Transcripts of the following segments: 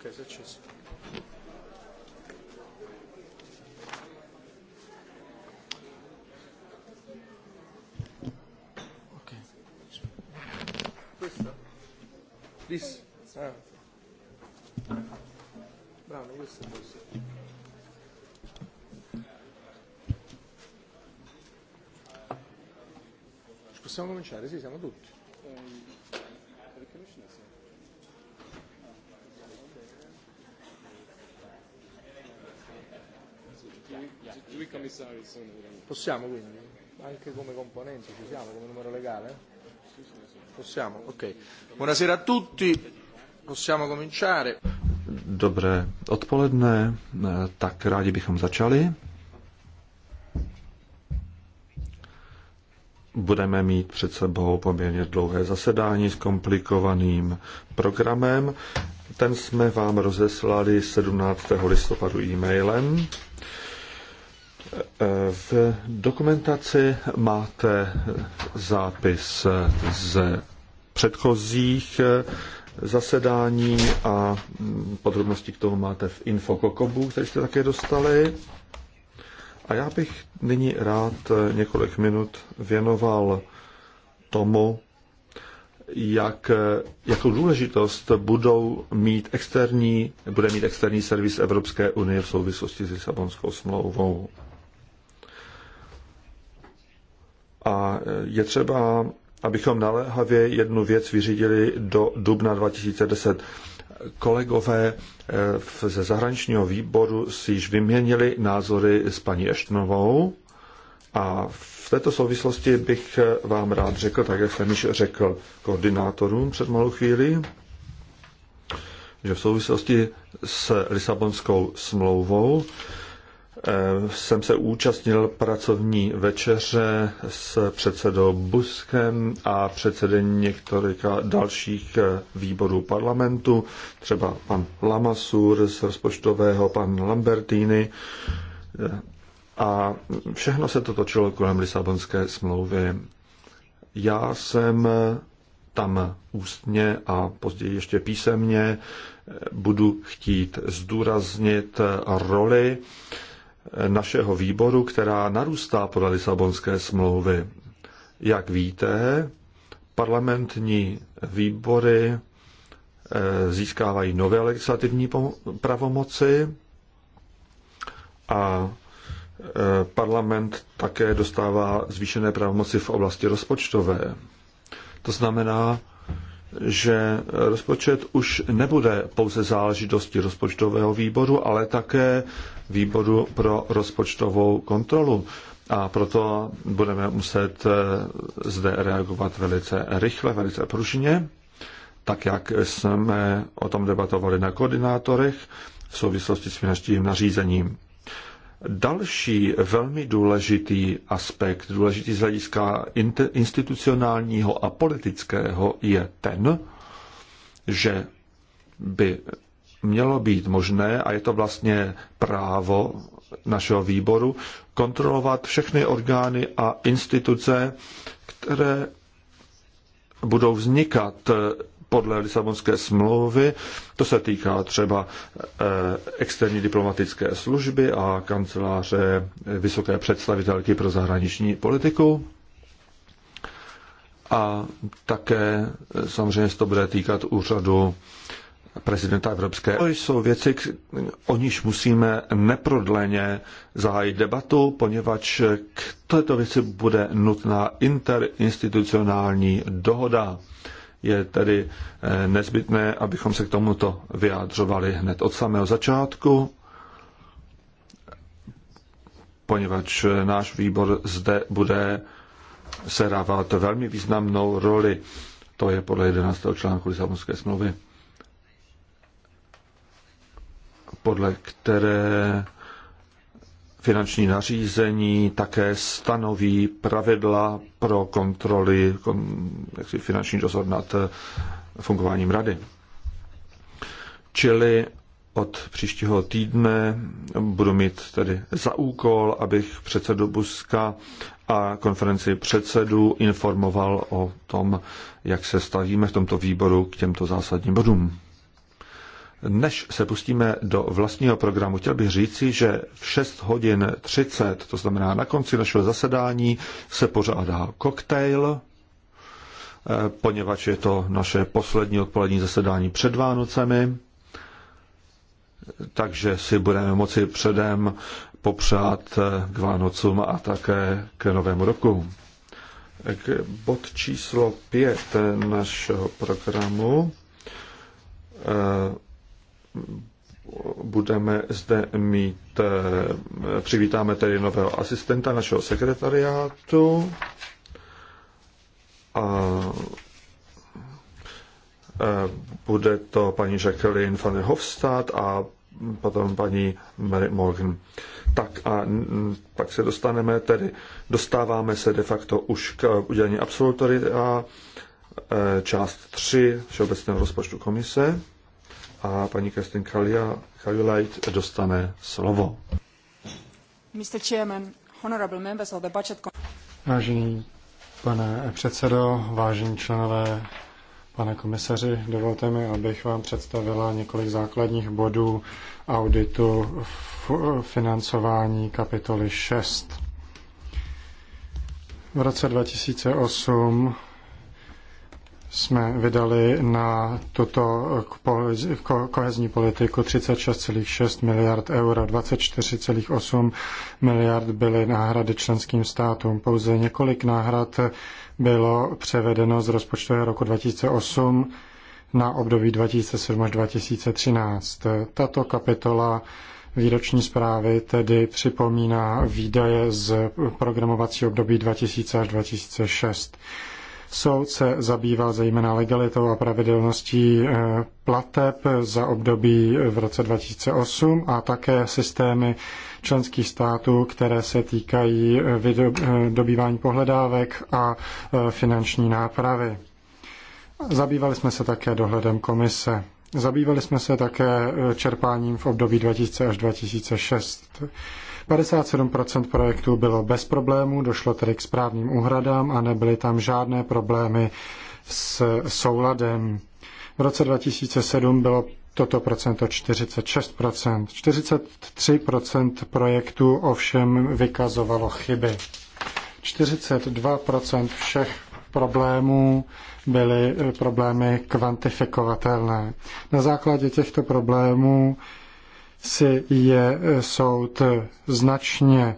Okay, začíst. Okay. Questo? This? Ah. Bravo, questo è questo. Possiamo cominciare? Sì, siamo tutti. due commissari sono Possiamo quindi, anche come componenti, ci siamo come numero legale? Possiamo, ok. Buonasera a tutti, possiamo cominciare. Dobré odpoledne, eh, tak rádi bychom začali. budeme mít před sebou poměrně dlouhé zasedání s komplikovaným programem. Ten jsme vám rozeslali 17. listopadu e-mailem. V dokumentaci máte zápis z předchozích zasedání a podrobnosti k tomu máte v infokokobu, který jste také dostali. A já bych nyní rád několik minut věnoval tomu, jak, jakou důležitost budou mít externí, bude mít externí servis Evropské unie v souvislosti s Lisabonskou smlouvou. A e, je třeba, abychom naléhavě jednu věc vyřídili do dubna 2010. Kolegové e, ze zahraničního výboru si již vyměnili názory s paní Eštnovou a v této souvislosti bych e, vám rád řekl, tak jak jsem již řekl koordinátorům před malou chvíli, že v souvislosti s Lisabonskou smlouvou Eh, jsem se účastnil pracovní večeře s předsedou Buskem a předsedy některých dalších eh, výborů parlamentu, třeba pan Lamasur z rozpočtového, pan Lambertini. Eh, a všechno se to točilo kolem Lisabonské smlouvy. Já jsem tam ústně a později ještě písemně budu chtít zdůraznit roli našeho výboru, která narůstá podle Lisabonské smlouvy. Jak víte, parlamentní výbory eh, získávají nové legislativní pravomoci a eh, parlament také dostává zvýšené pravomoci v oblasti rozpočtové. To znamená, že rozpočet už nebude pouze záležitosti rozpočtového výboru, ale také výboru pro rozpočtovou kontrolu. A proto budeme muset eh, zde reagovat velice rychle, velice pružně, tak jak jsme o tom debatovali na koordinátorech v souvislosti s finančním nařízením. Další velmi důležitý aspekt, důležitý z hlediska institucionálního a politického, je ten, že by mělo být možné, a je to vlastně právo našeho výboru, kontrolovat všechny orgány a instituce, které budou vznikat podle Lisabonské smlouvy. To se týká třeba eh, externí diplomatické služby a kanceláře vysoké představitelky pro zahraniční politiku. A také eh, samozřejmě se to bude týkat úřadu prezidenta Evropské. To jsou věci, o níž musíme neprodleně zahájit debatu, poněvadž k této věci bude nutná interinstitucionální dohoda. Je tedy eh, nezbytné, abychom se k tomuto vyjádřovali hned od samého začátku, poněvadž náš výbor zde bude sehrávat velmi významnou roli. To je podle 11. článku Lisabonské smlouvy. podle které finanční nařízení také stanoví pravidla pro kontroly, finanční dozor nad eh, fungováním rady. Čili od příštího týdne budu mít tedy za úkol, abych předsedu Buska a konferenci předsedů informoval o tom, jak se stavíme v tomto výboru k těmto zásadním bodům. Než se pustíme do vlastního programu, chtěl bych říci, že v 6 hodin 30, to znamená na konci našeho zasedání, se pořádá koktejl, eh, poněvadž je to naše poslední odpolední zasedání před Vánocemi, takže si budeme moci předem popřát eh, k Vánocům a také k Novému roku. K bod číslo 5 našeho programu eh, budeme zde mít, eh, přivítáme tedy nového asistenta našeho sekretariátu a eh, bude to paní Jacqueline van der Hofstadt a potom paní Mary Morgan. Tak a pak se dostaneme tedy, dostáváme se de facto už k udělení absolutoria eh, část 3 Všeobecného rozpočtu komise a paní Kerstin Kalilajt dostane slovo. Mr. Chairman, honorable members of the budget... Vážený pane předsedo, vážení členové, pane komisaři, dovolte mi, abych vám představila několik základních bodů auditu financování kapitoly 6. V roce 2008 jsme vydali na tuto kohezní politiku 36,6 miliard euro, 24,8 miliard byly náhrady členským státům. Pouze několik náhrad bylo převedeno z rozpočtového roku 2008 na období 2007 až 2013. Tato kapitola výroční zprávy tedy připomíná výdaje z programovacího období 2000 až 2006. Soud se zabýval zejména legalitou a pravidelností eh, plateb za období v roce 2008 a také systémy členských států, které se týkají eh, eh, dobývání pohledávek a finanční nápravy. Zabývali jsme se také dohledem komise. Zabývali jsme se také čerpáním v období 2000 až 2006. 57% projektů bylo bez problémů, došlo tedy k správným úhradám a nebyly tam žádné problémy s souladem. V roce 2007 bylo toto procento 46%. 43% projektů ovšem vykazovalo chyby. 42% všech problémů byly problémy kvantifikovatelné. Na základě těchto problémů si je eh, soud eh, značně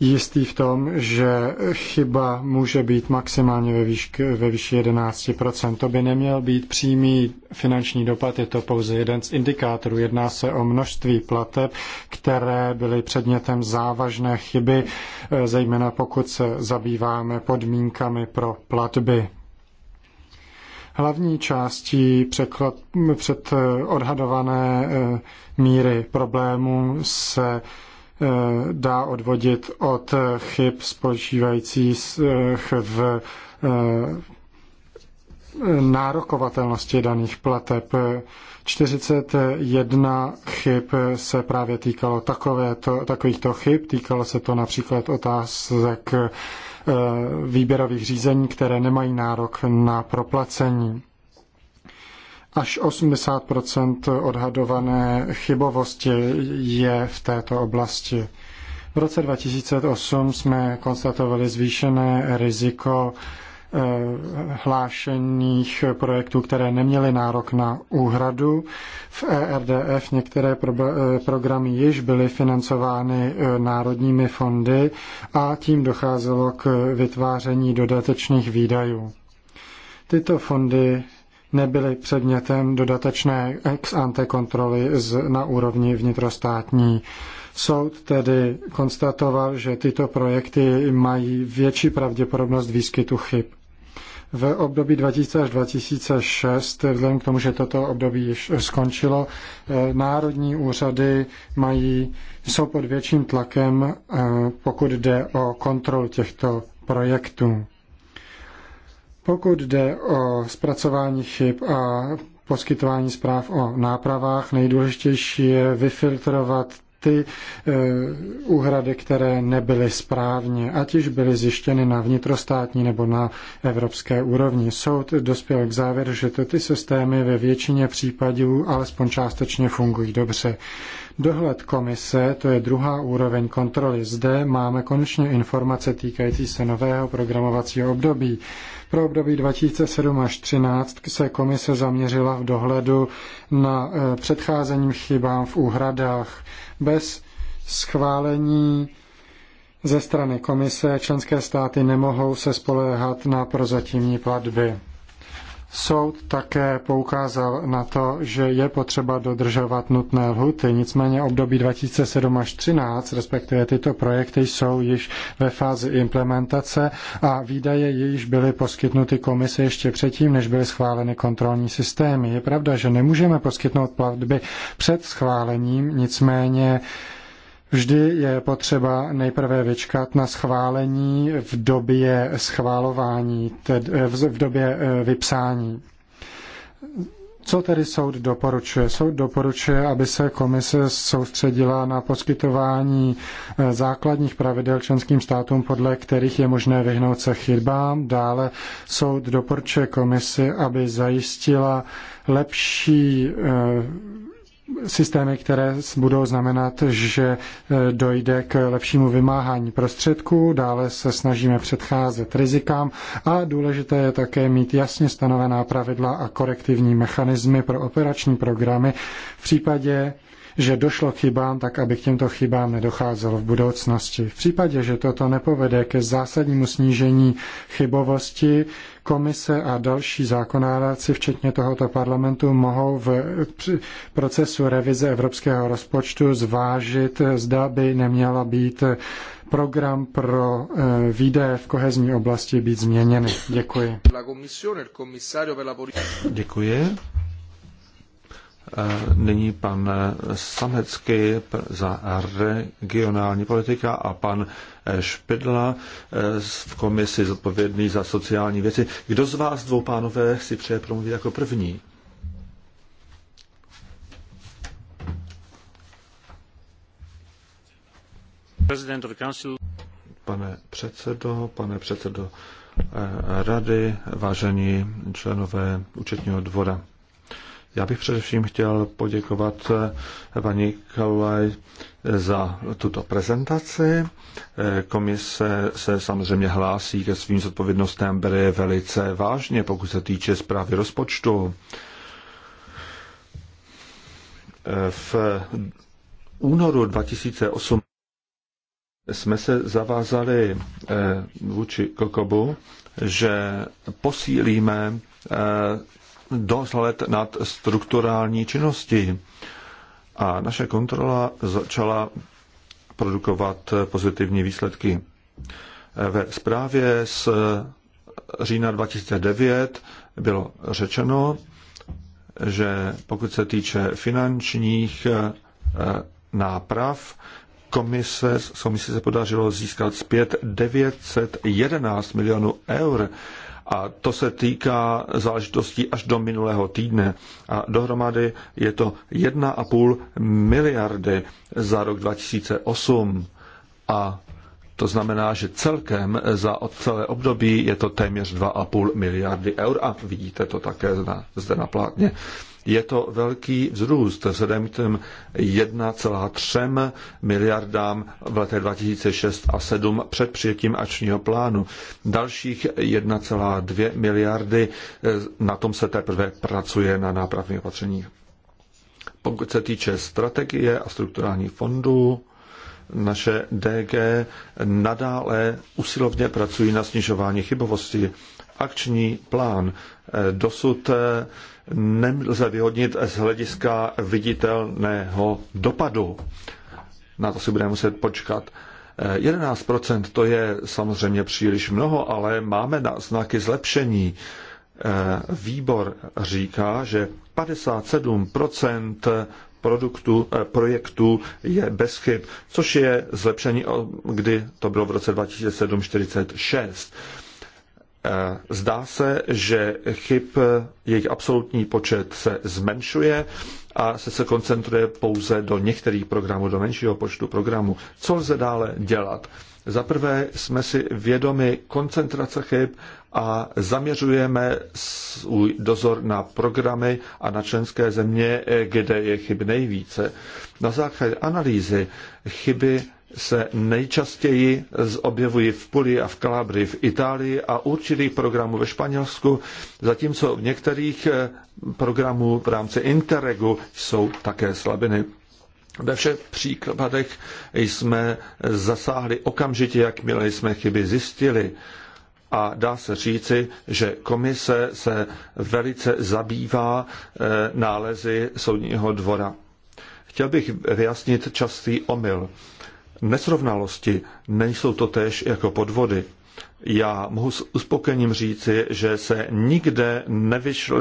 jistý v tom, že chyba může být maximálně ve, výšky, ve výši 11%. To by neměl být přímý finanční dopad, je to pouze jeden z indikátorů. Jedná se o množství plateb, které byly předmětem závažné chyby, eh, zejména pokud se zabýváme podmínkami pro platby hlavní částí překlad, před eh, odhadované eh, míry problémů se eh, dá odvodit od chyb spočívajících v nárokovatelnosti daných plateb. 41 chyb se právě týkalo takovéto, takovýchto chyb. Týkalo se to například otázek Eh, výběrových řízení, které nemají nárok na proplacení. Až 80 odhadované chybovosti je v této oblasti. V roce 2008 jsme konstatovali zvýšené riziko Eh, hlášených projektů, které neměly nárok na úhradu. V ERDF některé pro, eh, programy již byly financovány eh, národními fondy a tím docházelo k vytváření dodatečných výdajů. Tyto fondy nebyly předmětem dodatečné ex ante kontroly z, na úrovni vnitrostátní. Soud tedy konstatoval, že tyto projekty mají větší pravděpodobnost výskytu chyb v období 2000 až 2006, vzhledem k tomu, že toto období již eh, skončilo, eh, národní úřady mají, jsou pod větším tlakem, eh, pokud jde o kontrol těchto projektů. Pokud jde o zpracování chyb a poskytování zpráv o nápravách, nejdůležitější je vyfiltrovat ty eh, úhrady, které nebyly správně, ať již byly zjištěny na vnitrostátní nebo na evropské úrovni. Soud dospěl k závěru, že ty systémy ve většině případů alespoň částečně fungují dobře. Dohled komise, to je druhá úroveň kontroly. Zde máme konečně informace týkající se nového programovacího období. Pro období 2007 až 2013 se komise zaměřila v dohledu na eh, předcházením chybám v úhradách bez schválení ze strany komise členské státy nemohou se spoléhat na prozatímní platby. Soud také poukázal na to, že je potřeba dodržovat nutné lhuty, nicméně období 2007 až 2013, respektive tyto projekty jsou již ve fázi implementace a výdaje již byly poskytnuty komisi ještě předtím, než byly schváleny kontrolní systémy. Je pravda, že nemůžeme poskytnout platby před schválením, nicméně Vždy je potřeba nejprve vyčkat na schválení v době schválování, tedy eh, v době eh, vypsání. Co tedy soud doporučuje? Soud doporučuje, aby se komise soustředila na poskytování eh, základních pravidel členským státům, podle kterých je možné vyhnout se chybám. Dále soud doporučuje komisi, aby zajistila lepší systémy, které budou znamenat, že eh, dojde k lepšímu vymáhání prostředků, dále se snažíme předcházet rizikám a důležité je také mít jasně stanovená pravidla a korektivní mechanismy pro operační programy v případě že došlo k chybám, tak aby k těmto chybám nedocházelo v budoucnosti. V případě, že toto nepovede ke zásadnímu snížení chybovosti, komise a další zákonádáci, včetně tohoto parlamentu, mohou v procesu revize evropského rozpočtu zvážit, zda by neměla být program pro eh, výdaje v kohezní oblasti být změněny. Děkuji. Děkuji. Eh, nyní pan eh, Samecký za regionální politika a pan eh, Špidla v komisi zodpovědný za sociální věci. Kdo z vás dvou pánové si přeje promluvit jako první? Pane předsedo, pane předsedo rady, vážení členové účetního dvora. Já bych především chtěl poděkovat eh, paní Kaulaj za tuto prezentaci. Eh, komise se samozřejmě hlásí ke svým zodpovědnostem, bere velice vážně, pokud se týče zprávy rozpočtu. Eh, v únoru 2008 jsme se zavázali vůči Kokobu, že posílíme dohled nad strukturální činnosti A naše kontrola začala produkovat pozitivní výsledky. Ve zprávě z října 2009 bylo řečeno, že pokud se týče finančních eh, náprav, komise, komise se podařilo získat zpět 911 milionů eur, a to se týká záležitostí až do minulého týdne. A dohromady je to 1,5 miliardy za rok 2008. A to znamená, že celkem za celé období je to téměř 2,5 miliardy eur a vidíte to také zde na plátně. Je to velký vzrůst vzhledem k těm 1,3 miliardám v letech 2006 a 7 před přijetím ačního plánu. Dalších 1,2 miliardy, eh, na tom se teprve pracuje na nápravných opatřeních. Pokud se týče strategie a strukturálních fondů, naše DG nadále usilovně pracují na snižování chybovosti akční plán eh, dosud eh, nemůže vyhodnit z hlediska viditelného dopadu. Na to si budeme muset počkat. 11% eh, to je samozřejmě příliš mnoho, ale máme znaky zlepšení. Výbor říká, že 57% produktu, projektu je bez chyb, což je zlepšení, kdy to bylo v roce 2007 46. Eh, zdá se, že chyb, jejich absolutní počet se zmenšuje a se, se koncentruje pouze do některých programů, do menšího počtu programů. Co lze dále dělat? Za prvé jsme si vědomi koncentrace chyb a zaměřujeme svůj dozor na programy a na členské země, eh, kde je chyb nejvíce. Na základě analýzy chyby se nejčastěji objevují v Puli a v Kalabrii v Itálii a určitých programů ve Španělsku, zatímco v některých eh, programů v rámci Interregu jsou také slabiny. Ve všech příkladech jsme zasáhli okamžitě, jakmile jsme chyby zjistili. A dá se říci, že komise se velice zabývá eh, nálezy soudního dvora. Chtěl bych vyjasnit častý omyl nesrovnalosti nejsou to též jako podvody. Já mohu s uspokojením říci, že se nikde nevyšl,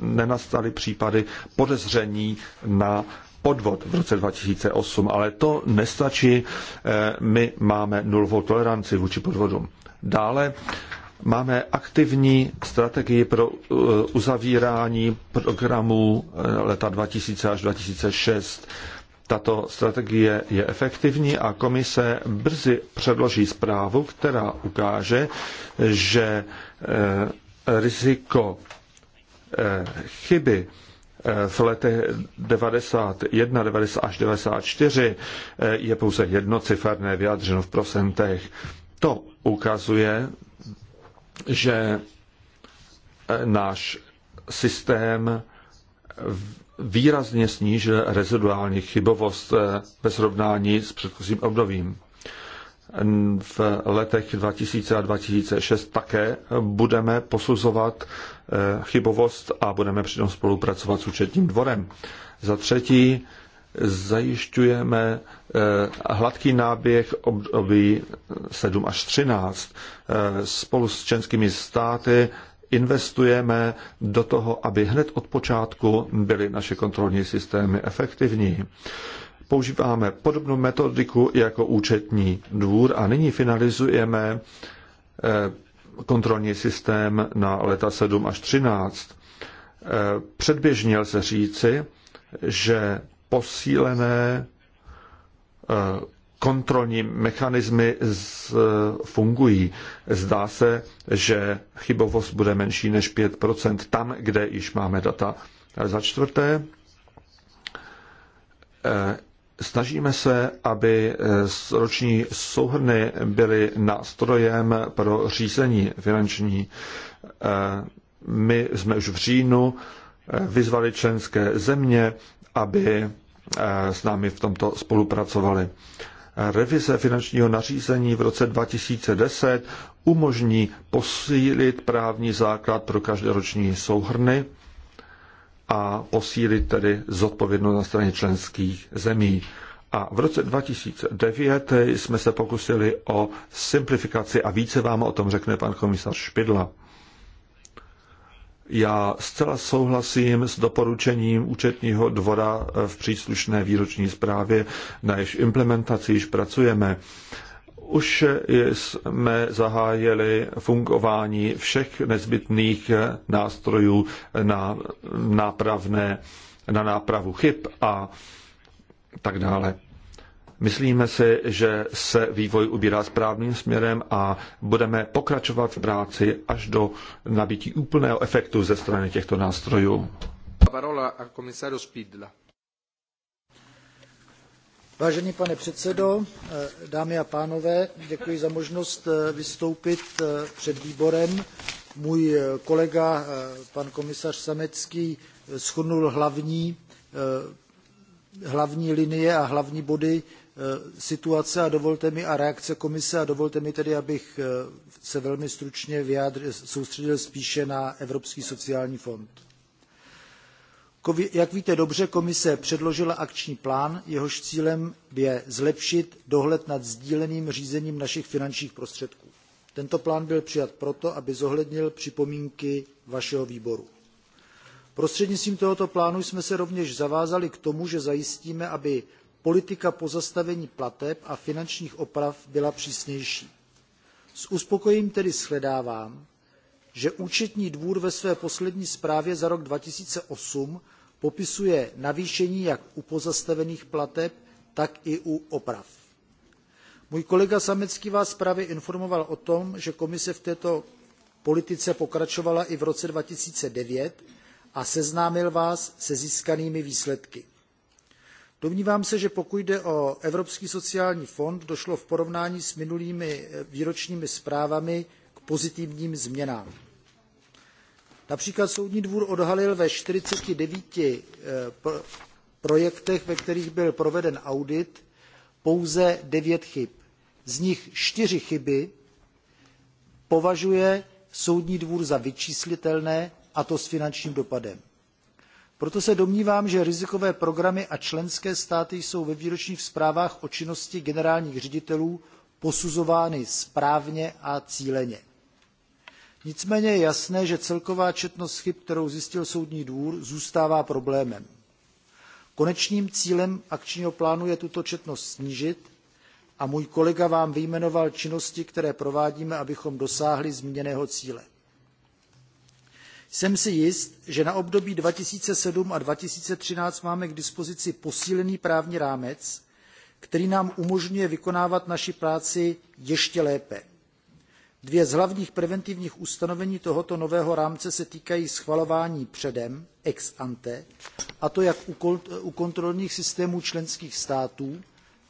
nenastaly případy podezření na podvod v roce 2008, ale to nestačí. Eh, my máme nulovou toleranci vůči podvodům. Dále máme aktivní strategii pro eh, uzavírání programů eh, leta 2000 až 2006 tato strategie je efektivní a komise brzy předloží zprávu, která ukáže, že eh, riziko eh, chyby eh, v letech 91, 90 až 94 je pouze jednociferné vyjádřeno v procentech. To ukazuje, že náš systém výrazně snížil reziduální chybovost eh, ve srovnání s předchozím obdobím. V letech 2000 a 2006 také budeme posuzovat eh, chybovost a budeme přitom spolupracovat s účetním dvorem. Za třetí, zajišťujeme eh, hladký náběh období 7 až 13. Spolu s členskými státy investujeme do toho, aby hned od počátku byly naše kontrolní systémy efektivní. Používáme podobnou metodiku jako účetní dvůr a nyní finalizujeme eh, kontrolní systém na leta 7 až 13. Eh, předběžně lze říci, že posílené eh, kontrolní mechanismy z, fungují. Zdá se, že chybovost bude menší než 5% tam, kde již máme data. A za čtvrté, eh, snažíme se, aby eh, roční souhrny byly nástrojem pro řízení finanční. Eh, my jsme už v říjnu vyzvali členské země, aby s námi v tomto spolupracovali revize finančního nařízení v roce 2010 umožní posílit právní základ pro každoroční souhrny a posílit tedy zodpovědnost na straně členských zemí. A v roce 2009 jsme se pokusili o simplifikaci a více vám o tom řekne pan komisař Špidla. Já zcela souhlasím s doporučením účetního dvora v příslušné výroční zprávě, na jež implementaci již pracujeme. Už jsme zahájili fungování všech nezbytných nástrojů na, nápravné, na nápravu chyb a tak dále. Myslíme si, že se vývoj ubírá správným směrem a budeme pokračovat v práci až do nabití úplného efektu ze strany těchto nástrojů. Vážený pane předsedo, dámy a pánové, děkuji za možnost eh, vystoupit eh, před výborem. Můj eh, kolega, pan komisař Samecký, shrnul hlavní, hlavní linie a hlavní body Eh, situace a dovolte mi a reakce komise a dovolte mi tedy, abych eh, se velmi stručně vyjádřil, soustředil spíše na Evropský sociální fond. Jak víte dobře, komise předložila akční plán, jehož cílem je zlepšit dohled nad sdíleným řízením našich finančních prostředků. Tento plán byl přijat proto, aby zohlednil připomínky vašeho výboru. Prostřednictvím tohoto plánu jsme se rovněž zavázali k tomu, že zajistíme, aby politika pozastavení plateb a finančních oprav byla přísnější. S uspokojením tedy shledávám, že účetní dvůr ve své poslední zprávě za rok 2008 popisuje navýšení jak u pozastavených plateb, tak i u oprav. Můj kolega Samecký vás právě informoval o tom, že komise v této politice pokračovala i v roce 2009 a seznámil vás se získanými výsledky. Domnívám se, že pokud jde o Evropský sociální fond, došlo v porovnání s minulými eh, výročními zprávami k pozitivním změnám. Například Soudní dvůr odhalil ve 49 eh, projektech, ve kterých byl proveden audit, pouze 9 chyb. Z nich 4 chyby považuje Soudní dvůr za vyčíslitelné, a to s finančním dopadem. Proto se domnívám, že rizikové programy a členské státy jsou ve výročních zprávách o činnosti generálních ředitelů posuzovány správně a cíleně. Nicméně je jasné, že celková četnost chyb, kterou zjistil Soudní dvůr, zůstává problémem. Konečným cílem akčního plánu je tuto četnost snížit a můj kolega vám vyjmenoval činnosti, které provádíme, abychom dosáhli zmíněného cíle. Jsem si jist, že na období 2007 a 2013 máme k dispozici posílený právní rámec, který nám umožňuje vykonávat naši práci ještě lépe. Dvě z hlavních preventivních ustanovení tohoto nového rámce se týkají schvalování předem, ex ante, a to jak u kontrolních systémů členských států,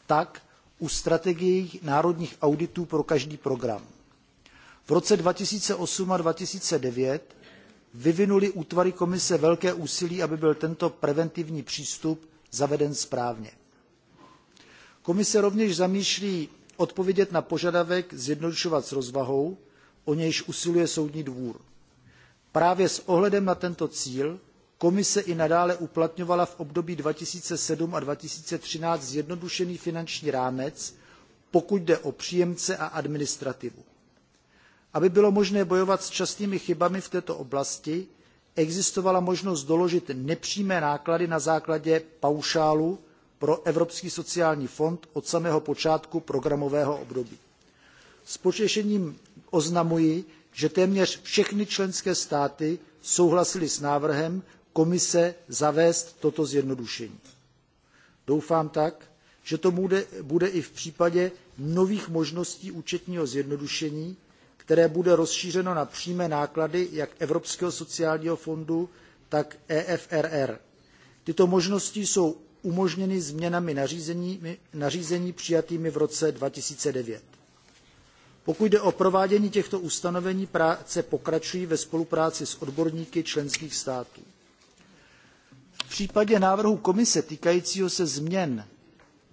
tak u strategií národních auditů pro každý program. V roce 2008 a 2009 vyvinuli útvary komise velké úsilí, aby byl tento preventivní přístup zaveden správně. Komise rovněž zamýšlí odpovědět na požadavek zjednodušovat s rozvahou, o nějž usiluje soudní dvůr. Právě s ohledem na tento cíl komise i nadále uplatňovala v období 2007 a 2013 zjednodušený finanční rámec, pokud jde o příjemce a administrativu. Aby bylo možné bojovat s častými chybami v této oblasti, existovala možnost doložit nepřímé náklady na základě paušálu pro Evropský sociální fond od samého počátku programového období. S potěšením oznamuji, že téměř všechny členské státy souhlasily s návrhem komise zavést toto zjednodušení. Doufám tak, že to bude i v případě nových možností účetního zjednodušení, které bude rozšířeno na přímé náklady jak Evropského sociálního fondu, tak EFRR. Tyto možnosti jsou umožněny změnami nařízení, nařízení přijatými v roce 2009. Pokud jde o provádění těchto ustanovení, práce pokračují ve spolupráci s odborníky členských států. V případě návrhu komise týkajícího se změn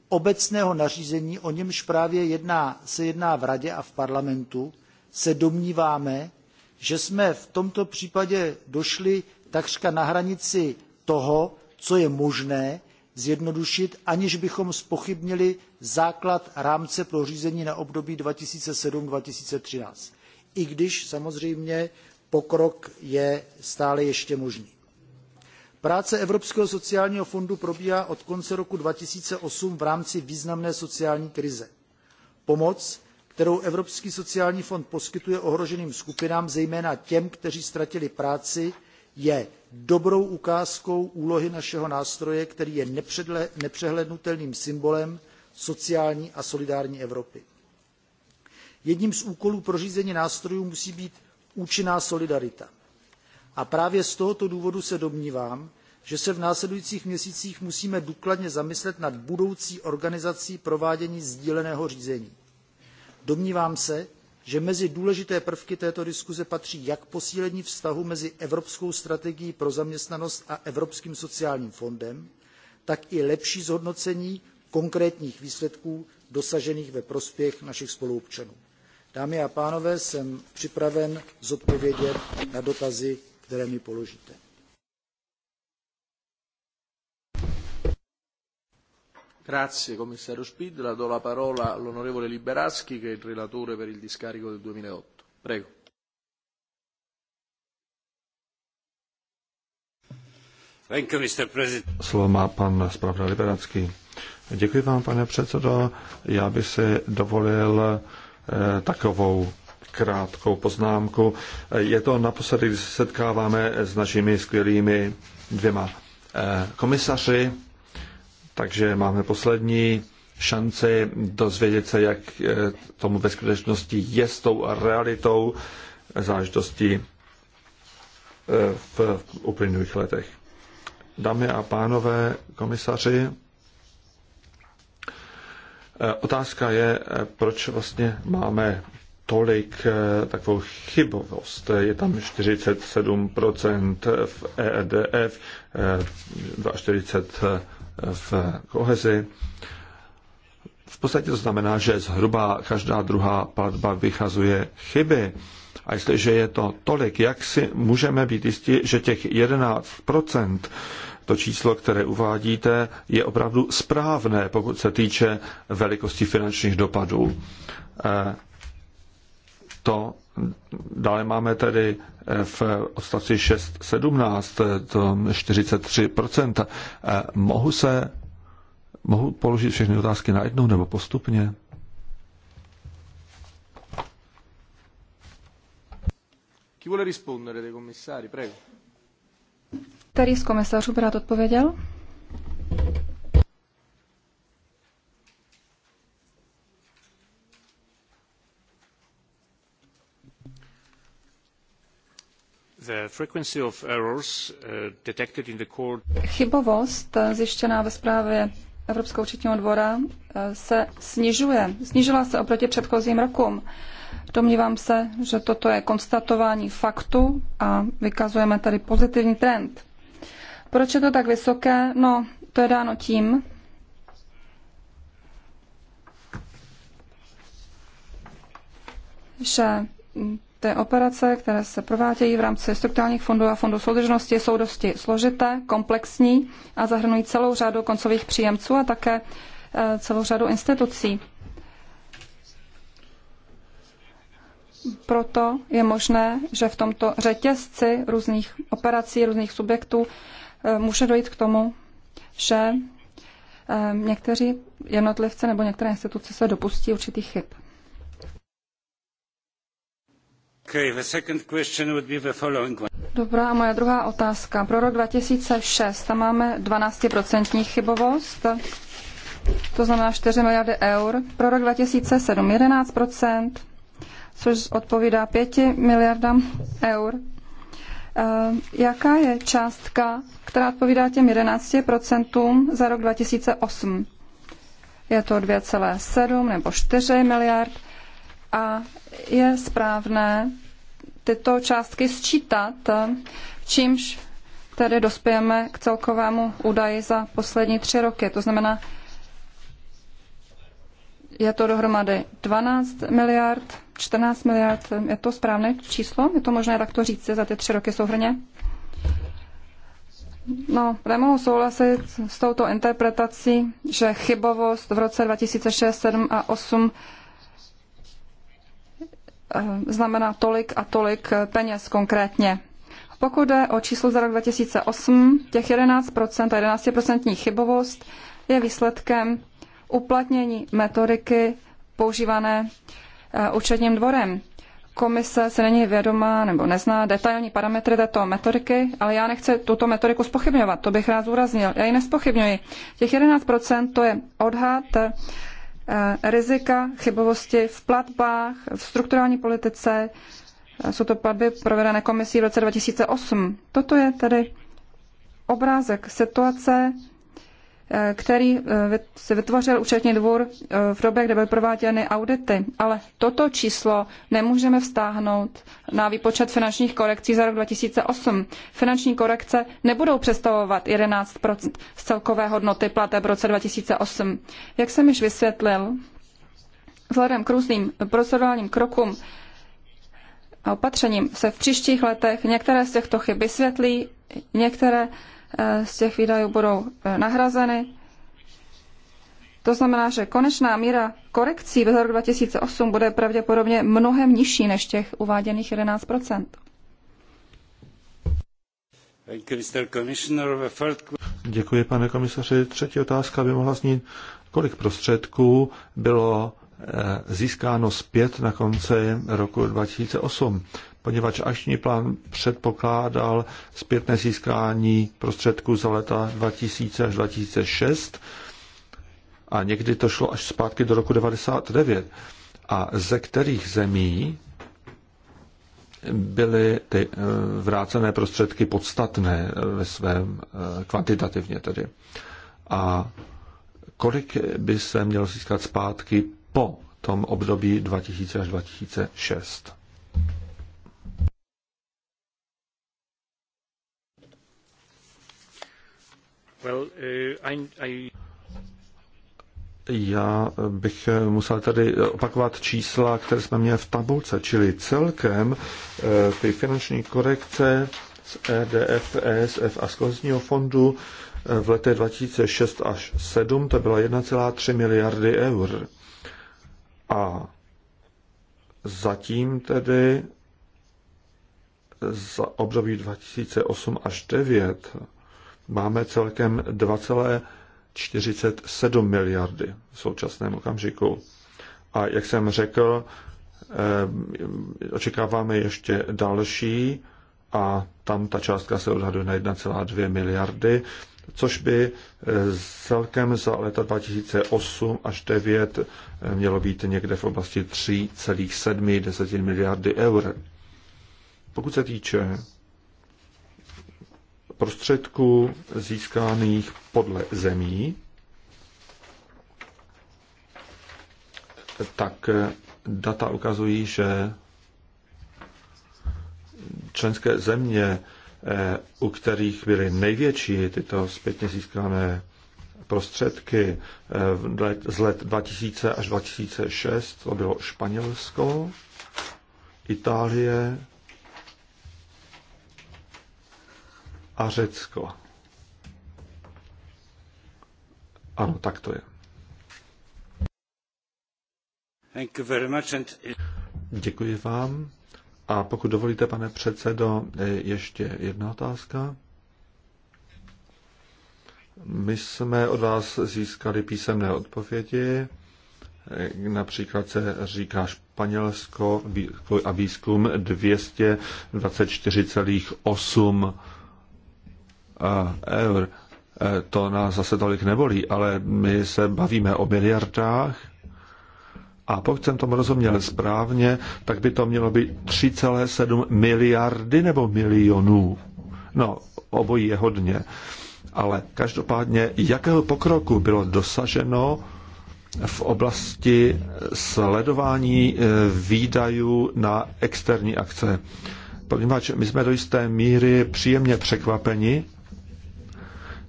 obecného nařízení, o němž právě jedná, se jedná v Radě a v parlamentu, se domníváme, že jsme v tomto případě došli takřka na hranici toho, co je možné zjednodušit, aniž bychom spochybnili základ rámce pro řízení na období 2007-2013. I když samozřejmě pokrok je stále ještě možný. Práce Evropského sociálního fondu probíhá od konce roku 2008 v rámci významné sociální krize. Pomoc, kterou Evropský sociální fond poskytuje ohroženým skupinám, zejména těm, kteří ztratili práci, je dobrou ukázkou úlohy našeho nástroje, který je nepřehlednutelným symbolem sociální a solidární Evropy. Jedním z úkolů pro řízení nástrojů musí být účinná solidarita. A právě z tohoto důvodu se domnívám, že se v následujících měsících musíme důkladně zamyslet nad budoucí organizací provádění sdíleného řízení. Domnívám se, že mezi důležité prvky této diskuze patří jak posílení vztahu mezi Evropskou strategií pro zaměstnanost a Evropským sociálním fondem, tak i lepší zhodnocení konkrétních výsledků dosažených ve prospěch našich spoluobčanů. Dámy a pánové, jsem připraven zodpovědět na dotazy, které mi položíte. Grazie commissario Spidla. Do la parola all'onorevole Liberaschi che è il relatore per il discarico del 2008. Prego. Slovo má pan zpravodaj Děkuji vám, pane předsedo. Já bych si dovolil eh, takovou krátkou poznámku. Je to naposledy, když se setkáváme s našimi skvělými dvěma eh, komisaři, takže máme poslední šanci dozvědět se, jak eh, tomu ve skutečnosti je s tou realitou záležitostí eh, v uplynulých letech. Dámy a pánové, komisaři, eh, otázka je, proč vlastně máme tolik takovou chybovost. Je tam 47% v EDF, 42% v kohezi. V podstatě to znamená, že zhruba každá druhá platba vychazuje chyby. A jestliže je to tolik, jak si můžeme být jistí, že těch 11%, to číslo, které uvádíte, je opravdu správné, pokud se týče velikosti finančních dopadů. Eh, to Dále máme tedy v odstavci 17, to 43%. Mohu se, mohu položit všechny otázky najednou nebo postupně? Chi vuole rispondere dei commissari, prego. Který z komisařů by rád odpověděl? Chybovost zjištěná ve zprávě Evropského účetního dvora eh, se snižuje. Snížila se oproti předchozím rokům. Domnívám se, že toto je konstatování faktu a vykazujeme tady pozitivní trend. Proč je to tak vysoké? No, to je dáno tím, že ty operace, které se provádějí v rámci strukturálních fondů a fondů soudržnosti, jsou dosti složité, komplexní a zahrnují celou řadu koncových příjemců a také eh, celou řadu institucí. Proto je možné, že v tomto řetězci různých operací, různých subjektů eh, může dojít k tomu, že eh, někteří jednotlivci nebo některé instituce se dopustí určitých chyb. Dobrá, a moje druhá otázka. Pro rok 2006 tam máme 12% chybovost, to znamená 4 miliardy eur. Pro rok 2007 11%, což odpovídá 5 miliardám eur. Eh, jaká je částka, která odpovídá těm 11% za rok 2008? Je to 2,7 nebo 4 miliard? a je správné tyto částky sčítat, čímž tedy dospějeme k celkovému údaji za poslední tři roky. To znamená, je to dohromady 12 miliard, 14 miliard. Je to správné číslo? Je to možné takto říct za ty tři roky souhrně? No, nemohu souhlasit s touto interpretací, že chybovost v roce 2006, 7 a 8 Eh, znamená tolik a tolik peněz konkrétně. Pokud jde o číslo za rok 2008, těch 11% a 11% chybovost je výsledkem uplatnění metodiky používané eh, účetním dvorem. Komise se není vědomá nebo nezná detailní parametry této metodiky, ale já nechci tuto metodiku spochybňovat, to bych rád zúraznil. Já ji nespochybňuji. Těch 11% to je odhad Eh, rizika chybovosti v platbách, v strukturální politice. Eh, jsou to platby provedené komisí v roce 2008. Toto je tedy obrázek situace, Eh, který eh, se vytvořil účetní dvůr eh, v době, kdy byly prováděny audity. Ale toto číslo nemůžeme vztáhnout na výpočet finančních korekcí za rok 2008. Finanční korekce nebudou představovat 11 z celkové hodnoty plateb v roce 2008. Jak jsem již vysvětlil, vzhledem k různým procedurálním krokům a opatřením se v příštích letech některé z těchto chyb vysvětlí, některé z těch výdajů budou eh, nahrazeny. To znamená, že konečná míra korekcí v roce 2008 bude pravděpodobně mnohem nižší než těch uváděných 11 Děkuji, pane komisaři. Třetí otázka by mohla znít, kolik prostředků bylo eh, získáno zpět na konci roku 2008 poněvadž akční plán předpokládal zpětné získání prostředků za leta 2000 až 2006 a někdy to šlo až zpátky do roku 99. A ze kterých zemí byly ty eh, vrácené prostředky podstatné eh, ve svém eh, kvantitativně tedy. A kolik by se mělo získat zpátky po tom období 2000 až 2006? Eh, Já bych musel tady opakovat čísla, které jsme měli v tabulce, čili celkem eh, ty finanční korekce z EDF, ESF a z kohezního fondu eh, v letech 2006 až 2007 to bylo 1,3 miliardy eur. A zatím tedy za období 2008 až 2009 máme celkem 2,47 miliardy v současném okamžiku. A jak jsem řekl, eh, očekáváme ještě další a tam ta částka se odhaduje na 1,2 miliardy, což by eh, celkem za leta 2008 až 2009 eh, mělo být někde v oblasti 3,7 miliardy eur. Pokud se týče prostředků získaných podle zemí, tak data ukazují, že členské země, eh, u kterých byly největší tyto zpětně získané prostředky eh, z let 2000 až 2006, to bylo Španělsko, Itálie, a Řecko. Ano, tak to je. Thank you very much and... Děkuji vám. A pokud dovolíte, pane předsedo, ještě jedna otázka. My jsme od vás získali písemné odpovědi. Například se říká Španělsko a výzkum 224,8 eur. Eh, to nás zase tolik nebolí, ale my se bavíme o miliardách a pokud jsem tomu rozuměl správně, tak by to mělo být 3,7 miliardy nebo milionů. No, obojí je hodně. Ale každopádně, jakého pokroku bylo dosaženo v oblasti sledování eh, výdajů na externí akce? Poněvadž my jsme do jisté míry příjemně překvapeni,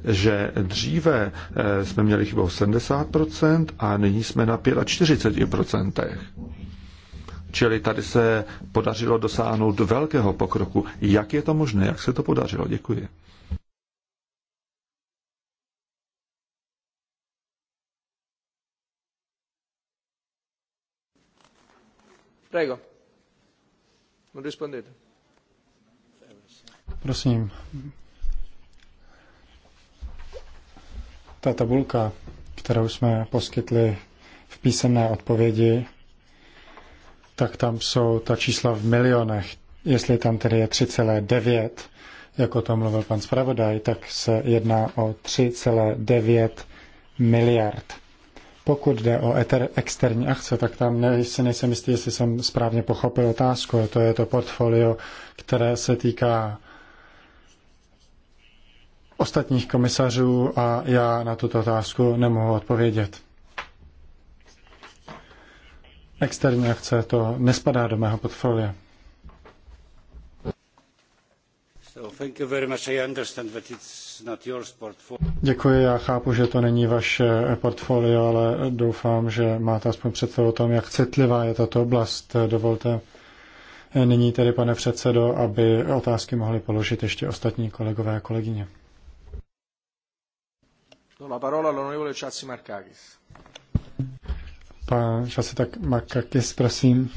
že dříve eh, jsme měli chybou 70% a nyní jsme na 45%. Čili tady se podařilo dosáhnout velkého pokroku. Jak je to možné? Jak se to podařilo? Děkuji. Prego. Prosím, Ta tabulka, kterou jsme poskytli v písemné odpovědi, tak tam jsou ta čísla v milionech. Jestli tam tedy je 3,9, jako to mluvil pan zpravodaj, tak se jedná o 3,9 miliard. Pokud jde o eter, externí akce, tak tam nejsem si nejsem jistý, jestli jsem správně pochopil otázku. To je to portfolio, které se týká ostatních komisařů a já na tuto otázku nemohu odpovědět. Externí akce to nespadá do mého portfolia. Děkuji, já chápu, že to není vaše portfolio, ale doufám, že máte aspoň představu o tom, jak citlivá je tato oblast. Dovolte nyní tedy, pane předsedo, aby otázky mohli položit ještě ostatní kolegové a kolegyně. Do la parola all'onorevole Chassi Markakis. Pan Chassi tak Markakis, prosím.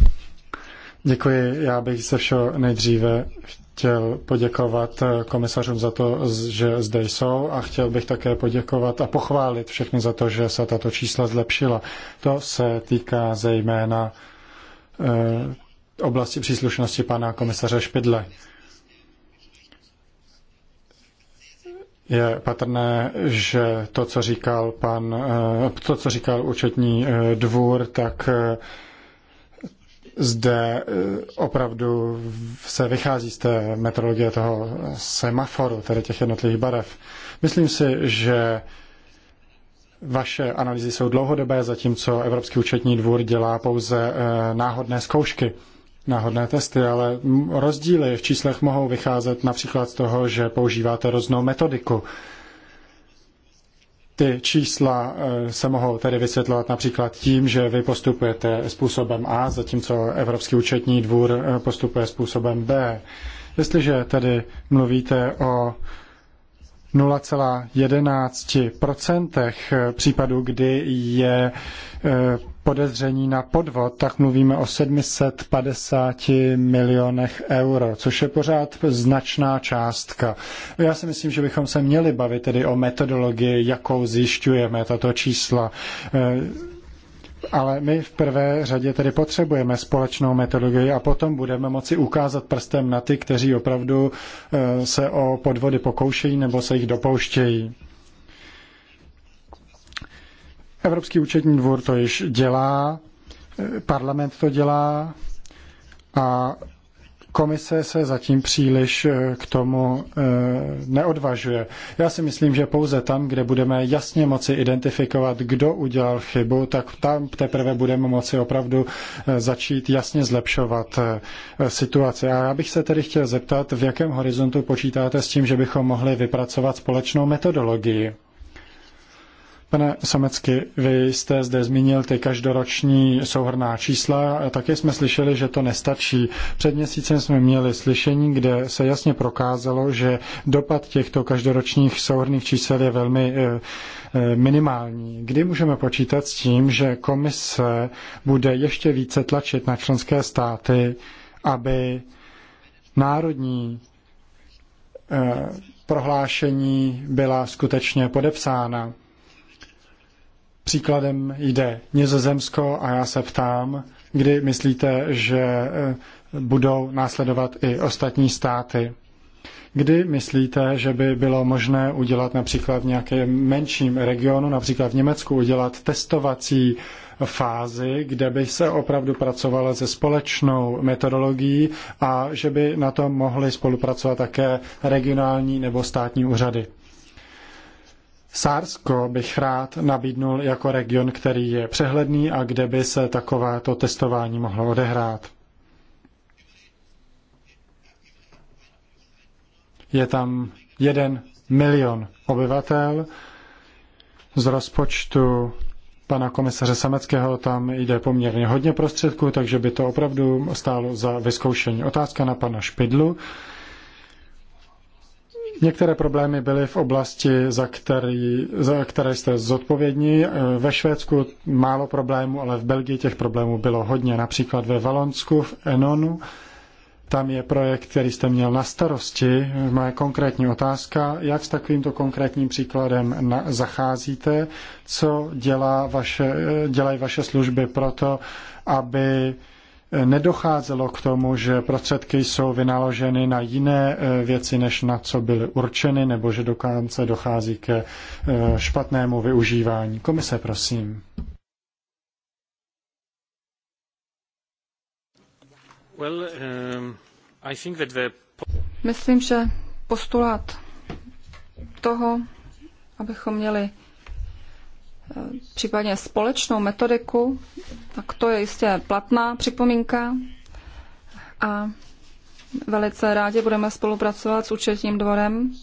Děkuji. Já bych se všeho nejdříve chtěl poděkovat eh, komisařům za to, že zde jsou a chtěl bych také poděkovat a pochválit všechny za to, že se tato čísla zlepšila. To se týká zejména eh, oblasti příslušnosti pana komisaře Špidle. Eh, je patrné, že to, co říkal pan, eh, to, co říkal účetní eh, dvůr, tak eh, zde opravdu se vychází z té metodologie toho semaforu, tedy těch jednotlivých barev. Myslím si, že vaše analýzy jsou dlouhodobé, zatímco Evropský účetní dvůr dělá pouze náhodné zkoušky náhodné testy, ale rozdíly v číslech mohou vycházet například z toho, že používáte různou metodiku. Ty čísla eh, se mohou tedy vysvětlovat například tím, že vy postupujete způsobem A, zatímco Evropský účetní dvůr eh, postupuje způsobem B. Jestliže tedy mluvíte o 0,11% eh, případů, kdy je podezření na podvod, tak mluvíme o 750 milionech euro, což je pořád značná částka. Já si myslím, že bychom se měli bavit tedy o metodologii, jakou zjišťujeme tato čísla. Eh, ale my v prvé řadě tedy potřebujeme společnou metodologii a potom budeme moci ukázat prstem na ty, kteří opravdu eh, se o podvody pokoušejí nebo se jich dopouštějí. Evropský účetní dvůr to již dělá, eh, parlament to dělá a komise se zatím příliš eh, k tomu eh, neodvažuje. Já si myslím, že pouze tam, kde budeme jasně moci identifikovat, kdo udělal chybu, tak tam teprve budeme moci opravdu začít jasně zlepšovat situaci. A já bych se tedy chtěl zeptat, v jakém horizontu počítáte s tím, že bychom mohli vypracovat společnou metodologii? Pane Samecky, vy jste zde zmínil ty každoroční souhrná čísla. A také jsme slyšeli, že to nestačí. Před měsícem jsme měli slyšení, kde se jasně prokázalo, že dopad těchto každoročních souhrných čísel je velmi eh, eh, minimální. Kdy můžeme počítat s tím, že komise bude ještě více tlačit na členské státy, aby národní eh, prohlášení byla skutečně podepsána? Příkladem jde Nizozemsko a já se ptám, kdy myslíte, že eh, budou následovat i ostatní státy. Kdy myslíte, že by bylo možné udělat například v nějakém menším regionu, například v Německu, udělat testovací fázi, kde by se opravdu pracovalo se společnou metodologií a že by na tom mohly spolupracovat také regionální nebo státní úřady? Sársko bych rád nabídnul jako region, který je přehledný a kde by se takovéto testování mohlo odehrát. Je tam jeden milion obyvatel. Z rozpočtu pana komisaře Sameckého tam jde poměrně hodně prostředků, takže by to opravdu stálo za vyzkoušení. Otázka na pana Špidlu. Některé problémy byly v oblasti, za, který, za které jste zodpovědní. Eh, ve Švédsku málo problémů, ale v Belgii těch problémů bylo hodně. Například ve Valonsku, v Enonu. Tam je projekt, který jste měl na starosti. Moje konkrétní otázka, jak s takovýmto konkrétním příkladem na, zacházíte, co dělá vaše, eh, dělají vaše služby pro to, aby nedocházelo k tomu, že prostředky jsou vynaloženy na jiné eh, věci, než na co byly určeny, nebo že dokonce dochází ke eh, špatnému využívání. Komise, prosím. Well, um, I think that the... Myslím, že postulát toho, abychom měli případně společnou metodiku, tak to je jistě platná připomínka a velice rádi budeme spolupracovat s účetním dvorem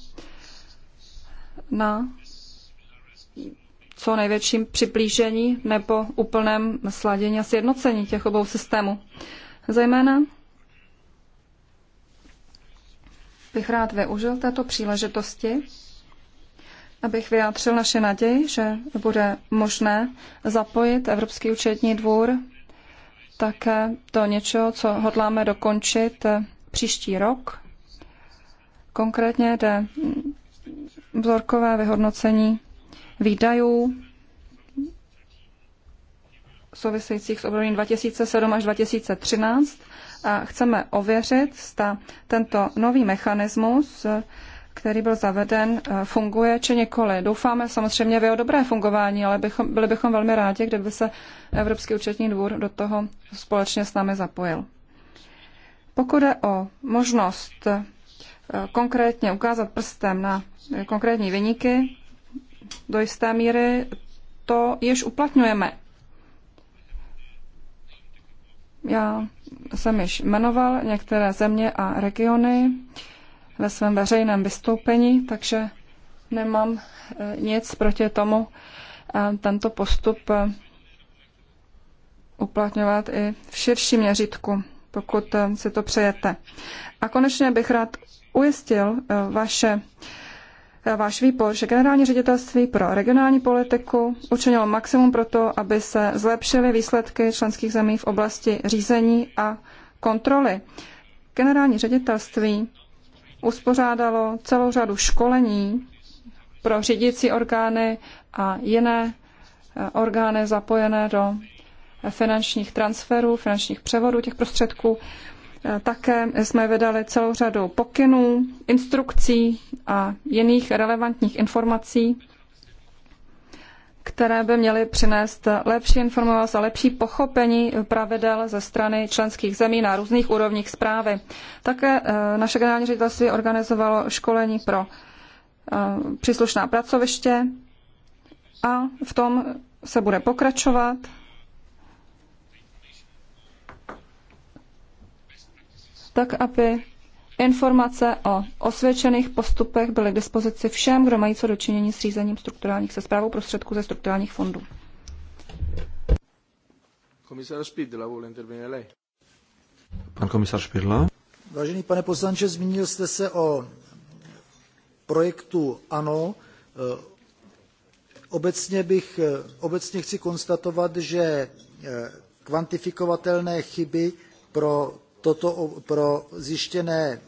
na co největším připlížení nebo úplném sladění a sjednocení těch obou systémů. Zejména bych rád využil této příležitosti abych vyjádřil naše naději, že bude možné zapojit Evropský účetní dvůr také do něčeho, co hodláme dokončit příští rok. Konkrétně jde vzorkové vyhodnocení výdajů souvisejících s obdobím 2007 až 2013 a chceme ověřit, zda tento nový mechanismus který byl zaveden, eh, funguje či nikoli. Doufáme samozřejmě v jeho dobré fungování, ale bychom, byli bychom velmi rádi, kdyby se Evropský účetní dvůr do toho společně s námi zapojil. Pokud je o možnost eh, konkrétně ukázat prstem na eh, konkrétní vyniky, do jisté míry to již uplatňujeme. Já jsem již jmenoval některé země a regiony, ve svém veřejném vystoupení, takže nemám eh, nic proti tomu eh, tento postup eh, uplatňovat i v širším měřítku, pokud si to přejete. A konečně bych rád ujistil vaše váš výbor, že generální ředitelství pro regionální politiku učinilo maximum pro to, aby se zlepšily výsledky členských zemí v oblasti řízení a kontroly. Generální ředitelství uspořádalo celou řadu školení pro řídící orgány a jiné eh, orgány zapojené do finančních transferů, finančních převodů těch prostředků. Eh, také jsme vydali celou řadu pokynů, instrukcí a jiných relevantních informací které by měly přinést lepší informovanost a lepší pochopení pravidel ze strany členských zemí na různých úrovních zprávy. Také eh, naše generální ředitelství organizovalo školení pro eh, příslušná pracoviště a v tom se bude pokračovat. tak, aby Informace o osvědčených postupech byly k dispozici všem, kdo mají co dočinění s řízením strukturálních se zprávou prostředků ze strukturálních fondů. Komisar Špidla, vůle intervenile. Pan komisar Špidla. Vážený pane poslanče, zmínil jste se o projektu ANO. Eh, obecně, bych, eh, obecně chci konstatovat, že eh, kvantifikovatelné chyby pro toto pro zjištěné e,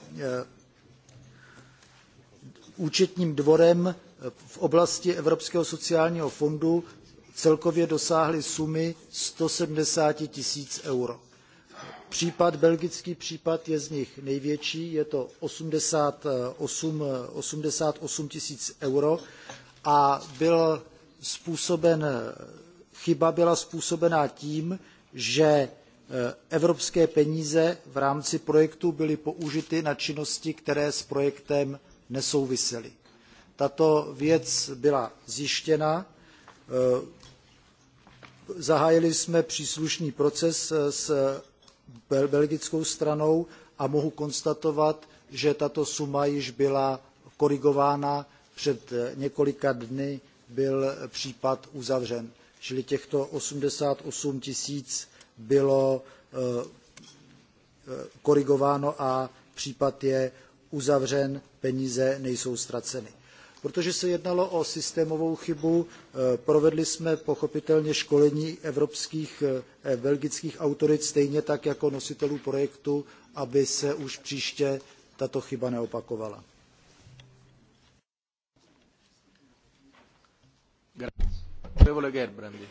účetním dvorem e, v oblasti Evropského sociálního fondu celkově dosáhly sumy 170 tisíc euro. Případ, belgický případ je z nich největší, je to 88 e, tisíc euro a byl způsoben, chyba byla způsobena tím, že Eh, evropské peníze v rámci projektu byly použity na činnosti, které s projektem nesouvisely. Tato věc byla zjištěna, eh, zahájili jsme příslušný proces eh, s belgickou stranou a mohu konstatovat, že tato suma již byla korigována. Před několika dny byl případ uzavřen. Čili těchto 88 tisíc bylo eh, eh, korigováno a případ je uzavřen, peníze nejsou ztraceny. Protože se jednalo o systémovou chybu, eh, provedli jsme pochopitelně školení evropských, belgických autorit stejně tak jako nositelů projektu, aby se už příště tato chyba neopakovala. Gerbrandy.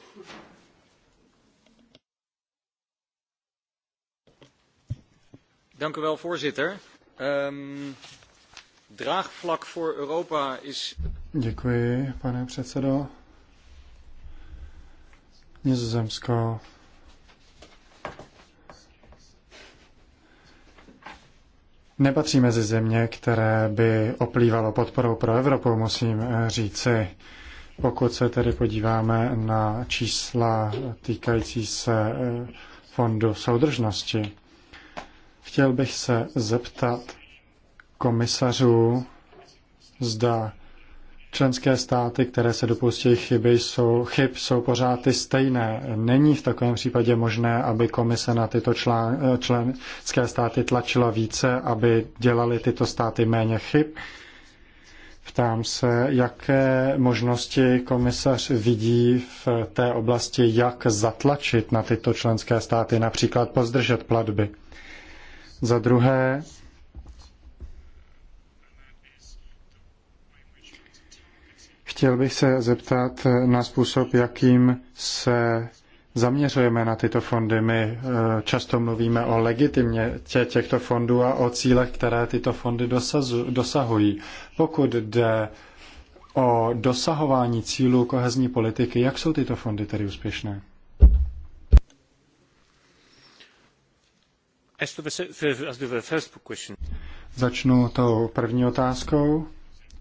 voorzitter. Ehm, draagvlak voor Europa is... Děkuji, pane předsedo. Nizozemsko nepatří mezi země, které by oplývalo podporou pro Evropu, musím eh, říci. Pokud se tedy podíváme na čísla týkající se eh, fondu soudržnosti, Chtěl bych se zeptat komisařů, zda členské státy, které se dopustí chyby, jsou, chyb jsou pořád ty stejné. Není v takovém případě možné, aby komise na tyto člán, členské státy tlačila více, aby dělali tyto státy méně chyb? Ptám se, jaké možnosti komisař vidí v té oblasti, jak zatlačit na tyto členské státy, například pozdržet platby. Za druhé, chtěl bych se zeptat na způsob, jakým se zaměřujeme na tyto fondy. My eh, často mluvíme o tě těchto fondů a o cílech, které tyto fondy dosahují. Pokud jde o dosahování cílů kohezní politiky, jak jsou tyto fondy tedy úspěšné? Začnu tou první otázkou.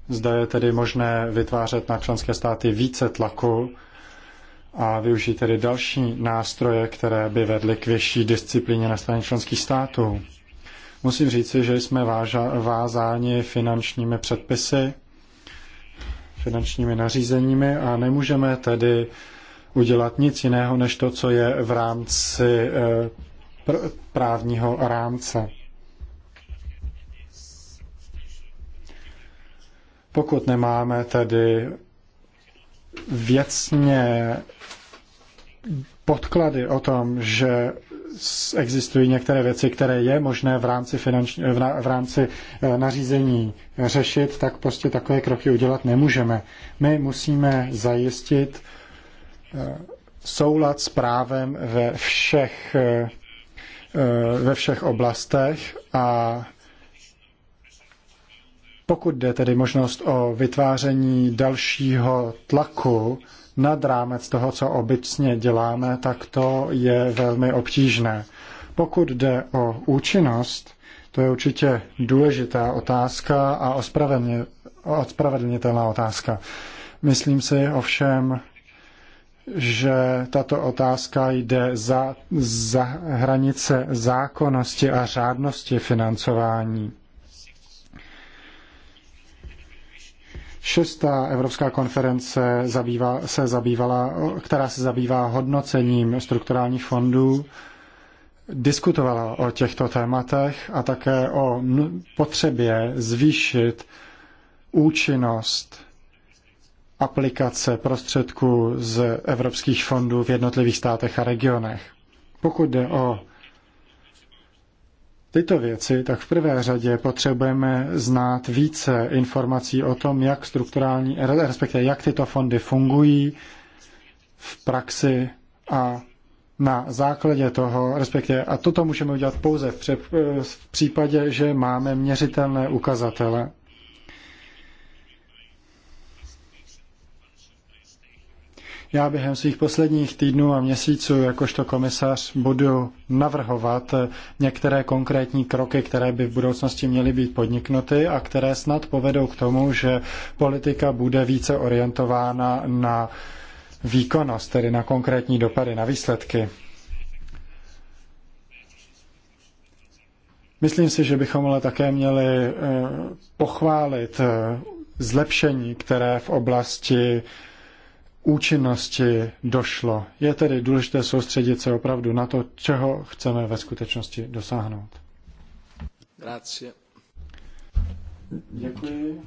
Zda je tedy možné vytvářet na členské státy více tlaku a využít tedy další nástroje, které by vedly k větší disciplíně na straně členských států. Musím říci, že jsme váža, vázáni finančními předpisy, finančními nařízeními a nemůžeme tedy udělat nic jiného, než to, co je v rámci eh, pr- právního rámce. Pokud nemáme tedy věcně podklady o tom, že existují některé věci, které je možné v rámci, finanční, v rámci eh, nařízení řešit, tak prostě takové kroky udělat nemůžeme. My musíme zajistit eh, soulad s právem ve všech eh, Eh, ve všech oblastech a pokud jde tedy možnost o vytváření dalšího tlaku nad rámec toho, co obecně děláme, tak to je velmi obtížné. Pokud jde o účinnost, to je určitě důležitá otázka a ospravedlnitelná otázka. Myslím si ovšem, že tato otázka jde za, za hranice zákonnosti a řádnosti financování. Šestá Evropská konference zabýva, se zabývala, která se zabývá hodnocením strukturálních fondů, diskutovala o těchto tématech a také o potřebě zvýšit účinnost aplikace prostředků z evropských fondů v jednotlivých státech a regionech. Pokud jde o tyto věci, tak v prvé řadě potřebujeme znát více informací o tom, jak strukturální, respektive jak tyto fondy fungují v praxi a na základě toho, respektive, a toto můžeme udělat pouze v, pře- v případě, že máme měřitelné ukazatele. Já během svých posledních týdnů a měsíců jakožto komisař budu navrhovat některé konkrétní kroky, které by v budoucnosti měly být podniknuty a které snad povedou k tomu, že politika bude více orientována na výkonnost, tedy na konkrétní dopady, na výsledky. Myslím si, že bychom ale také měli eh, pochválit eh, zlepšení, které v oblasti účinnosti došlo. Je tedy důležité soustředit se opravdu na to, čeho chceme ve skutečnosti dosáhnout. Grazie. Děkuji.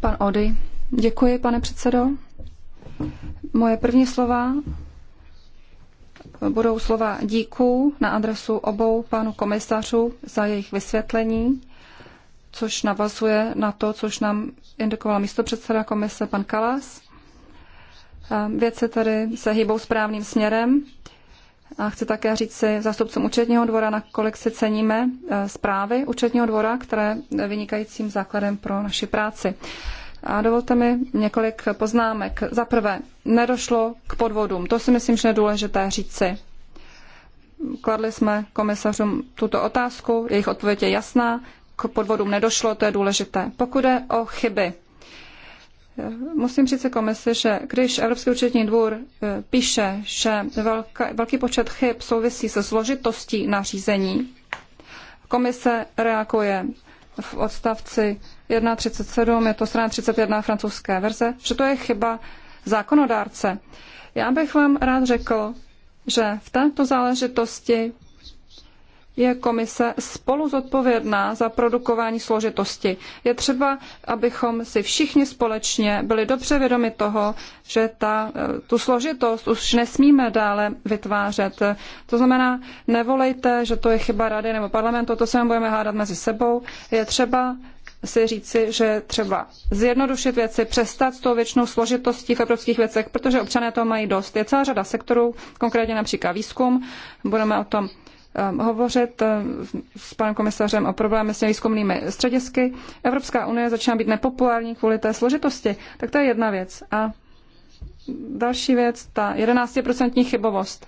Pan Ody. Děkuji, pane předsedo. Moje první slova budou slova díků na adresu obou pánů komisařů za jejich vysvětlení, což navazuje na to, což nám indikovala předseda komise pan Kalas. Věci tady se hýbou správným směrem. A chci také říct si zastupcům účetního dvora, kolik si ceníme e, zprávy účetního dvora, které vynikajícím základem pro naši práci. A dovolte mi několik poznámek. Za prvé, nedošlo k podvodům. To si myslím, že je důležité říci. Kladli jsme komisařům tuto otázku, jejich odpověď je jasná. K podvodům nedošlo, to je důležité. Pokud je o chyby, Musím říct se komise, jako že když Evropský účetní dvůr eh, píše, že velká, velký počet chyb souvisí se složitostí nařízení, komise reaguje v odstavci 1.37, je to strana 31 francouzské verze, že to je chyba zákonodárce. Já bych vám rád řekl, že v této záležitosti je komise spolu zodpovědná za produkování složitosti. Je třeba, abychom si všichni společně byli dobře vědomi toho, že ta, eh, tu složitost už nesmíme dále vytvářet. To znamená, nevolejte, že to je chyba rady nebo parlamentu, to se budeme hádat mezi sebou. Je třeba si říci, že třeba zjednodušit věci, přestat s tou věčnou složitostí v evropských věcech, protože občané to mají dost. Je celá řada sektorů, konkrétně například výzkum, budeme o tom Um, hovořit um, s panem komisařem o problémy s nevýzkumnými středisky. Evropská unie začíná být nepopulární kvůli té složitosti. Tak to je jedna věc. A další věc, ta 11% chybovost.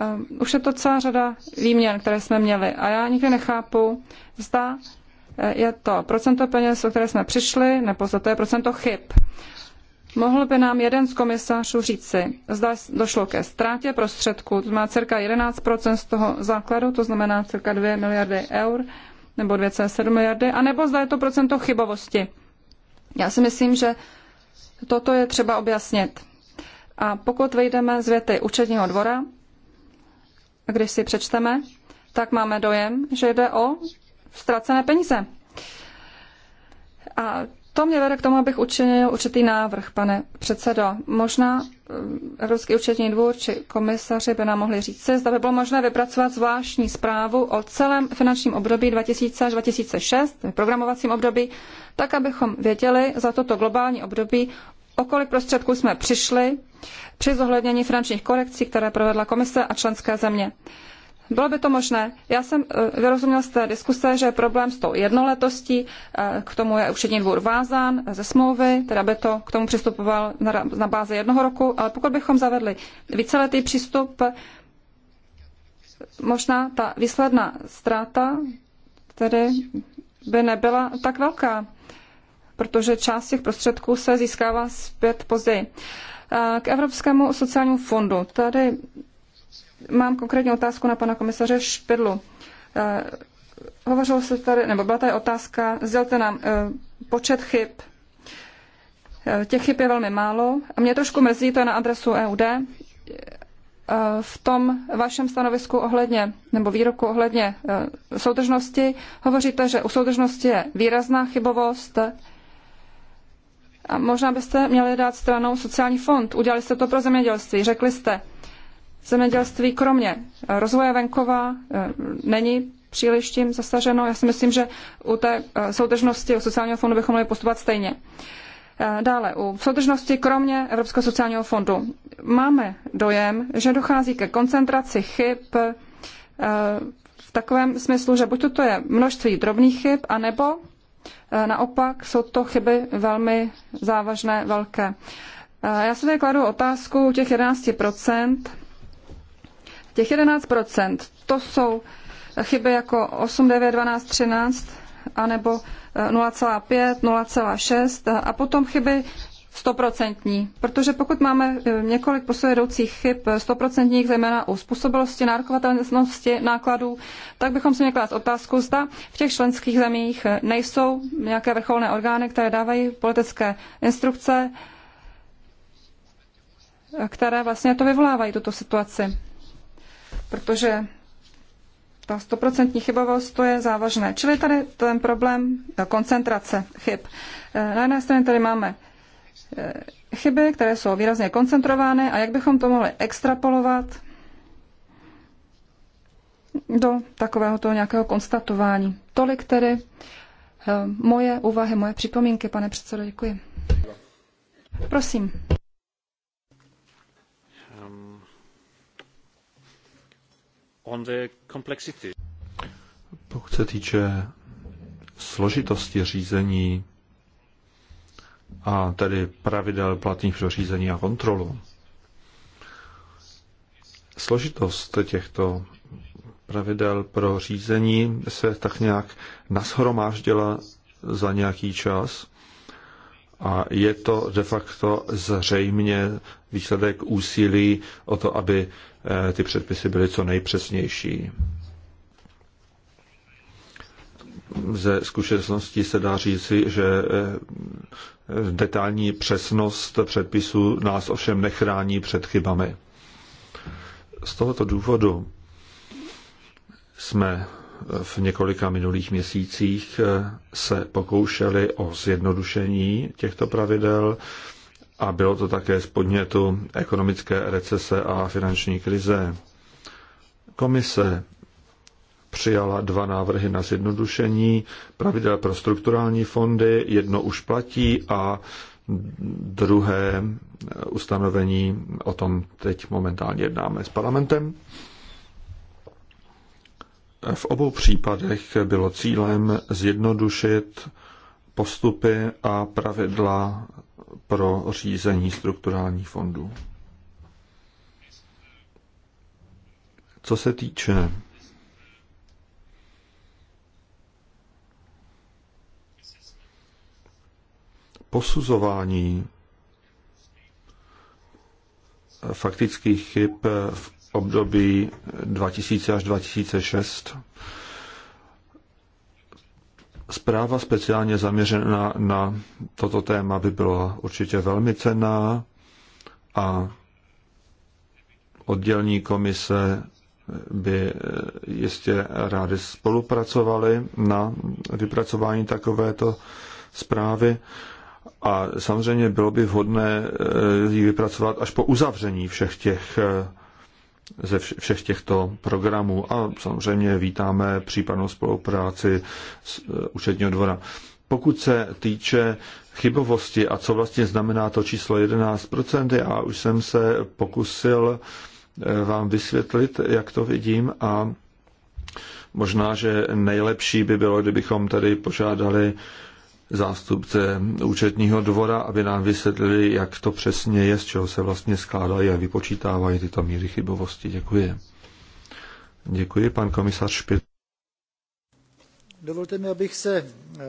Um, už je to celá řada výměn, které jsme měli. A já nikdy nechápu, zda eh, je to procento peněz, o které jsme přišli, nebo zda to je procento chyb. Mohl by nám jeden z komisařů říci, zda došlo ke ztrátě prostředků, to má cirka 11% z toho základu, to znamená cirka 2 miliardy eur nebo 2,7 miliardy, anebo zda je to procento chybovosti. Já si myslím, že toto je třeba objasnit. A pokud vyjdeme z věty účetního dvora, když si přečteme, tak máme dojem, že jde o ztracené peníze. A to mě vede k tomu, abych učinil určitý návrh, pane předsedo. Možná eh, Evropský účetní dvůr či komisaři by nám mohli říct, zda by bylo možné vypracovat zvláštní zprávu o celém finančním období 2000 až 2006, programovacím období, tak abychom věděli za toto globální období, o kolik prostředků jsme přišli při zohlednění finančních korekcí, které provedla komise a členské země. Bylo by to možné? Já jsem eh, vyrozuměl z té diskuse, že je problém s tou jednoletostí, eh, k tomu je účetní dvůr vázán ze smlouvy, teda by to k tomu přistupoval na, na bázi jednoho roku, ale pokud bychom zavedli víceletý přístup, možná ta výsledná ztráta tedy by nebyla tak velká, protože část těch prostředků se získává zpět později. Eh, k Evropskému sociálnímu fondu. Tady Mám konkrétní otázku na pana komisaře Špidlu. Eh, hovořilo se tady, nebo byla tady otázka, sdělte nám eh, počet chyb. Eh, těch chyb je velmi málo. A mě trošku mrzí, to je na adresu EUD, v tom vašem stanovisku ohledně, nebo výroku ohledně soudržnosti, hovoříte, že u soudržnosti je výrazná chybovost, a možná byste měli dát stranou sociální fond. Udělali jste to pro zemědělství. Řekli jste, zemědělství, kromě eh, rozvoje venkova, eh, není příliš tím zasaženo. Já si myslím, že u té eh, soudržnosti, u sociálního fondu bychom měli postupovat stejně. Dále, u soudržnosti kromě Evropského sociálního fondu máme dojem, že dochází ke koncentraci chyb v takovém smyslu, že buď to je množství drobných chyb, anebo naopak jsou to chyby velmi závažné, velké. Já se tady kladu otázku těch 11 Těch 11%, to jsou chyby jako 8, 9, 12, 13, anebo 0,5, eh, 0,6 a potom chyby 100%. Protože pokud máme eh, několik posujedoucích chyb 100%, eh, zejména u způsobilosti, nárokovatelnosti nákladů, tak bychom si měli klást otázku, zda v těch členských zemích nejsou nějaké vrcholné orgány, které dávají politické instrukce, které vlastně to vyvolávají, tuto situaci protože ta stoprocentní chybovost, to je závažné. Čili tady ten problém eh, koncentrace chyb. Eh, na jedné straně tady máme eh, chyby, které jsou výrazně koncentrovány a jak bychom to mohli extrapolovat do takového toho nějakého konstatování. Tolik tedy moje úvahy, moje připomínky, pane předsedo, děkuji. Prosím. Pokud se týče složitosti řízení a tedy pravidel platných pro řízení a kontrolu, složitost těchto pravidel pro řízení se tak nějak nashromáždila za nějaký čas a je to de facto zřejmě výsledek úsilí o to, aby Eh, ty předpisy byly co nejpřesnější. Ze zkušeností se dá říci, že eh, detailní přesnost předpisů nás ovšem nechrání před chybami. Z tohoto důvodu jsme v několika minulých měsících eh, se pokoušeli o zjednodušení těchto pravidel, a bylo to také z podnětu ekonomické recese a finanční krize. Komise přijala dva návrhy na zjednodušení pravidel pro strukturální fondy. Jedno už platí a druhé ustanovení o tom teď momentálně jednáme s parlamentem. V obou případech bylo cílem zjednodušit postupy a pravidla pro řízení strukturálních fondů. Co se týče posuzování faktických chyb v období 2000 až 2006, Zpráva speciálně zaměřená na toto téma by byla určitě velmi cená a oddělní komise by eh, jistě rádi spolupracovali na vypracování takovéto zprávy. A samozřejmě bylo by vhodné eh, ji vypracovat až po uzavření všech těch eh, ze všech těchto programů a samozřejmě vítáme případnou spolupráci s e, účetního dvora. Pokud se týče chybovosti a co vlastně znamená to číslo 11%, já už jsem se pokusil e, vám vysvětlit, jak to vidím a možná, že nejlepší by bylo, kdybychom tady požádali zástupce účetního dvora, aby nám vysvětlili, jak to přesně je, z čeho se vlastně skládají a vypočítávají tyto míry chybovosti. Děkuji. Děkuji, pan komisař Špět. Dovolte mi, abych se eh,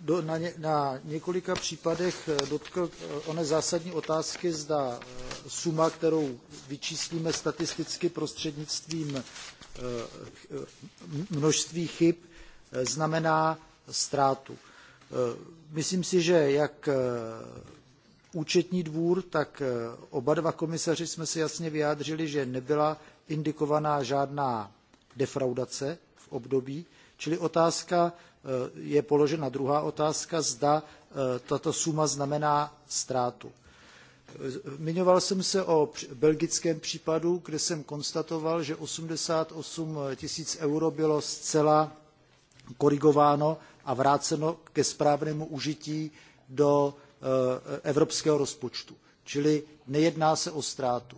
do, na, ně, na několika případech eh, dotkl eh, oné zásadní otázky, zda suma, kterou vyčíslíme statisticky prostřednictvím množství chyb, znamená ztrátu. Eh, myslím si, že jak eh, účetní dvůr, tak eh, oba dva komisaři jsme se jasně vyjádřili, že nebyla indikovaná žádná defraudace v období, čili otázka je položena druhá otázka, zda tato suma znamená ztrátu. Zmiňoval jsem se o belgickém případu, kde jsem konstatoval, že 88 tisíc euro bylo zcela korigováno a vráceno ke správnému užití do eh, evropského rozpočtu. Čili nejedná se o ztrátu.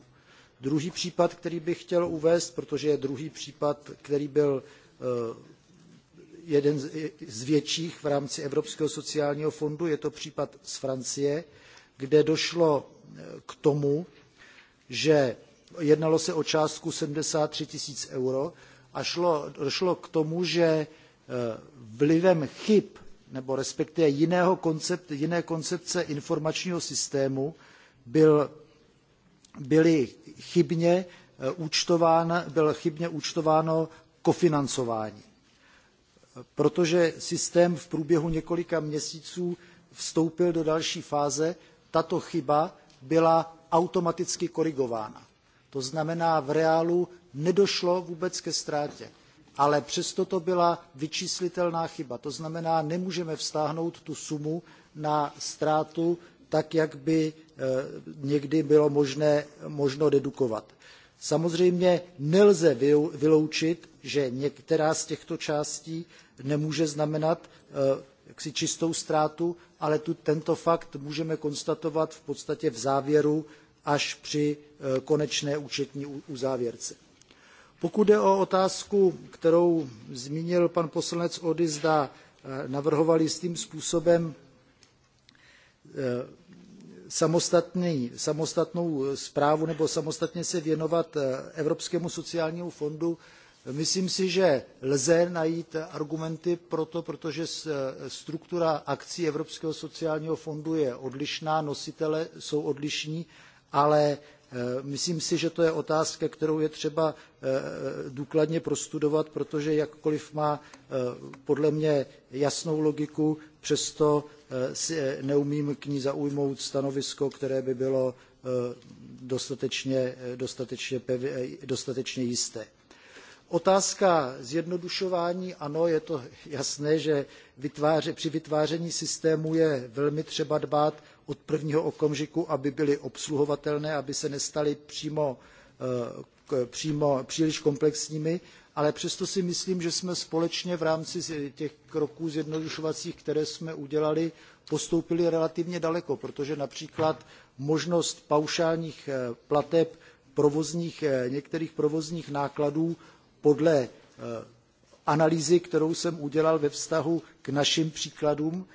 Druhý případ, který bych chtěl uvést, protože je druhý případ, který byl eh, jeden z větších v rámci Evropského sociálního fondu, je to případ z Francie, kde došlo eh, k tomu, že jednalo se o částku 73 tisíc euro a šlo, došlo k tomu, že Eh, vlivem chyb nebo respektive jiného koncept, jiné koncepce informačního systému byl, byly chybně eh, účtován, bylo chybně účtováno kofinancování. Protože systém v průběhu několika měsíců vstoupil do další fáze, tato chyba byla automaticky korigována. To znamená, v reálu nedošlo vůbec ke ztrátě ale přesto to byla vyčíslitelná chyba. To znamená, nemůžeme vztáhnout tu sumu na ztrátu tak, jak by eh, někdy bylo možné, možno dedukovat. Samozřejmě nelze vyloučit, že některá z těchto částí nemůže znamenat eh, čistou ztrátu, ale tento fakt můžeme konstatovat v podstatě v závěru až při eh, konečné účetní uzávěrce. Pokud jde o otázku, kterou zmínil pan poslanec Ody, zda eh, navrhoval jistým způsobem eh, samostatný, samostatnou zprávu nebo samostatně se věnovat eh, Evropskému sociálnímu fondu, Myslím si, že lze najít argumenty pro to, protože struktura akcí Evropského sociálního fondu je odlišná, nositele jsou odlišní, ale Eh, myslím si, že to je otázka, kterou je třeba eh, eh, důkladně prostudovat, protože jakkoliv má podle mě jasnou logiku, přesto si neumím k ní zaujmout stanovisko, které by bylo dostatečně, dostatečně, dostatečně jisté. Otázka zjednodušování, ano, je to jasné, že vytváře, při vytváření systému je velmi třeba dbát od prvního okamžiku, aby byly obsluhovatelné, aby se nestaly přímo, eh, přímo příliš komplexními, ale přesto si myslím, že jsme společně v rámci těch kroků zjednodušovacích, které jsme udělali, postoupili relativně daleko, protože například možnost paušálních eh, plateb provozních, eh, některých provozních nákladů podle analýzy, kterou jsem udělal ve vztahu k našim příkladům,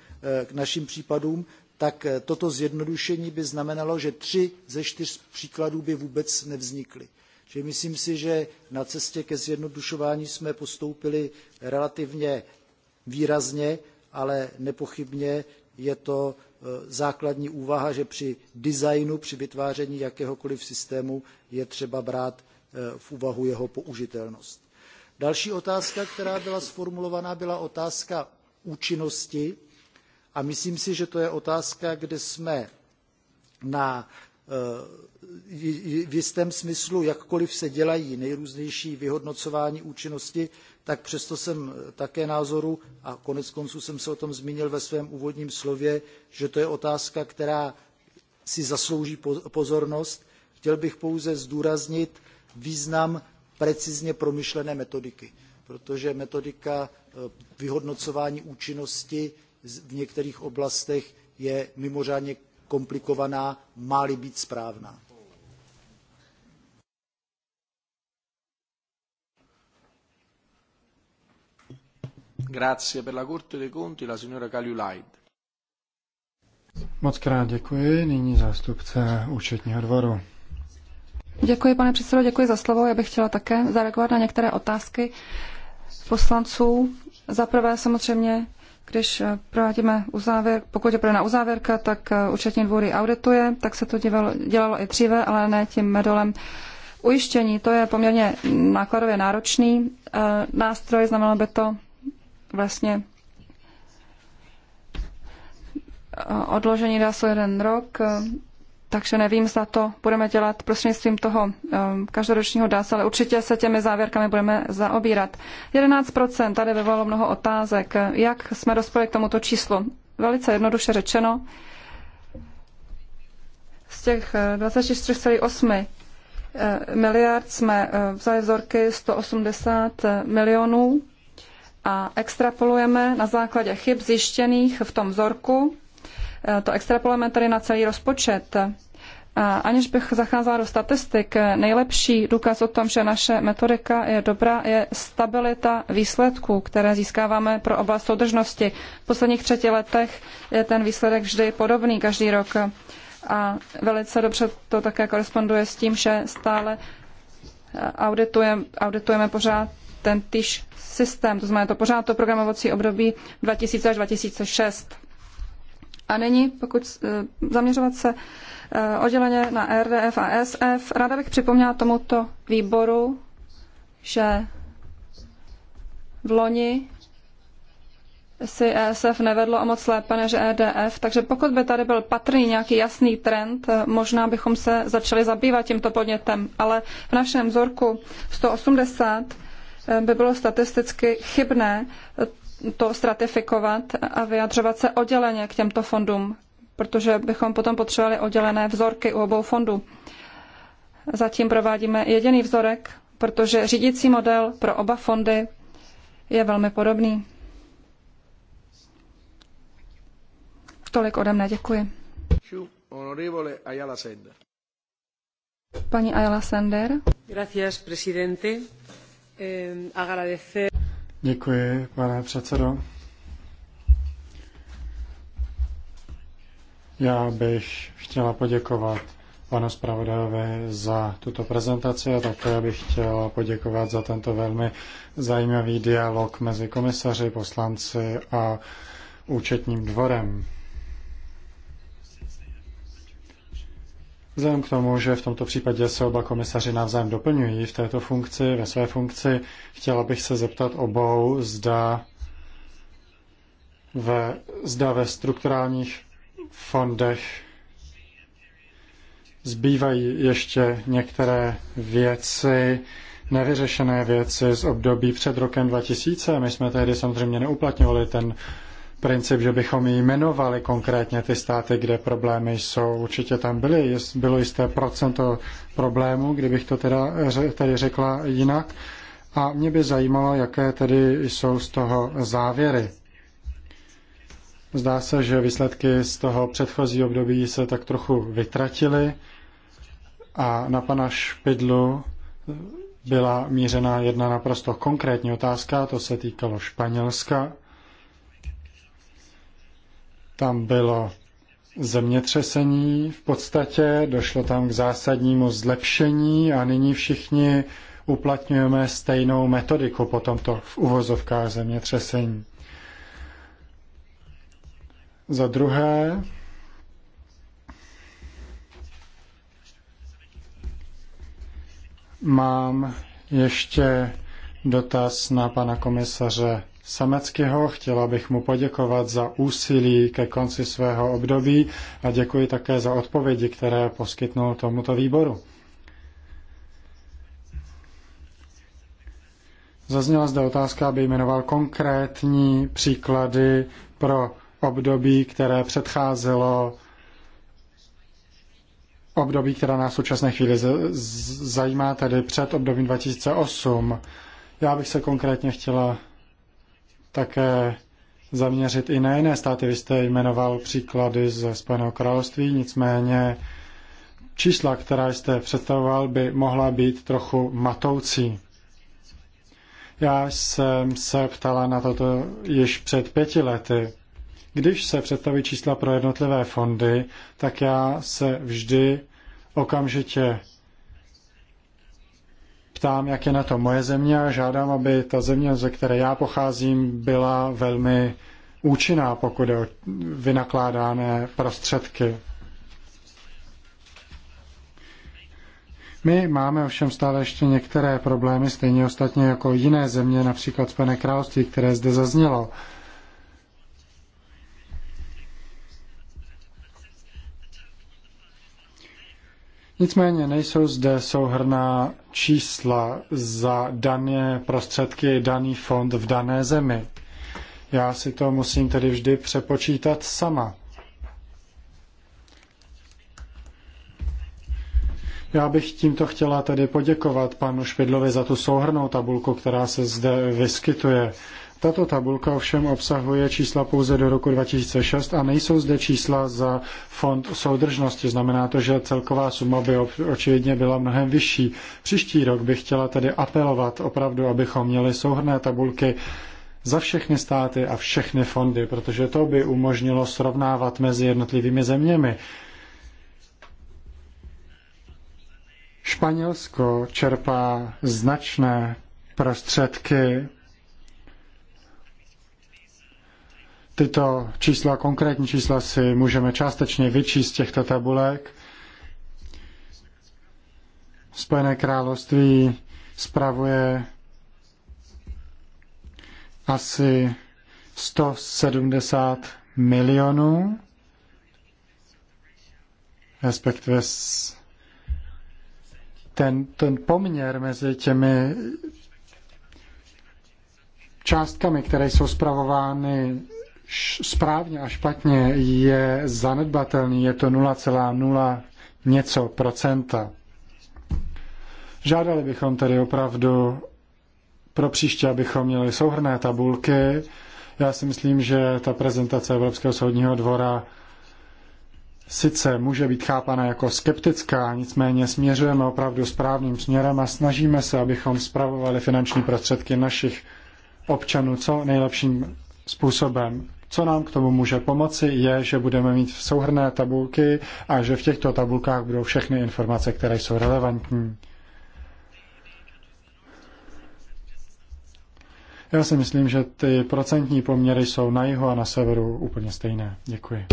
k našim případům, tak eh, toto zjednodušení by znamenalo, že tři ze čtyř příkladů by vůbec nevznikly. Čili myslím si, že na cestě ke zjednodušování jsme postoupili relativně výrazně, ale nepochybně je to eh, základní úvaha, že při designu, při vytváření jakéhokoliv systému je třeba brát eh, v úvahu jeho použitelnost. Další otázka, která byla sformulovaná, byla otázka účinnosti a myslím si, že to je otázka, kde jsme na eh, v jistém smyslu, jakkoliv se dělají nejrůznější vyhodnocování účinnosti, tak přesto jsem eh, také názoru, a konec konců jsem se o tom zmínil ve svém úvodním slově, že to je otázka, která si zaslouží pozornost. Chtěl bych pouze zdůraznit význam precizně promyšlené metodiky, protože metodika eh, vyhodnocování účinnosti v některých oblastech je mimořádně komplikovaná, má-li být správná. Grazie per la Corte dei Conti, la signora Caliulaid. Moc krát děkuji. Nyní zástupce účetního dvoru. Děkuji, pane předsedo, děkuji za slovo. Já bych chtěla také zareagovat na některé otázky poslanců. Za prvé samozřejmě když eh, provádíme uzávěr, pokud je na uzávěrka, tak eh, účetní dvůry audituje, tak se to dělalo, dělalo i dříve, ale ne tím medolem ujištění. To je poměrně nákladově náročný eh, nástroj, znamenalo by to vlastně odložení DASu jeden rok takže nevím, zda to budeme dělat prostřednictvím toho eh, každoročního DAS, ale určitě se těmi závěrkami budeme zaobírat. 11% tady vyvolalo mnoho otázek. Jak jsme dospěli k tomuto číslu? Velice jednoduše řečeno, z těch 24,8 eh, eh, miliard jsme vzali vzorky 180 milionů a extrapolujeme na základě chyb zjištěných v tom vzorku Eh, to extrapolujeme tedy na celý rozpočet. A eh, aniž bych zacházela do statistik, nejlepší důkaz o tom, že naše metodika je dobrá, je stabilita výsledků, které získáváme pro oblast soudržnosti. V posledních třetí letech je ten výsledek vždy podobný každý rok. A velice dobře to také koresponduje s tím, že stále eh, auditujeme, auditujeme pořád ten týž systém, to znamená to pořád to programovací období 2000 až 2006. A nyní, pokud eh, zaměřovat se eh, odděleně na RDF a SF, ráda bych připomněla tomuto výboru, že v loni si ESF nevedlo o moc lépe než EDF, takže pokud by tady byl patrný nějaký jasný trend, eh, možná bychom se začali zabývat tímto podnětem, ale v našem vzorku 180 by bylo statisticky chybné to stratifikovat a vyjadřovat se odděleně k těmto fondům, protože bychom potom potřebovali oddělené vzorky u obou fondů. Zatím provádíme jediný vzorek, protože řídící model pro oba fondy je velmi podobný. Tolik ode mne, děkuji. Paní Ayala Sender. Gracias, presidente. Eh, agradecer... Děkuji, pane předsedo. Já bych chtěla poděkovat panu zpravodajovi za tuto prezentaci a také bych chtěla poděkovat za tento velmi zajímavý dialog mezi komisaři, poslanci a účetním dvorem. Vzhledem k tomu, že v tomto případě se oba komisaři navzájem doplňují v této funkci, ve své funkci, chtěla bych se zeptat obou, zda ve, zda ve strukturálních fondech zbývají ještě některé věci, nevyřešené věci z období před rokem 2000. My jsme tehdy samozřejmě neuplatňovali ten princip, že bychom jmenovali konkrétně ty státy, kde problémy jsou. Určitě tam byly, bylo jisté procento problémů, kdybych to teda tady řekla jinak. A mě by zajímalo, jaké tedy jsou z toho závěry. Zdá se, že výsledky z toho předchozí období se tak trochu vytratily a na pana Špidlu byla mířena jedna naprosto konkrétní otázka, to se týkalo Španělska. Tam bylo zemětřesení, v podstatě došlo tam k zásadnímu zlepšení a nyní všichni uplatňujeme stejnou metodiku po tomto v uvozovkách zemětřesení. Za druhé, mám ještě dotaz na pana komisaře Sameckého. Chtěla bych mu poděkovat za úsilí ke konci svého období a děkuji také za odpovědi, které poskytnul tomuto výboru. Zazněla zde otázka, aby jmenoval konkrétní příklady pro období, které předcházelo období, které nás v současné chvíli zajímá, tedy před obdobím 2008. Já bych se konkrétně chtěla také zaměřit i na jiné státy. Vy jste jmenoval příklady ze Spojeného království, nicméně čísla, která jste představoval, by mohla být trochu matoucí. Já jsem se ptala na toto již před pěti lety. Když se představí čísla pro jednotlivé fondy, tak já se vždy okamžitě ptám, jak je na to moje země a žádám, aby ta země, ze které já pocházím, byla velmi účinná, pokud je o prostředky. My máme ovšem stále ještě některé problémy, stejně ostatně jako jiné země, například Spojené království, které zde zaznělo. Nicméně nejsou zde souhrná čísla za dané prostředky, daný fond v dané zemi. Já si to musím tedy vždy přepočítat sama. Já bych tímto chtěla tedy poděkovat panu Špidlovi za tu souhrnou tabulku, která se zde vyskytuje. Tato tabulka ovšem obsahuje čísla pouze do roku 2006 a nejsou zde čísla za fond soudržnosti. Znamená to, že celková suma by očividně byla mnohem vyšší. Příští rok bych chtěla tedy apelovat opravdu, abychom měli souhrné tabulky za všechny státy a všechny fondy, protože to by umožnilo srovnávat mezi jednotlivými zeměmi. Španělsko čerpá značné prostředky Tyto čísla, konkrétní čísla si můžeme částečně vyčíst z těchto tabulek. Spojené království spravuje asi 170 milionů, respektive ten, ten poměr mezi těmi částkami, které jsou spravovány správně a špatně je zanedbatelný, je to 0,0 něco procenta. Žádali bychom tedy opravdu pro příště, abychom měli souhrné tabulky. Já si myslím, že ta prezentace Evropského soudního dvora sice může být chápána jako skeptická, nicméně směřujeme opravdu správným směrem a snažíme se, abychom spravovali finanční prostředky našich občanů co nejlepším způsobem. Co nám k tomu může pomoci, je, že budeme mít souhrné tabulky a že v těchto tabulkách budou všechny informace, které jsou relevantní. Já si myslím, že ty procentní poměry jsou na jihu a na severu úplně stejné. Děkuji.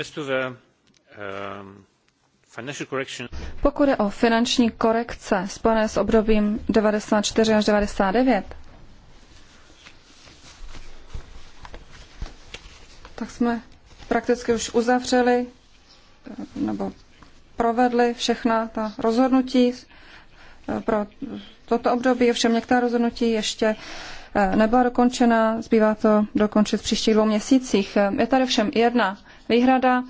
Eh, Pokud je o finanční korekce spojené s obdobím 94 až 99, tak jsme prakticky už uzavřeli nebo provedli všechna ta rozhodnutí pro toto období. Ovšem některá rozhodnutí ještě eh, nebyla dokončena, zbývá to dokončit v příštích dvou měsících. Je tady všem jedna výhrada,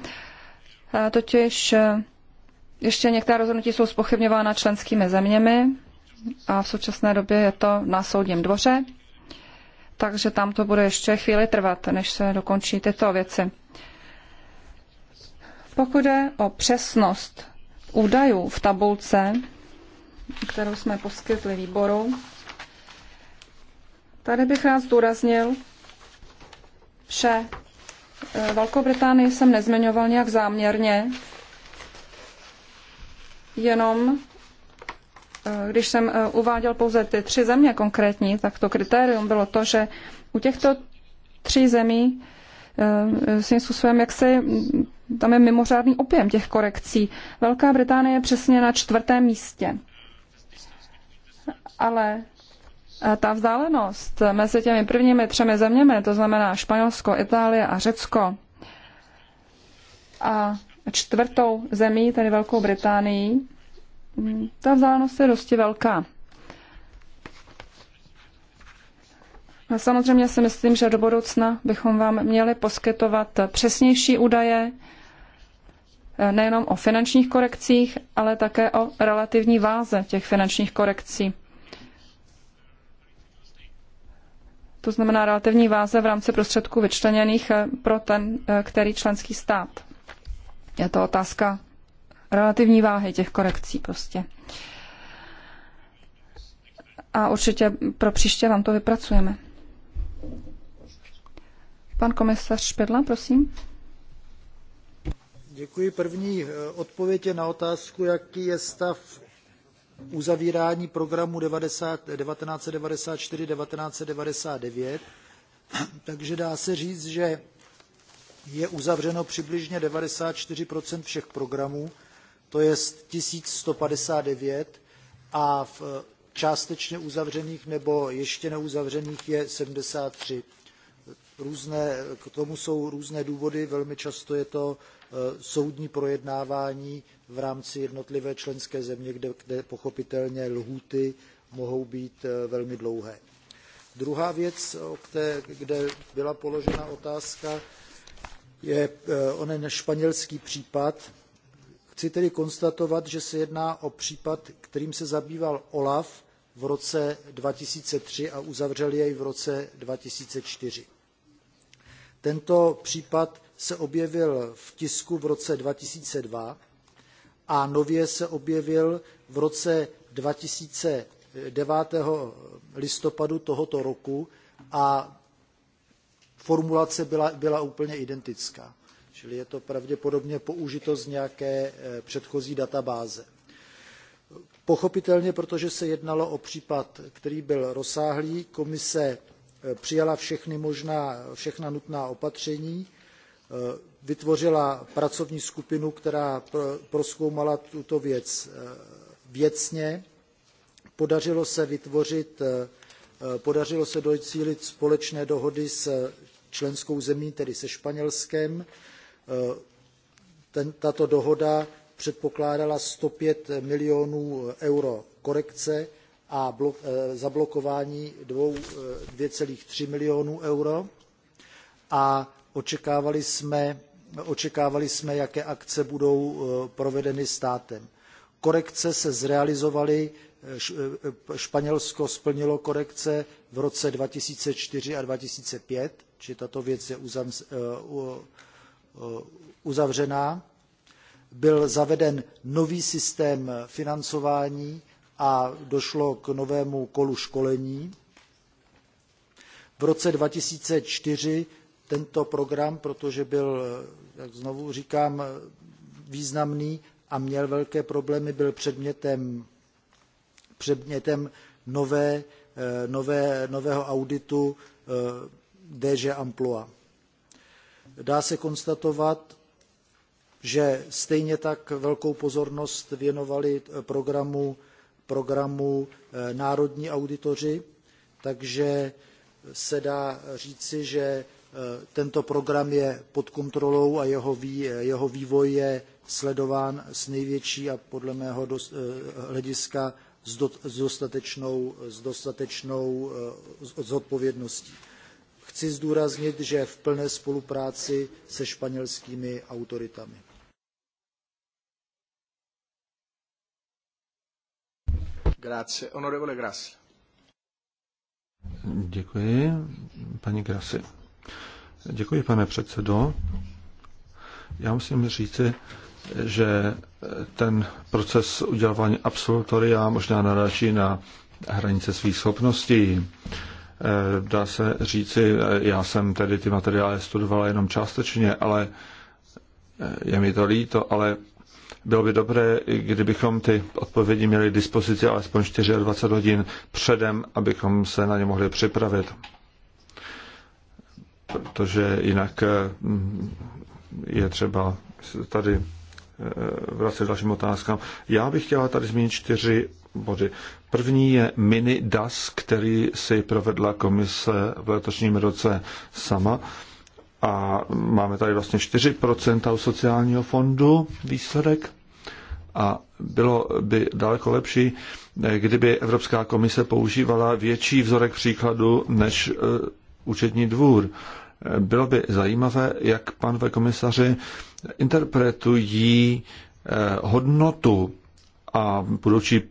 eh, totiž eh, ještě některá rozhodnutí jsou spochybňována členskými zeměmi a v současné době je to na soudním dvoře takže tam to bude ještě chvíli trvat, než se dokončí tyto věci. Pokud jde o přesnost údajů v tabulce, kterou jsme poskytli výboru, tady bych rád zdůraznil, že e, Velkou Británii jsem nezmiňoval nějak záměrně, jenom Eh, když jsem eh, uváděl pouze ty tři země konkrétní, tak to kritérium bylo to, že u těchto tří zemí eh, svým způsobem, jak se mm, tam je mimořádný objem těch korekcí. Velká Británie je přesně na čtvrtém místě. Ale ta vzdálenost mezi těmi prvními třemi zeměmi, to znamená Španělsko, Itálie a Řecko, a čtvrtou zemí, tedy Velkou Británii, Mm, ta vzdálenost je dosti velká. A samozřejmě si myslím, že do budoucna bychom vám měli poskytovat přesnější údaje, eh, nejenom o finančních korekcích, ale také o relativní váze těch finančních korekcí. To znamená relativní váze v rámci prostředků vyčleněných eh, pro ten, eh, který členský stát. Je to otázka relativní váhy těch korekcí prostě. A určitě pro příště vám to vypracujeme. Pan komisař Špedla, prosím. Děkuji. První eh, odpověď je na otázku, jaký je stav uzavírání programu 1994-1999. Takže dá se říct, že je uzavřeno přibližně 94 všech programů to je 1159 a v eh, částečně uzavřených nebo ještě neuzavřených je 73. Různé, eh, k tomu jsou různé důvody, velmi často je to eh, soudní projednávání v rámci jednotlivé členské země, kde, kde pochopitelně lhůty mohou být velmi dlouhé. Druhá věc, kde byla položena otázka, je onen španělský případ, Chci tedy konstatovat, že se jedná o případ, kterým se zabýval OLAF v roce 2003 a uzavřel jej v roce 2004. Tento případ se objevil v tisku v roce 2002 a nově se objevil v roce 2009 listopadu tohoto roku a formulace byla, byla úplně identická. Čili je to pravděpodobně použito z nějaké eh, předchozí databáze. Pochopitelně, protože se jednalo o případ, který byl rozsáhlý, komise eh, přijala všechny možná, všechna nutná opatření, eh, vytvořila pracovní skupinu, která prozkoumala tuto věc věcně. Podařilo se vytvořit, podařilo se docílit společné dohody s členskou zemí, tedy se Španělskem. Eh, tato dohoda předpokládala 105 milionů euro korekce a blok, eh, zablokování 2,3 eh, milionů euro a očekávali jsme, očekávali jsme, jaké akce budou provedeny státem. Korekce se zrealizovaly, Španělsko splnilo korekce v roce 2004 a 2005, či tato věc je uzavřena Eh, uzavřená. Byl zaveden nový systém financování a došlo k novému kolu školení. V roce 2004 tento program, protože byl, eh, jak znovu říkám, eh, významný a měl velké problémy, byl předmětem, předmětem nové, nové, nového auditu DG Amploa. Dá se konstatovat, že stejně tak velkou pozornost věnovali eh, programu, programu eh, národní auditoři, takže eh, se dá říci, že tento program je pod kontrolou a jeho, jeho vývoj je sledován s největší a podle mého dost, hlediska s, do, s dostatečnou, s dostatečnou zodpovědností. Chci zdůraznit, že v plné spolupráci se španělskými autoritami. Grazie. Onorevole Grassi. Děkuji, paní Grassi. Děkuji, pane předsedo. Já musím říci, že ten proces udělování absolutoria možná naráží na hranice svých schopností. Eh, dá se říci, eh, já jsem tedy ty materiály studovala jenom částečně, ale eh, je mi to líto, ale bylo by dobré, kdybychom ty odpovědi měli k dispozici alespoň 24 hodin předem, abychom se na ně mohli připravit. Protože jinak je třeba tady vracet dalším otázkám. Já bych chtěla tady zmínit čtyři body. První je mini DAS, který si provedla komise v letošním roce sama. A máme tady vlastně 4% sociálního fondu výsledek. A bylo by daleko lepší, kdyby Evropská komise používala větší vzorek příkladu než e, účetní dvůr. Bylo by zajímavé, jak pan ve komisaři interpretují e, hodnotu a budoucí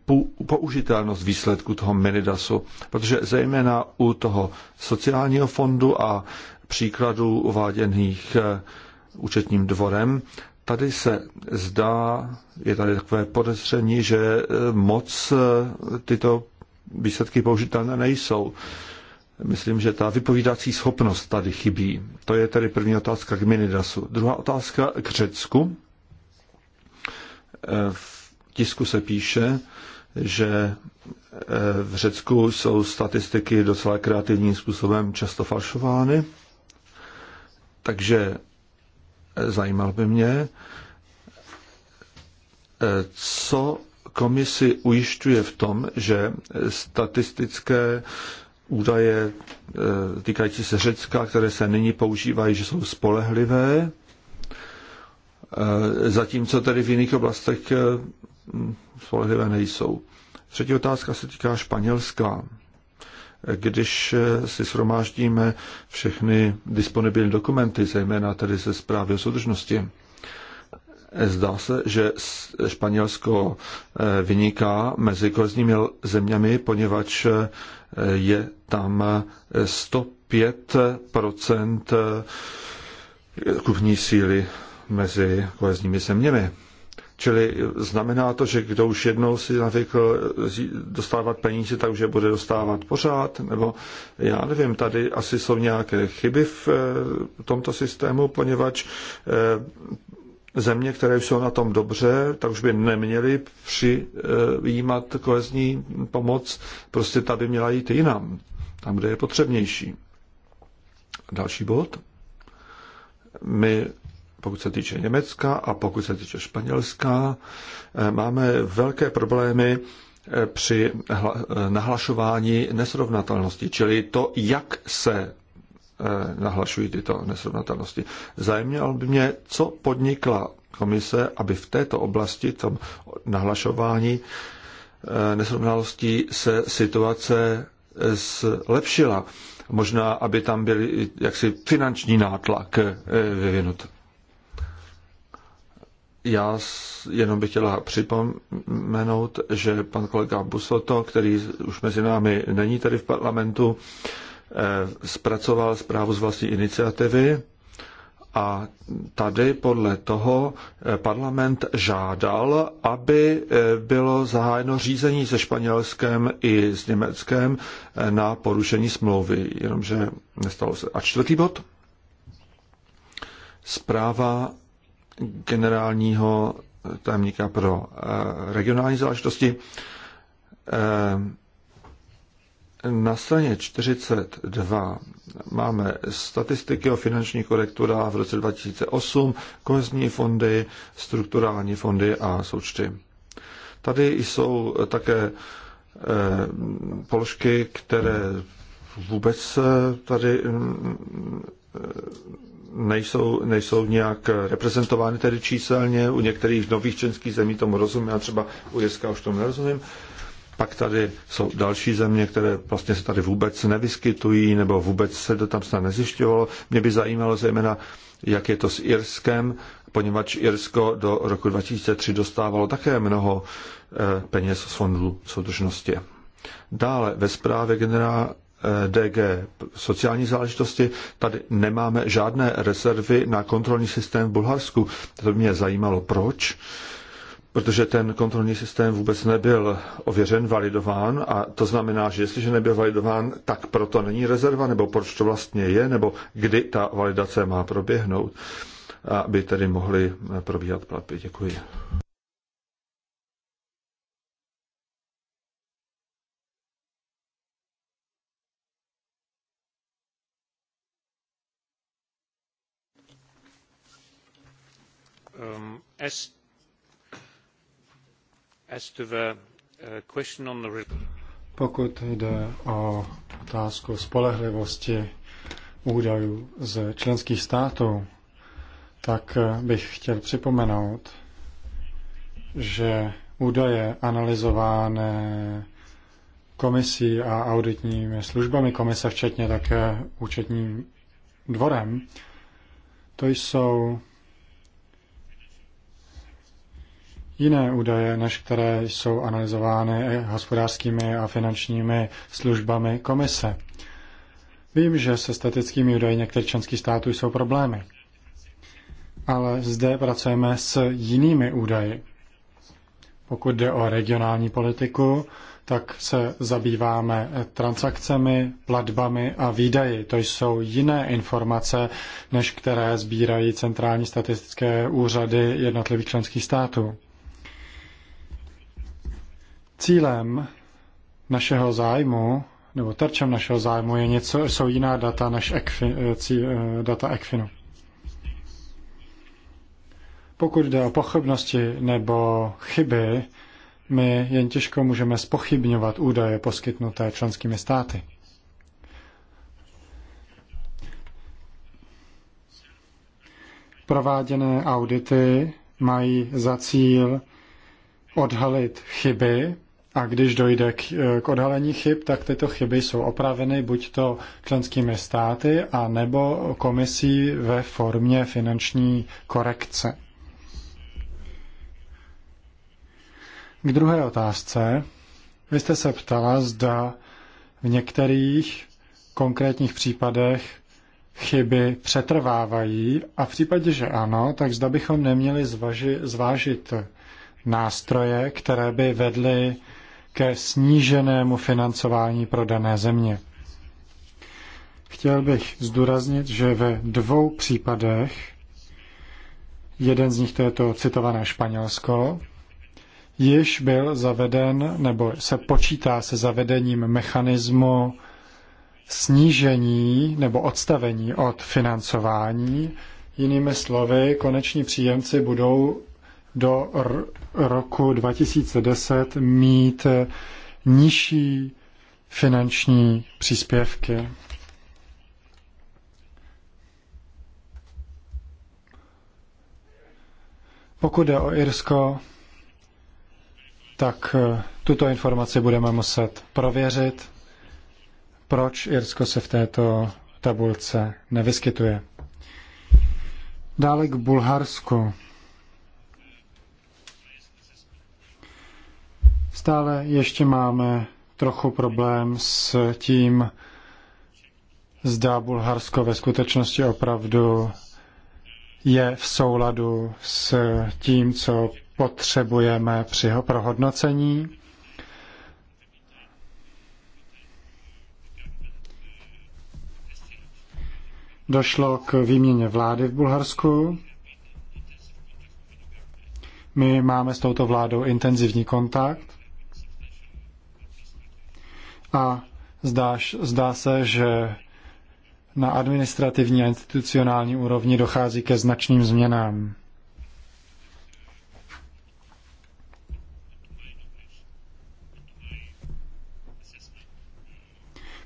použitelnost výsledku toho Minidasu. Protože zejména u toho sociálního fondu a příkladů uváděných eh, účetním dvorem, tady se zdá, je tady takové podezření, že eh, moc eh, tyto výsledky použitelné nejsou. Myslím, že ta vypovídací schopnost tady chybí. To je tedy první otázka k Minidasu. Druhá otázka k Řecku. V tisku se píše, že e, v Řecku jsou statistiky docela kreativním způsobem často falšovány. Takže e, zajímal by mě, e, co komisi ujišťuje v tom, že statistické údaje týkající se Řecka, které se nyní používají, že jsou spolehlivé, zatímco tedy v jiných oblastech spolehlivé nejsou. Třetí otázka se týká Španělska. Když si shromáždíme všechny disponibilní dokumenty, zejména tedy ze zprávy o soudržnosti, Zdá se, že Španělsko eh, vyniká mezi kolezními zeměmi, poněvadž eh, je tam 105 eh, kupní síly mezi kolezními zeměmi. Čili znamená to, že kdo už jednou si navykl dostávat peníze, tak už je bude dostávat pořád, nebo já nevím, tady asi jsou nějaké chyby v eh, tomto systému, poněvadž eh, země, které jsou na tom dobře, tak už by neměly přijímat kohezní pomoc, prostě tady měla jít jinam, tam, kde je potřebnější. Další bod. My pokud se týče Německa a pokud se týče Španělska, eh, máme velké problémy eh, při eh, nahlašování nesrovnatelnosti, čili to, jak se nahlašují tyto nesrovnatelnosti. Zajímalo by mě, co podnikla komise, aby v této oblasti, tom nahlašování nesrovnalostí se situace zlepšila. Možná, aby tam byl jaksi finanční nátlak vyvinut. Já jenom bych chtěla připomenout, že pan kolega Busoto, který už mezi námi není tady v parlamentu, eh, zpracoval zprávu z vlastní iniciativy a tady podle toho eh, parlament žádal, aby eh, bylo zahájeno řízení se Španělskem i s Německem na porušení smlouvy, jenomže nestalo se. A čtvrtý bod. Zpráva generálního tajemníka pro eh, regionální záležitosti. Eh, na straně 42 máme statistiky o finanční korekturách v roce 2008, kohezní fondy, strukturální fondy a součty. Tady jsou také eh, položky, které vůbec tady mm, nejsou, nejsou nějak reprezentovány tedy číselně, u některých nových členských zemí tomu rozumím, a třeba u Jirska už tomu nerozumím. Pak tady jsou další země, které vlastně se tady vůbec nevyskytují, nebo vůbec se to tam snad nezjišťovalo. Mě by zajímalo zejména, jak je to s Irskem, poněvadž Irsko do roku 2003 dostávalo také mnoho eh, peněz z fondů soudržnosti. Dále ve zprávě generál, Eh, DG sociální záležitosti, tady nemáme žádné rezervy na kontrolní systém v Bulharsku. To by mě zajímalo, proč protože ten kontrolní systém vůbec nebyl ověřen, validován a to znamená, že jestliže nebyl validován, tak proto není rezerva, nebo proč to vlastně je, nebo kdy ta validace má proběhnout, aby tedy mohly probíhat platby. Děkuji. Um, uh, Pokud jde o otázku spolehlivosti údajů z členských států, tak eh, bych chtěl připomenout, že údaje analyzované komisí a auditními službami komise, včetně také účetním dvorem, to jsou jiné údaje, než které jsou analyzovány hospodářskými a finančními službami komise. Vím, že se statickými údaji některých členských států jsou problémy, ale zde pracujeme s jinými údaji. Pokud jde o regionální politiku, tak se zabýváme transakcemi, platbami a výdaji. To jsou jiné informace, než které sbírají centrální statistické úřady jednotlivých členských států. Cílem našeho zájmu, nebo terčem našeho zájmu je něco, jsou jiná data než eh, cí, eh, data ECFINu. Pokud jde o pochybnosti nebo chyby, my jen těžko můžeme spochybňovat údaje poskytnuté členskými státy. Prováděné audity mají za cíl odhalit chyby a když dojde k, k odhalení chyb, tak tyto chyby jsou opraveny buď to členskými státy, a nebo komisí ve formě finanční korekce. K druhé otázce. Vy jste se ptala, zda v některých konkrétních případech chyby přetrvávají a v případě, že ano, tak zda bychom neměli zvaži, zvážit nástroje, které by vedly ke sníženému financování pro dané země. Chtěl bych zdůraznit, že ve dvou případech, jeden z nich to je to citované Španělsko, již byl zaveden nebo se počítá se zavedením mechanismu snížení nebo odstavení od financování. Jinými slovy, koneční příjemci budou do roku 2010 mít nižší finanční příspěvky. Pokud jde o Irsko, tak eh, tuto informaci budeme muset prověřit, proč Irsko se v této tabulce nevyskytuje. Dále k Bulharsku. Stále ještě máme trochu problém s tím, zda Bulharsko ve skutečnosti opravdu je v souladu s tím, co potřebujeme při prohodnocení. Došlo k výměně vlády v Bulharsku. My máme s touto vládou intenzivní kontakt a zdáš, zdá se, že na administrativní a institucionální úrovni dochází ke značným změnám.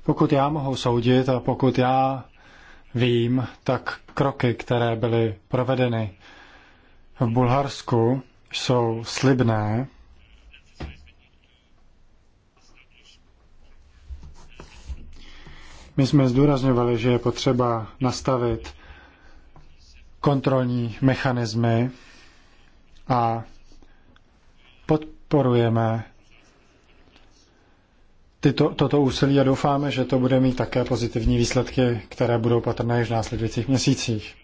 Pokud já mohu soudit a pokud já vím, tak kroky, které byly provedeny v Bulharsku, jsou slibné My jsme zdůrazňovali, že je potřeba nastavit kontrolní mechanismy a podporujeme tyto, toto úsilí a doufáme, že to bude mít také pozitivní výsledky, které budou patrné již v následujících měsících.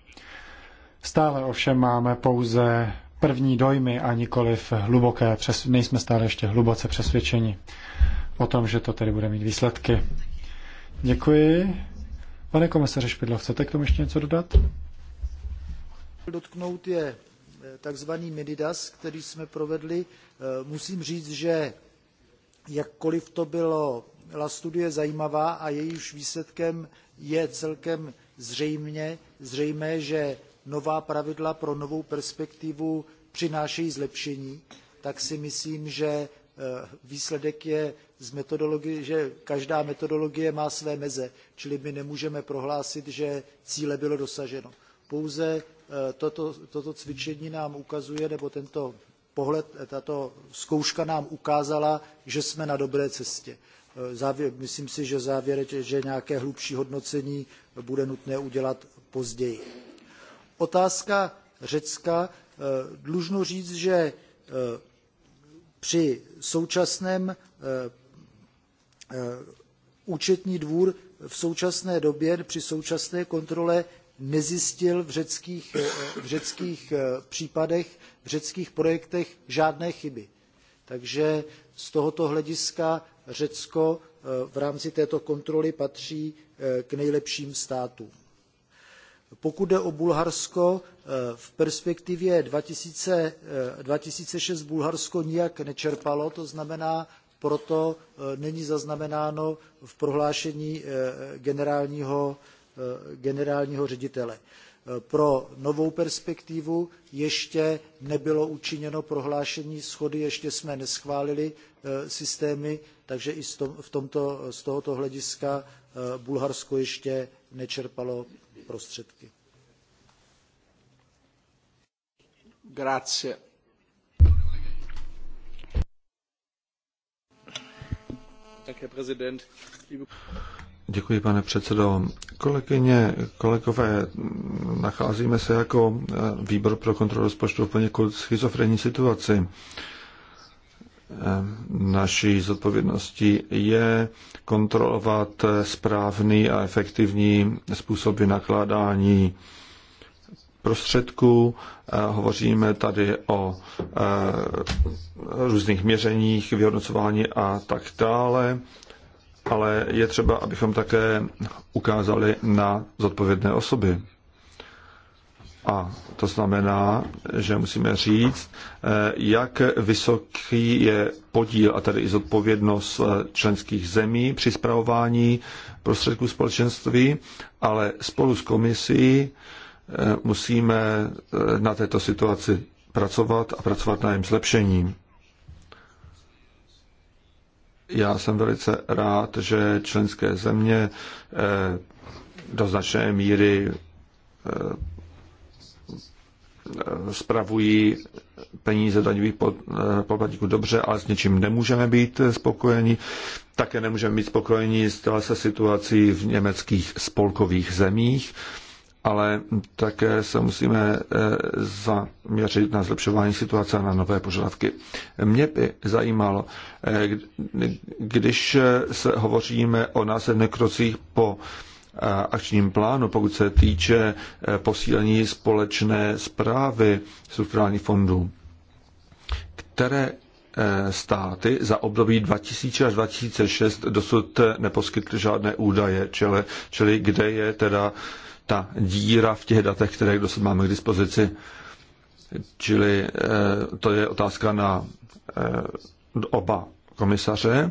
Stále ovšem máme pouze první dojmy a nikoliv hluboké, přes, nejsme stále ještě hluboce přesvědčeni o tom, že to tedy bude mít výsledky. Děkuji. Pane komisaře Špidlo, chcete k tomu ještě něco dodat? Dotknout je eh, takzvaný medidas, který jsme provedli. Eh, musím říct, že jakkoliv to bylo, byla studie zajímavá a jejíž výsledkem je celkem zřejmě, zřejmé, že nová pravidla pro novou perspektivu přinášejí zlepšení, tak si myslím, že eh, výsledek je z metodologie, že každá metodologie má své meze, čili my nemůžeme prohlásit, že cíle bylo dosaženo. Pouze eh, toto, toto cvičení nám ukazuje, nebo tento pohled, eh, tato zkouška nám ukázala, že jsme na dobré cestě. Eh, závěr, myslím si, že závěr, že nějaké hlubší hodnocení bude nutné udělat později. Otázka Řecka. Dlužno říct, že při současném Eh, účetní dvůr v současné době při současné kontrole nezjistil v řeckých, eh, v řeckých eh, případech, v řeckých projektech žádné chyby. Takže z tohoto hlediska Řecko v rámci této kontroly patří k nejlepším státům. Pokud jde o Bulharsko, v perspektivě 2006 Bulharsko nijak nečerpalo, to znamená, proto e, není zaznamenáno v prohlášení e, generálního, e, generálního ředitele. Pro novou perspektivu ještě nebylo učiněno prohlášení schody, ještě jsme neschválili systémy, takže i v tomto, z tohoto hlediska Bulharsko ještě nečerpalo prostředky. Grazie. Děkuji, pane předsedo. Kolegyně, kolegové, nacházíme se jako eh, výbor pro kontrolu rozpočtu v poněkud schizofrenní situaci. Eh, naší zodpovědností je kontrolovat eh, správný a efektivní způsob vynakládání prostředků. Eh, hovoříme tady o eh, různých měřeních, vyhodnocování a tak dále. Ale je třeba, abychom také ukázali na zodpovědné osoby. A to znamená, že musíme říct, eh, jak vysoký je podíl a tedy i zodpovědnost členských zemí při zpravování prostředků společenství, ale spolu s komisí musíme eh, na této situaci pracovat a pracovat na jejím zlepšení. Já jsem velice rád, že členské země eh, do značné míry eh, spravují peníze daňových poplatníků dobře, ale s něčím nemůžeme být spokojeni. Také nemůžeme být spokojeni s se situací v německých spolkových zemích ale také se musíme eh, zaměřit na zlepšování situace a na nové požadavky. Mě by zajímalo, eh, když eh, se hovoříme o následných krocích po akčním plánu, pokud se týče posílení společné zprávy strukturálních fondů, které státy za období 2000 až 2006 dosud neposkytly žádné údaje, čili, čili kde je teda ta díra v těch datech, které dosud máme k dispozici. Čili eh, to je otázka na eh, oba komisaře. Eh,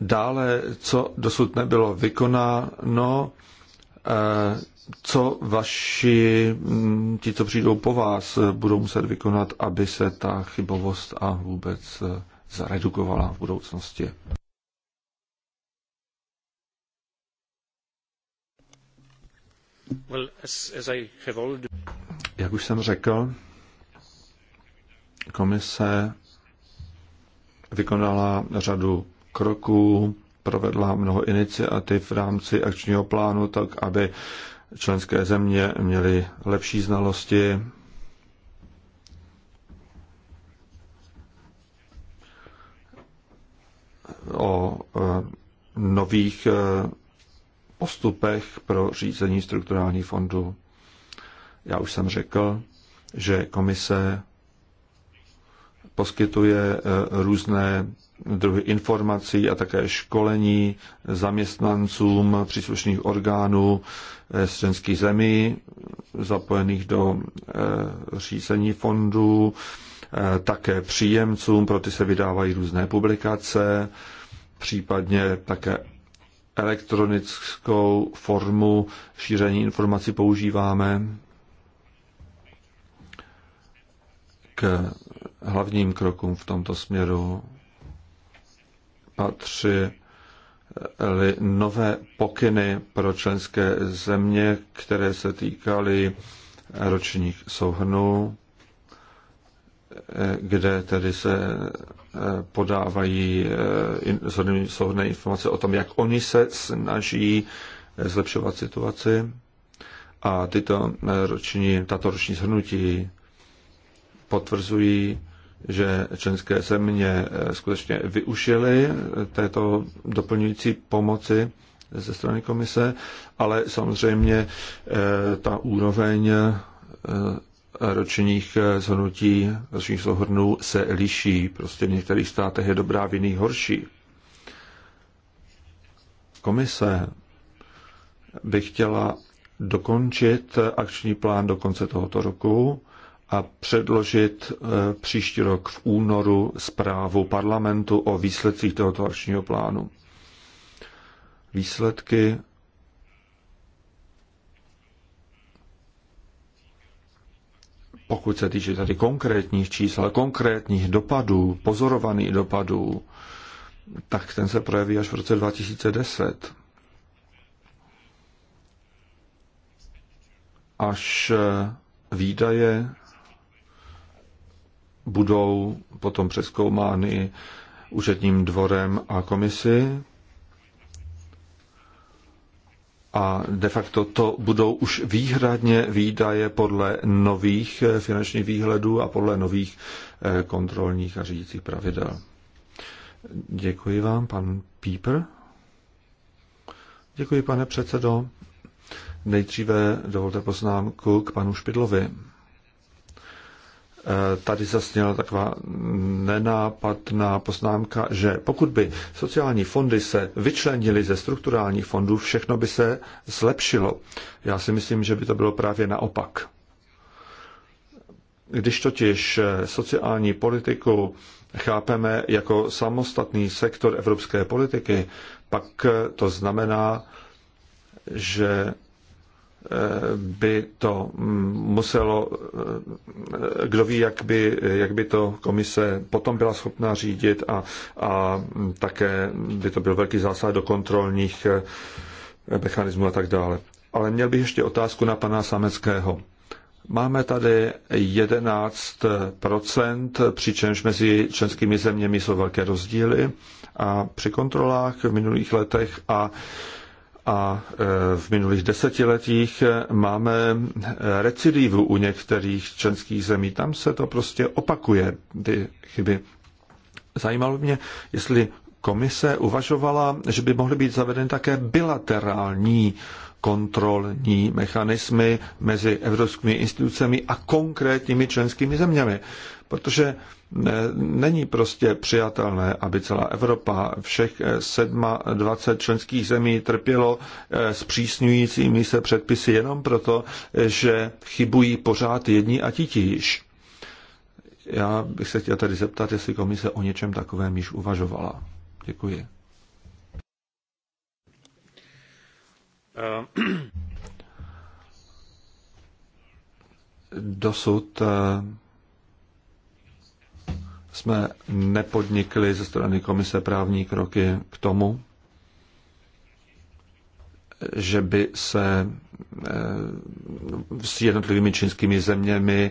dále, co dosud nebylo vykonáno, co vaši, hm, ti, co přijdou po vás, budou muset vykonat, aby se ta chybovost a vůbec zaredukovala v budoucnosti. Jak už jsem řekl, komise vykonala řadu kroků, provedla mnoho iniciativ v rámci akčního plánu, tak aby členské země měly lepší znalosti. o e, nových e, postupech pro řízení strukturální fondu. Já už jsem řekl, že komise poskytuje eh, různé druhy informací a také školení zaměstnancům příslušných orgánů eh, z členských zemí zapojených do eh, řízení fondů, také příjemcům, pro ty se vydávají různé publikace, případně také elektronickou formu šíření informací používáme k hlavním krokům v tomto směru patří nové pokyny pro členské země, které se týkaly ročních souhrnů kde tedy se eh, podávají eh, souhrné informace o tom, jak oni se snaží eh, zlepšovat situaci. A tyto roční, tato roční shrnutí potvrzují, že členské země skutečně využily této doplňující pomoci ze strany komise, ale samozřejmě ta úroveň ročních eh, zhrnutí, ročních souhrnů se liší. Prostě v některých státech je dobrá, v jiných horší. Komise by chtěla dokončit akční plán do konce tohoto roku a předložit eh, příští rok v únoru zprávu parlamentu o výsledcích tohoto akčního plánu. Výsledky pokud se týče tady konkrétních čísel, konkrétních dopadů, pozorovaných dopadů, tak ten se projeví až v roce 2010. Až eh, výdaje budou potom přeskoumány účetním dvorem a komisi a de facto to budou už výhradně výdaje podle nových eh, finančních výhledů a podle nových eh, kontrolních a řídících pravidel. Děkuji vám, pan Píper. Děkuji, pane předsedo. Nejdříve dovolte poznámku k panu Špidlovi. Eh, tady zasněla taková nenápadná poznámka, že pokud by sociální fondy se vyčlenily ze strukturálních fondů, všechno by se zlepšilo. Já si myslím, že by to bylo právě naopak. Když totiž eh, sociální politiku chápeme jako samostatný sektor evropské politiky, pak eh, to znamená, že by to mm, muselo, eh, kdo ví, jak by, jak by to komise potom byla schopná řídit a, a mm, také by to byl velký zásah do kontrolních eh, mechanismů a tak dále. Ale měl bych ještě otázku na pana Sameckého. Máme tady 11%, eh, přičemž mezi členskými zeměmi jsou velké rozdíly a při kontrolách v minulých letech a a e, v minulých desetiletích e, máme e, recidivu u některých členských zemí. Tam se to prostě opakuje, ty chyby. Zajímalo mě, jestli komise uvažovala, že by mohly být zavedeny také bilaterální kontrolní mechanismy mezi evropskými institucemi a konkrétními členskými zeměmi. Protože Není prostě přijatelné, aby celá Evropa, všech 27 eh, členských zemí trpělo eh, zpřísňujícími se předpisy jenom proto, že chybují pořád jedni a titíž. Já bych se chtěl tady zeptat, jestli komise o něčem takovém již uvažovala. Děkuji. Eh, Dosud jsme nepodnikli ze strany komise právní kroky k tomu, že by se eh, s jednotlivými čínskými zeměmi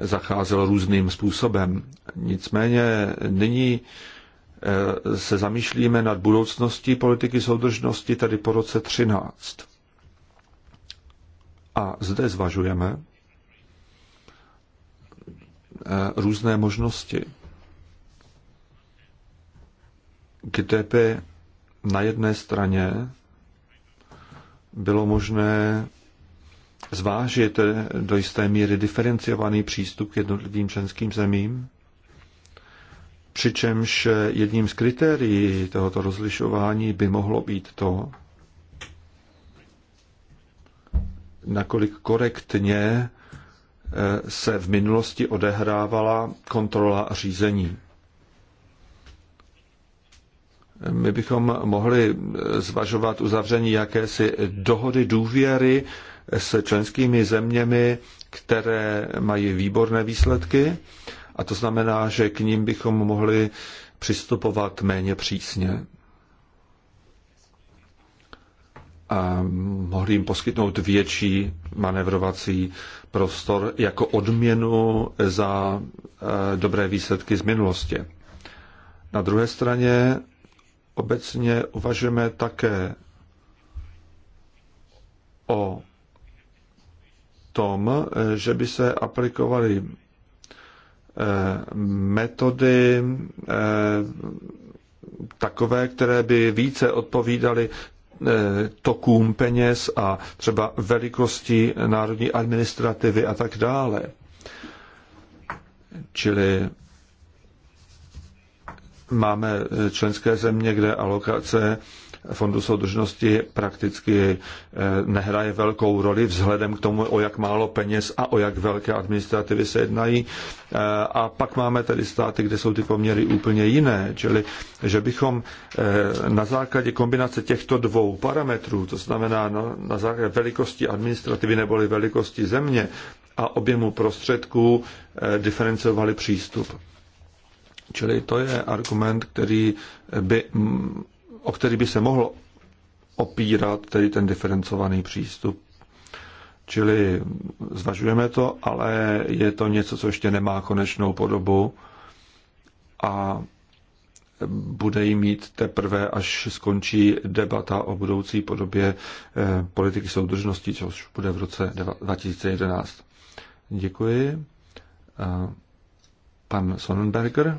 zacházelo různým způsobem. Nicméně nyní eh, se zamýšlíme nad budoucností politiky soudržnosti tady po roce 13. A zde zvažujeme eh, různé možnosti. kde by na jedné straně bylo možné zvážit do jisté míry diferenciovaný přístup k jednotlivým členským zemím, přičemž jedním z kritérií tohoto rozlišování by mohlo být to, nakolik korektně eh, se v minulosti odehrávala kontrola řízení my bychom mohli zvažovat uzavření jakési dohody důvěry s členskými zeměmi, které mají výborné výsledky. A to znamená, že k ním bychom mohli přistupovat méně přísně. A mohli jim poskytnout větší manevrovací prostor jako odměnu za eh, dobré výsledky z minulosti. Na druhé straně Obecně uvažujeme také o tom, že by se aplikovaly eh, metody eh, takové, které by více odpovídaly eh, tokům peněz a třeba velikosti národní administrativy a tak dále. Čili máme eh, členské země, kde alokace fondu soudržnosti prakticky eh, nehraje velkou roli vzhledem k tomu, o jak málo peněz a o jak velké administrativy se jednají. Eh, a pak máme tedy státy, kde jsou ty poměry úplně jiné. Čili, že bychom na základě kombinace těchto dvou parametrů, to znamená no, na základě velikosti administrativy neboli velikosti země a objemu prostředků, diferencovali přístup. Čili to je argument, který by, o který by se mohl opírat tedy ten diferencovaný přístup. Čili zvažujeme to, ale je to něco, co ještě nemá konečnou podobu a bude ji mít teprve, až skončí debata o budoucí podobě eh, politiky soudržnosti, což bude v roce 2011. Děkuji. Eh, pan Sonnenberger.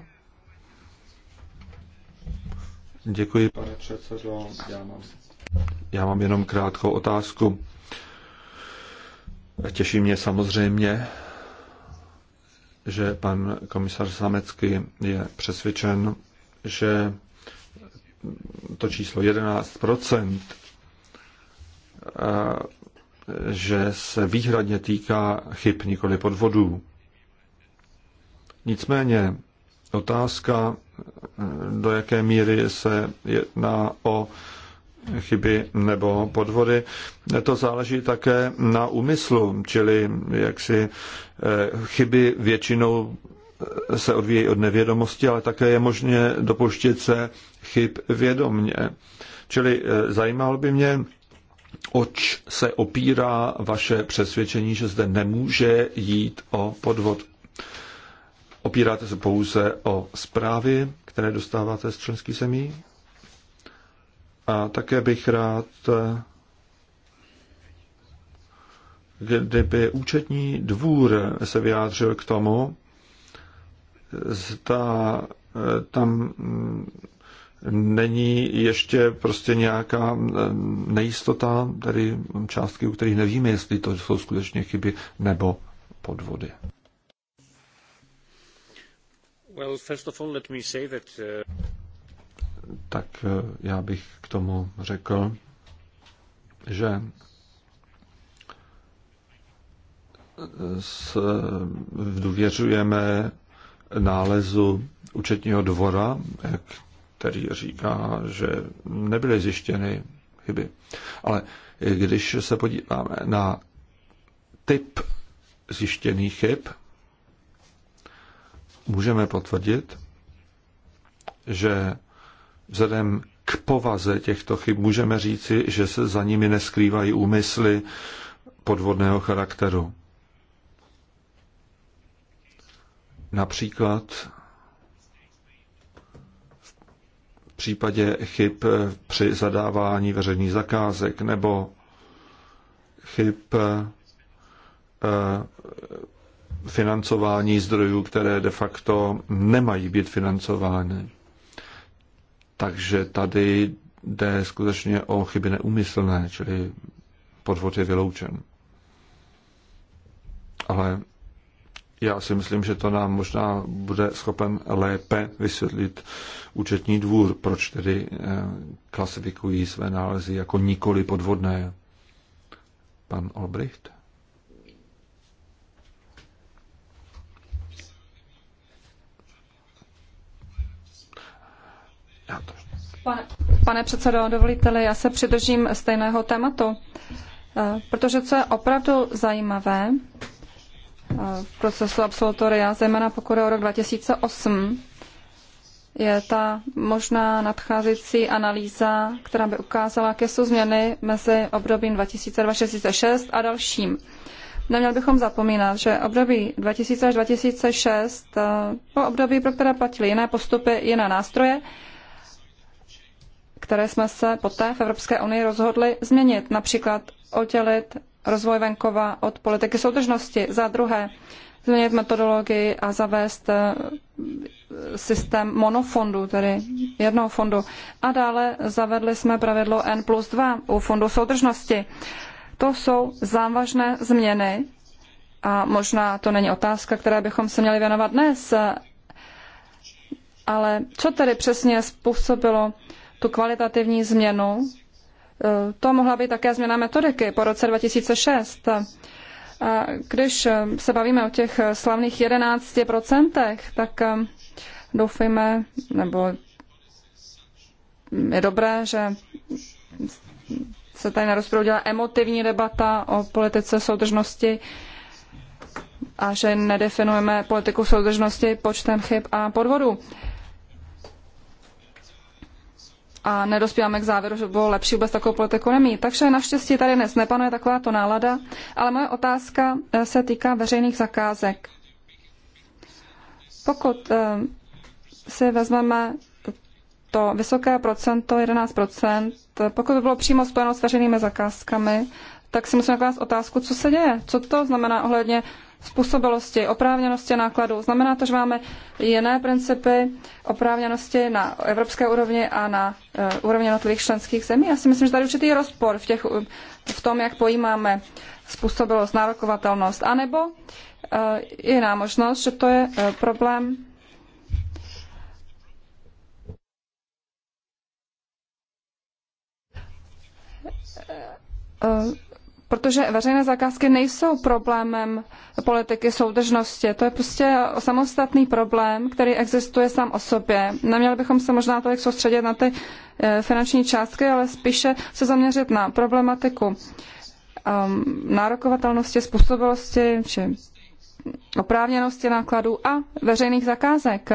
Děkuji, pane předsedo. Já mám, já mám jenom krátkou otázku. Těší mě samozřejmě, že pan komisař Samecký je přesvědčen, že to číslo 11 že se výhradně týká chyb nikoli podvodů. Nicméně otázka do jaké míry se jedná o chyby nebo podvody. To záleží také na úmyslu, čili jaksi eh, chyby většinou eh, se odvíjí od nevědomosti, ale také je možné dopuštět se chyb vědomně. Čili eh, zajímalo by mě, oč se opírá vaše přesvědčení, že zde nemůže jít o podvod. Opíráte se pouze o zprávy, které dostáváte z členských zemí? A také bych rád, kdyby účetní dvůr se vyjádřil k tomu, zda eh, tam mm, není ještě prostě nějaká eh, nejistota, tedy částky, u kterých nevíme, jestli to jsou skutečně chyby nebo podvody. Uh, tak uh, já bych k tomu řekl, že s, důvěřujeme nálezu účetního dvora, který říká, že nebyly zjištěny chyby. Ale když se podíváme na typ zjištěných chyb, můžeme potvrdit, že vzhledem k povaze těchto chyb můžeme říci, že se za nimi neskrývají úmysly podvodného charakteru. Například v případě chyb při zadávání veřejných zakázek nebo chyb eh, financování zdrojů, které de facto nemají být financovány. Takže tady jde skutečně o chyby neumyslné, čili podvod je vyloučen. Ale já si myslím, že to nám možná bude schopen lépe vysvětlit účetní dvůr, proč tedy eh, klasifikují své nálezy jako nikoli podvodné. Pan Olbricht? Pane, pane předsedo, dovolíte-li, já se přidržím stejného tématu, eh, protože co je opravdu zajímavé eh, v procesu absolutoria, zejména pokud je o rok 2008, je ta možná nadcházející analýza, která by ukázala, jaké jsou změny mezi obdobím 2002-2006 a dalším. Neměl bychom zapomínat, že období 2000 až 2006 bylo eh, období, pro které platily jiné postupy, jiné nástroje které jsme se poté v Evropské unii rozhodli změnit, například oddělit rozvoj venkova od politiky soudržnosti. Za druhé, změnit metodologii a zavést eh, systém monofondu, tedy jednoho fondu. A dále zavedli jsme pravidlo N plus 2 u fondu soudržnosti. To jsou závažné změny a možná to není otázka, které bychom se měli věnovat dnes, eh, ale co tedy přesně způsobilo tu kvalitativní změnu, eh, to mohla být také změna metodiky po roce 2006. A eh, když eh, se bavíme o těch slavných 11%, tak doufejme, nebo je dobré, že se tady nerozproudila emotivní debata o politice soudržnosti a že nedefinujeme politiku soudržnosti počtem chyb a podvodů a nedospíváme k závěru, že bylo lepší vůbec takovou politiku nemít. Takže naštěstí tady dnes nepanuje takováto nálada, ale moje otázka eh, se týká veřejných zakázek. Pokud eh, si vezmeme to vysoké procento, 11%, pokud by bylo přímo spojeno s veřejnými zakázkami, tak si musím nakládat otázku, co se děje, co to znamená ohledně způsobilosti, oprávněnosti nákladů. Znamená to, že máme jiné principy oprávněnosti na evropské úrovni a na uh, úrovni jednotlivých členských zemí. Já si myslím, že tady určitý rozpor v, těch, eh, v tom, jak pojímáme způsobilost, nárokovatelnost. A nebo uh, jiná možnost, že to je uh, problém uh, protože veřejné zakázky nejsou problémem politiky soudržnosti. To je prostě samostatný problém, který existuje sám o sobě. Neměli bychom se možná tolik soustředit na ty eh, finanční částky, ale spíše se zaměřit na problematiku ehm, nárokovatelnosti, způsobilosti či oprávněnosti nákladů a veřejných zakázek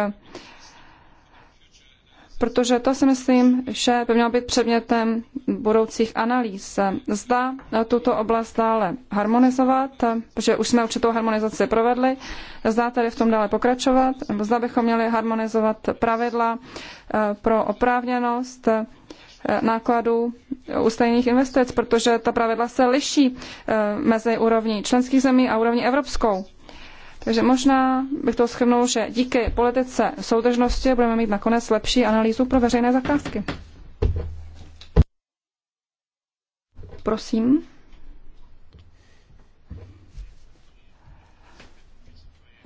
protože to si myslím, že by mělo být předmětem budoucích analýz. Zda tuto oblast dále harmonizovat, protože už jsme určitou harmonizaci provedli, zda tedy v tom dále pokračovat, zda bychom měli harmonizovat pravidla eh, pro oprávněnost eh, nákladů u stejných investic, protože ta pravidla se liší eh, mezi úrovní členských zemí a úrovní evropskou. Takže možná bych to schrnul, že díky politice soudržnosti budeme mít nakonec lepší analýzu pro veřejné zakázky. Prosím.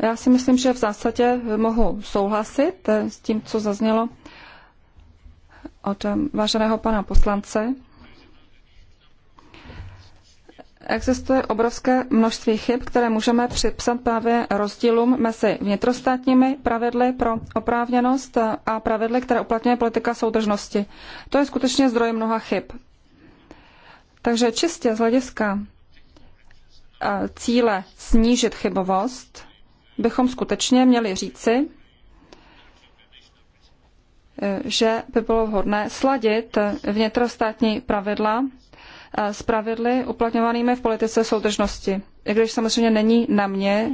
Já si myslím, že v zásadě mohu souhlasit s tím, co zaznělo od váženého pana poslance existuje obrovské množství chyb, které můžeme připsat právě rozdílům mezi vnitrostátními pravidly pro oprávněnost a pravidly, které uplatňuje politika soudržnosti. To je skutečně zdroj mnoha chyb. Takže čistě z hlediska cíle snížit chybovost bychom skutečně měli říci, e, že by bylo vhodné sladit vnitrostátní pravidla s pravidly uplatňovanými v politice soudržnosti. I když samozřejmě není na mě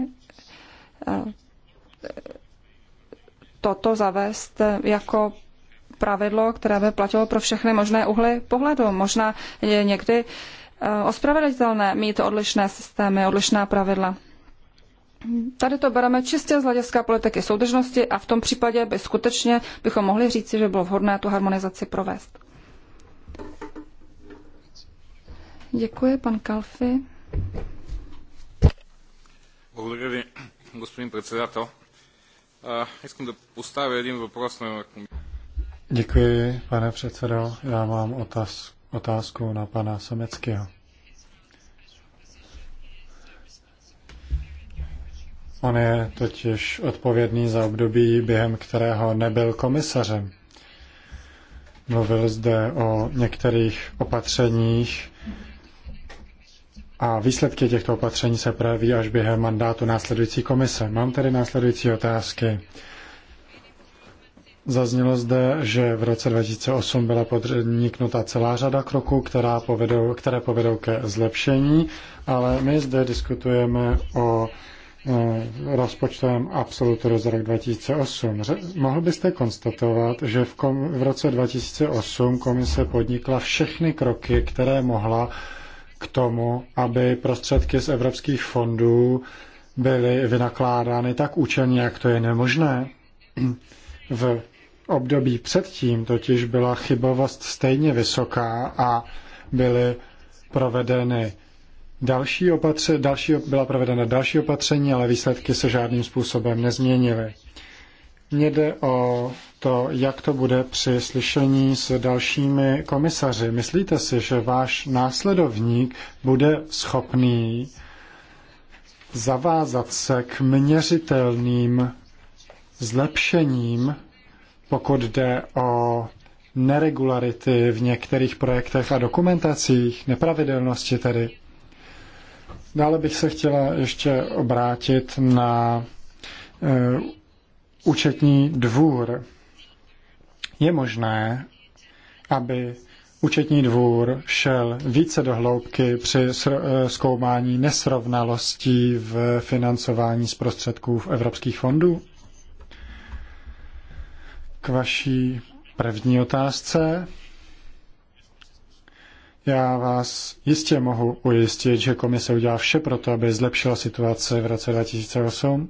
toto zavést jako pravidlo, které by platilo pro všechny možné uhly pohledu. Možná je někdy ospravedlitelné mít odlišné systémy, odlišná pravidla. Tady to bereme čistě z hlediska politiky soudržnosti a v tom případě by skutečně bychom mohli říci, že bylo vhodné tu harmonizaci provést. Děkuji, pan Kalfi. Благодаря ви, господин председател. Искам да поставя един въпрос на... Děkuji, pane předsedo. Já mám otáz otázku na pana Sameckého. On je totiž odpovědný za období, během kterého nebyl komisařem. Mluvil zde o některých opatřeních, a výsledky těchto opatření se projeví až během mandátu následující komise. Mám tedy následující otázky. Zaznělo zde, že v roce 2008 byla podniknuta celá řada kroků, která povedou, které povedou ke zlepšení, ale my zde diskutujeme o e, rozpočtovém absolutoru za rok 2008. Mohl byste konstatovat, že v, kom, v roce 2008 komise podnikla všechny kroky, které mohla k tomu, aby prostředky z evropských fondů byly vynakládány tak účelně, jak to je nemožné. V období předtím totiž byla chybovost stejně vysoká a byly provedeny další opatře, další, byla provedena další opatření, ale výsledky se žádným způsobem nezměnily. Mně jde o to, jak to bude při slyšení s dalšími komisaři. Myslíte si, že váš následovník bude schopný zavázat se k měřitelným zlepšením, pokud jde o neregularity v některých projektech a dokumentacích, nepravidelnosti tedy. Dále bych se chtěla ještě obrátit na eh, účetní dvůr. Je možné, aby účetní dvůr šel více do hloubky při eh, zkoumání nesrovnalostí v financování z prostředků v evropských fondů? K vaší první otázce. Já vás jistě mohu ujistit, že komise udělá vše pro to, aby zlepšila situaci v roce 2008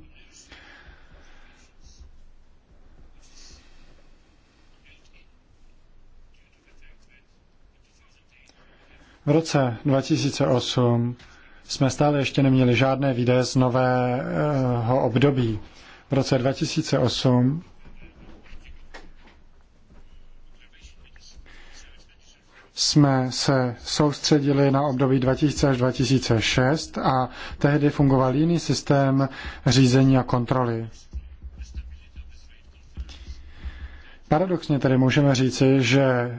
V roce 2008 jsme stále ještě neměli žádné výdaje z nového období. V roce 2008 jsme se soustředili na období 2000 až 2006 a tehdy fungoval jiný systém řízení a kontroly. Paradoxně tedy můžeme říci, že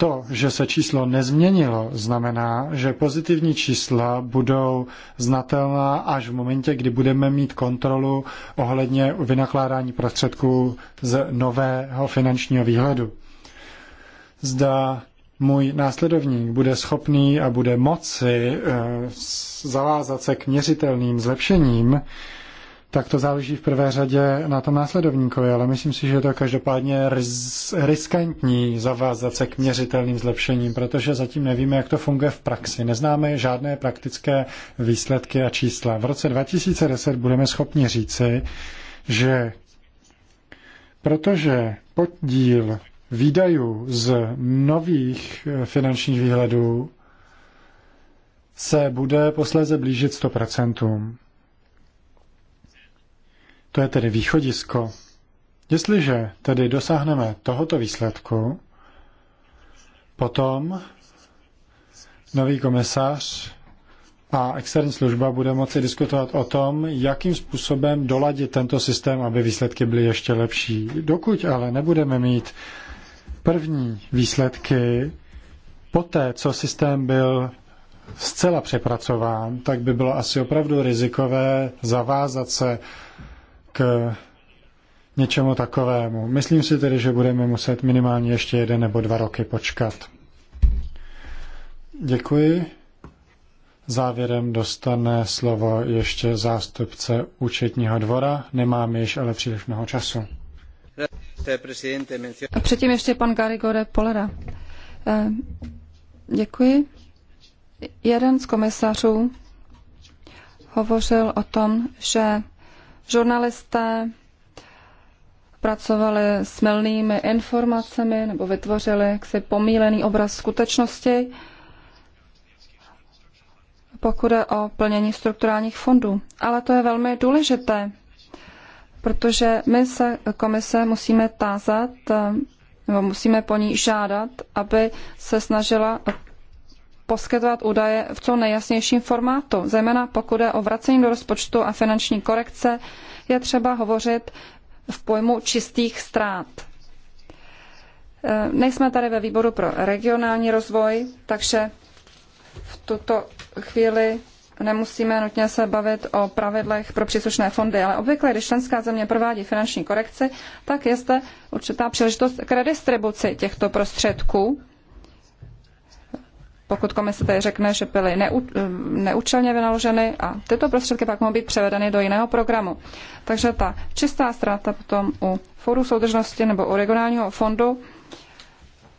to, že se číslo nezměnilo, znamená, že pozitivní čísla budou znatelná až v momentě, kdy budeme mít kontrolu ohledně vynakládání prostředků z nového finančního výhledu. Zda můj následovník bude schopný a bude moci eh, zavázat se k měřitelným zlepšením, tak to záleží v prvé řadě na tom následovníkovi, ale myslím si, že je to každopádně riskantní zavázat se k měřitelným zlepšením, protože zatím nevíme, jak to funguje v praxi. Neznáme žádné praktické výsledky a čísla. V roce 2010 budeme schopni říci, že protože podíl výdajů z nových eh, finančních výhledů se bude posléze blížit 100%. To je tedy východisko. Jestliže tedy dosáhneme tohoto výsledku, potom nový komisař a externí služba bude moci diskutovat o tom, jakým způsobem doladit tento systém, aby výsledky byly ještě lepší. Dokud ale nebudeme mít první výsledky, poté, co systém byl zcela přepracován, tak by bylo asi opravdu rizikové zavázat se k něčemu takovému. Myslím si tedy, že budeme muset minimálně ještě jeden nebo dva roky počkat. Děkuji. Závěrem dostane slovo ještě zástupce účetního dvora. Nemám již ale příliš mnoho času. A předtím ještě pan Garigore Polera. Eh, děkuji. Jeden z komisařů hovořil o tom, že žurnalisté pracovali s mylnými informacemi nebo vytvořili jaksi pomílený obraz skutečnosti, pokud je o plnění strukturálních fondů. Ale to je velmi důležité, protože my se komise musíme tázat, nebo musíme po ní žádat, aby se snažila poskytovat údaje v co nejjasnějším formátu. Zejména pokud je o vracení do rozpočtu a finanční korekce, je třeba hovořit v pojmu čistých ztrát. E, nejsme tady ve výboru pro regionální rozvoj, takže v tuto chvíli nemusíme nutně se bavit o pravidlech pro příslušné fondy, ale obvykle, když členská země provádí finanční korekci, tak je zde určitá příležitost k redistribuci těchto prostředků pokud komise tady řekne, že byly neú, eh, neúčelně vynaloženy a tyto prostředky pak mohou být převedeny do jiného programu. Takže ta čistá ztráta potom u Fóru soudržnosti nebo u regionálního fondu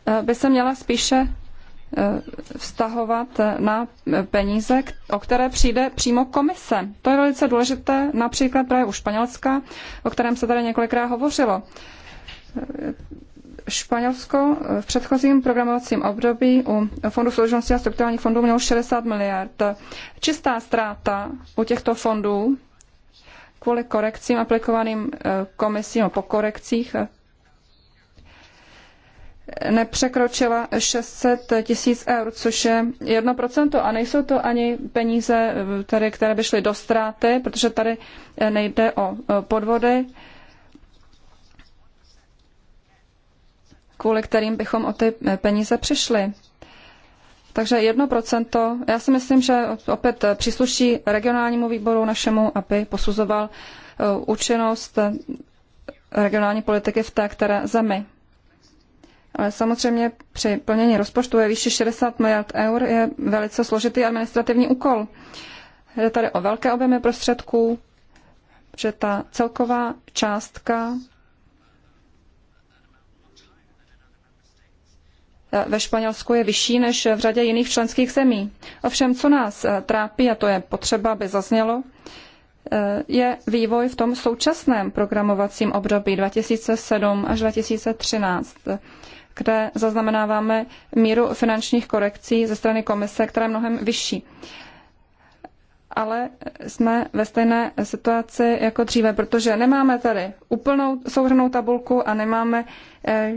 eh, by se měla spíše eh, vztahovat na peníze, o které přijde přímo komise. To je velice důležité, například právě u Španělska, o kterém se tady několikrát hovořilo Španělsko eh, v předchozím programovacím období u Fondu soudržnosti a strukturálních fondů mělo 60 miliard. Čistá ztráta u těchto fondů kvůli korekcím aplikovaným eh, komisí no, po korekcích eh, nepřekročila 600 tisíc eur, což je 1%. A nejsou to ani peníze, tady, které by šly do ztráty, protože tady nejde o podvody, kvůli kterým bychom o ty eh, peníze přišli. Takže jedno procento, já si myslím, že opět eh, přísluší regionálnímu výboru našemu, aby posuzoval eh, účinnost regionální politiky v té které zemi. Ale samozřejmě při plnění rozpočtu je výši 60 miliard eur je velice složitý administrativní úkol. Jde tady o velké objemy prostředků, že ta celková částka ve Španělsku je vyšší než v řadě jiných členských zemí. Ovšem, co nás eh, trápí, a to je potřeba, aby zaznělo, eh, je vývoj v tom současném programovacím období 2007 až 2013, kde zaznamenáváme míru finančních korekcí ze strany komise, která je mnohem vyšší. Ale jsme ve stejné situaci jako dříve, protože nemáme tady úplnou souhrnou tabulku a nemáme eh,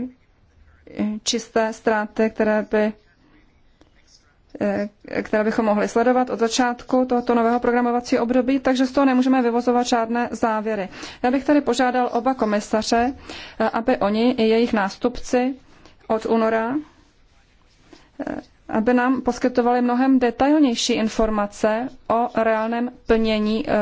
čisté ztráty, které by eh, které bychom mohli sledovat od začátku tohoto nového programovacího období, takže z toho nemůžeme vyvozovat žádné závěry. Já bych tady požádal oba komisaře, eh, aby oni i jejich nástupci od února eh, aby nám poskytovali mnohem detailnější informace o reálném plnění eh,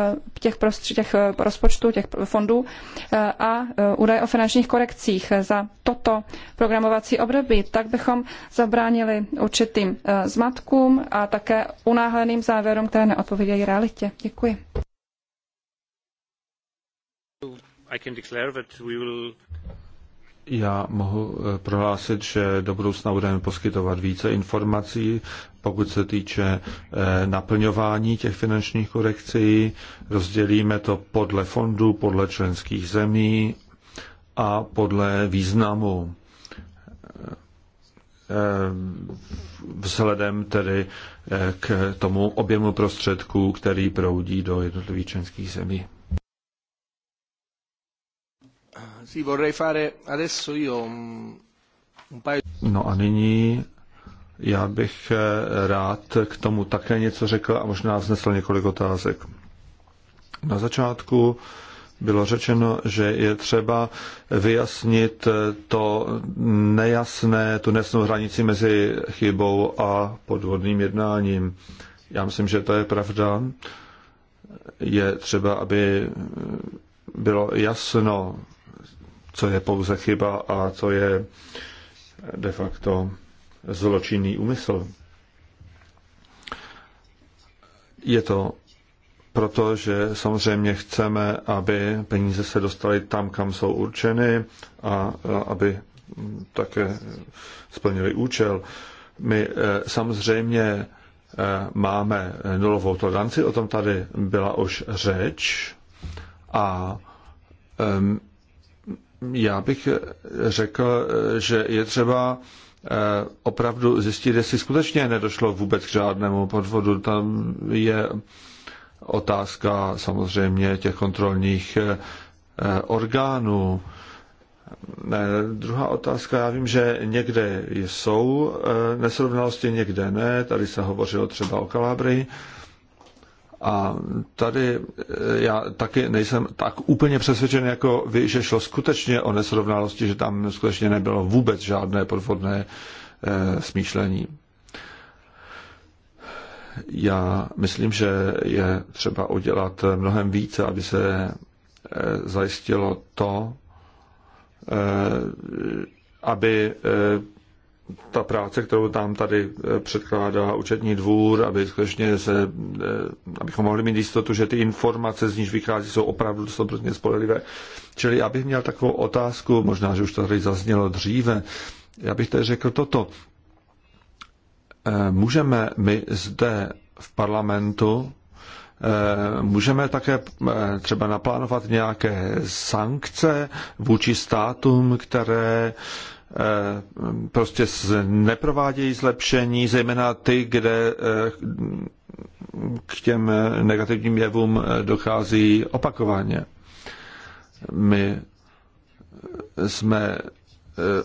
těch, prostři, těch eh, rozpočtů, těch fondů eh, a údaje o finančních korekcích za toto programovací období. Tak bychom zabránili určitým zmatkům a také unáhleným závěrům, které neodpovídají realitě. Děkuji já mohu eh, prohlásit, že do budoucna budeme poskytovat více informací, pokud se týče eh, naplňování těch finančních korekcí. Rozdělíme to podle fondů, podle členských zemí a podle významu. Eh, vzhledem tedy k tomu objemu prostředků, který proudí do jednotlivých členských zemí. No a nyní já bych eh, rád k tomu také něco řekl a možná vznesl několik otázek. Na začátku bylo řečeno, že je třeba vyjasnit eh, to nejasné, tu nesnou hranici mezi chybou a podvodným jednáním. Já myslím, že to je pravda. Je třeba, aby eh, bylo jasno, co je pouze chyba a co je de facto zločinný úmysl. Je to proto, že samozřejmě chceme, aby peníze se dostaly tam, kam jsou určeny a aby také splnili účel. My eh, samozřejmě eh, máme nulovou toleranci, o tom tady byla už řeč a já bych eh, řekl, eh, že je třeba eh, opravdu zjistit, jestli skutečně nedošlo vůbec k žádnému podvodu. Tam je otázka samozřejmě těch kontrolních orgánů. Ne, druhá otázka, já vím, že někde jsou nesrovnalosti, někde ne, tady se hovořilo třeba o Kalábrii. A tady eh, já taky nejsem tak úplně přesvědčen jako vy, že šlo skutečně o nesrovnalosti, že tam skutečně nebylo vůbec žádné podvodné eh, smýšlení. Já myslím, že je třeba udělat mnohem více, aby se eh, zajistilo to, eh, aby eh, ta práce, kterou tam tady eh, předkládá účetní dvůr, aby skutečně se, eh, abychom mohli mít jistotu, že ty informace, z níž vychází, jsou opravdu dostatečně spolehlivé. Čili já bych měl takovou otázku, možná, že už to tady zaznělo dříve, já bych tady řekl toto. Eh, můžeme my zde v parlamentu Můžeme také třeba naplánovat nějaké sankce vůči státům, které Eh, prostě neprovádějí zlepšení, zejména ty, kde eh, k těm negativním jevům eh, dochází opakovaně. My jsme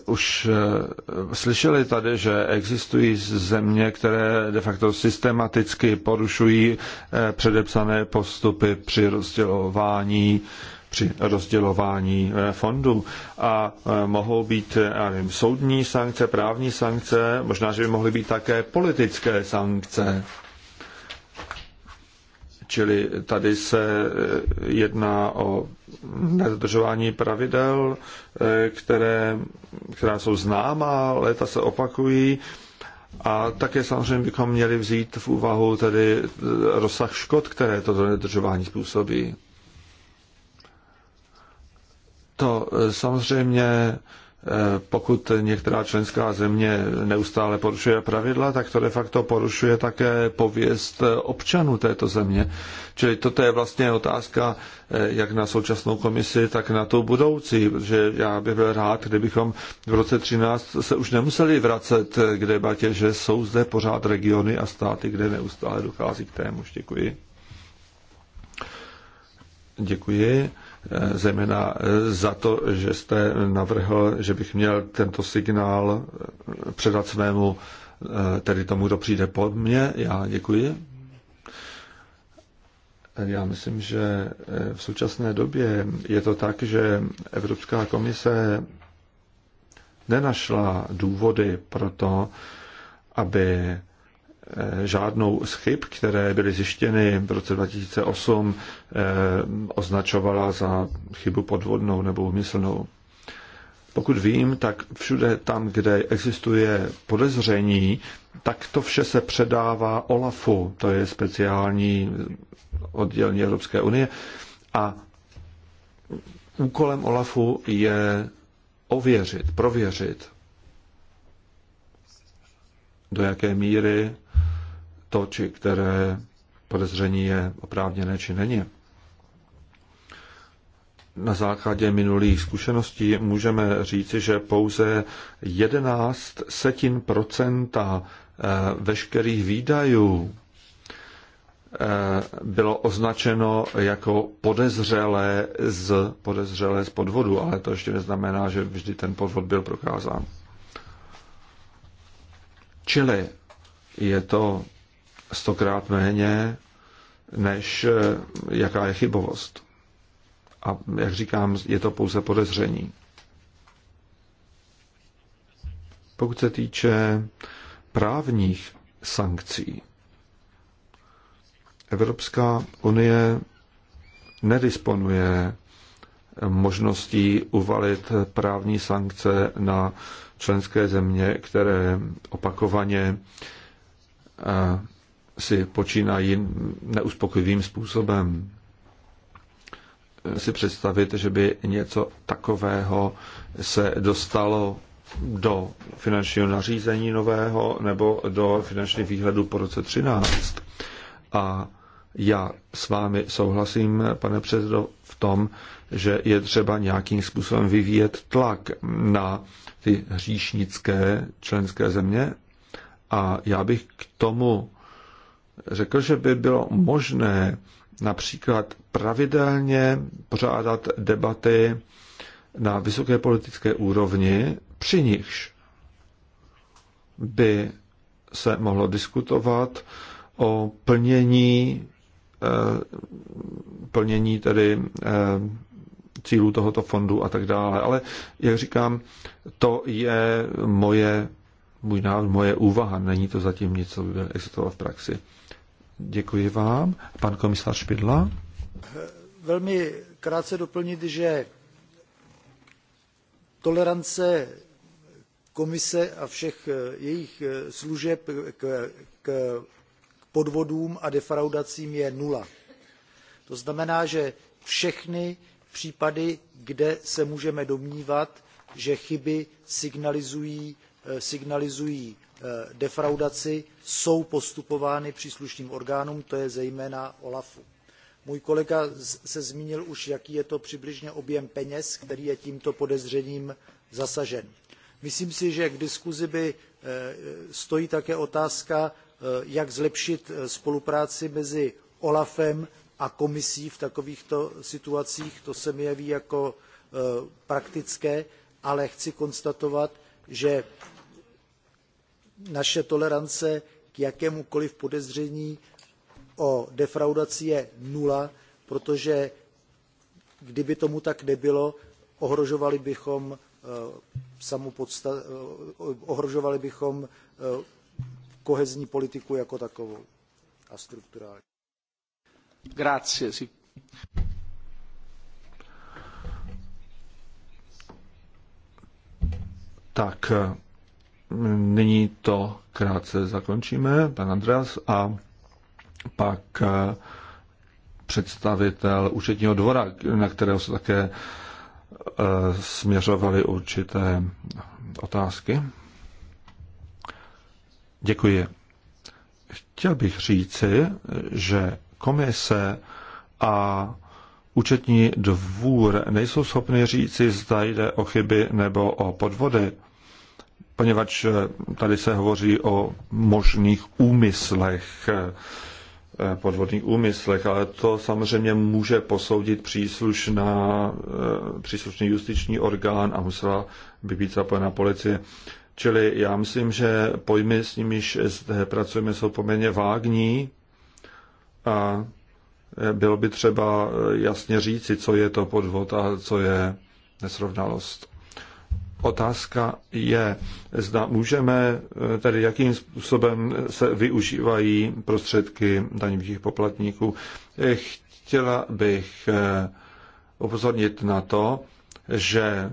už slyšeli tady, že existují země, které de facto systematicky porušují předepsané postupy při rozdělování při rozdělování eh, fondů a eh, mohou být eh, nevím, soudní sankce, právní sankce, možná, že by mohly být také politické sankce. Čili tady se jedná o nedodržování pravidel, které, která jsou známá, léta se opakují. A také samozřejmě bychom měli vzít v úvahu tedy rozsah škod, které toto nedržování způsobí. To e, samozřejmě, e, pokud některá členská země neustále porušuje pravidla, tak to de facto porušuje také pověst e, občanů této země. Čili toto je vlastně otázka jak na současnou komisi, tak na tu budoucí, protože já bych byl rád, kdybychom v roce 13 se už nemuseli vracet k debatě, že jsou zde pořád regiony a státy, kde neustále dochází k témuž. Děkuji. Děkuji zejména za to, že jste navrhl, že bych měl tento signál předat svému, tedy tomu, kdo přijde po mně. Já děkuji. Já myslím, že v současné době je to tak, že Evropská komise nenašla důvody pro to, aby žádnou z chyb, které byly zjištěny v roce 2008, eh, označovala za chybu podvodnou nebo umyslnou. Pokud vím, tak všude tam, kde existuje podezření, tak to vše se předává OLAFu, to je speciální oddělení Evropské unie. A úkolem OLAFu je ověřit, prověřit do jaké míry to, či které podezření je oprávněné, či není. Na základě minulých zkušeností můžeme říci, že pouze 11 setin procenta eh, veškerých výdajů eh, bylo označeno jako podezřelé z, podezřelé z podvodu, ale to ještě neznamená, že vždy ten podvod byl prokázán. Čili je to stokrát méně, než eh, jaká je chybovost. A jak říkám, je to pouze podezření. Pokud se týče právních sankcí, Evropská unie nedisponuje možností uvalit právní sankce na členské země, které opakovaně si počínají neuspokojivým způsobem. Si představit, že by něco takového se dostalo do finančního nařízení nového nebo do finančních výhledů po roce 13. A já s vámi souhlasím, pane předsedo, v tom, že je třeba nějakým způsobem vyvíjet tlak na ty hříšnické členské země. A já bych k tomu řekl, že by bylo možné například pravidelně pořádat debaty na vysoké politické úrovni, při nichž by se mohlo diskutovat o plnění eh, plnění tedy eh, cílů tohoto fondu a tak dále. Ale jak říkám, to je moje, můj návrh, moje úvaha. Není to zatím nic, co by existovalo v praxi. Děkuji vám. Pan komisař Špidla. Velmi krátce doplnit, že tolerance komise a všech eh, jejich eh, služeb k, k podvodům a defraudacím je nula. To znamená, že všechny případy, kde se můžeme domnívat, že chyby signalizují, eh, signalizují eh, defraudaci, jsou postupovány příslušným orgánům, to je zejména OLAFu. Můj kolega se zmínil už, jaký je to přibližně objem peněz, který je tímto podezřením zasažen. Myslím si, že k diskuzi by eh, stojí také otázka, jak zlepšit spolupráci mezi OLAFem a komisí v takovýchto situacích. To se mi jeví jako e, praktické, ale chci konstatovat, že naše tolerance k jakémukoliv podezření o defraudaci je nula, protože kdyby tomu tak nebylo, ohrožovali bychom, e, samopodsta... E, ohrožovali bychom kohezní politiku jako takovou a strukturální. Tak, eh, nyní to krátce zakončíme, pan Andreas, a pak eh, představitel účetního dvora, na kterého se také eh, směřovaly určité otázky. Děkuji. Chtěl bych říci, že komise a účetní dvůr nejsou schopni říci, zda jde o chyby nebo o podvody, poněvadž eh, tady se hovoří o možných úmyslech, eh, podvodných úmyslech, ale to samozřejmě může posoudit příslušná, eh, příslušný justiční orgán a musela by být zapojena policie. Čili já myslím, že pojmy, s nimiž zde pracujeme, jsou poměrně vágní a e, bylo by třeba e, jasně říci, co je to podvod a co je nesrovnalost. Otázka je, zda můžeme, e, tedy jakým způsobem se využívají prostředky daňových poplatníků. Chtěla bych upozornit na to, že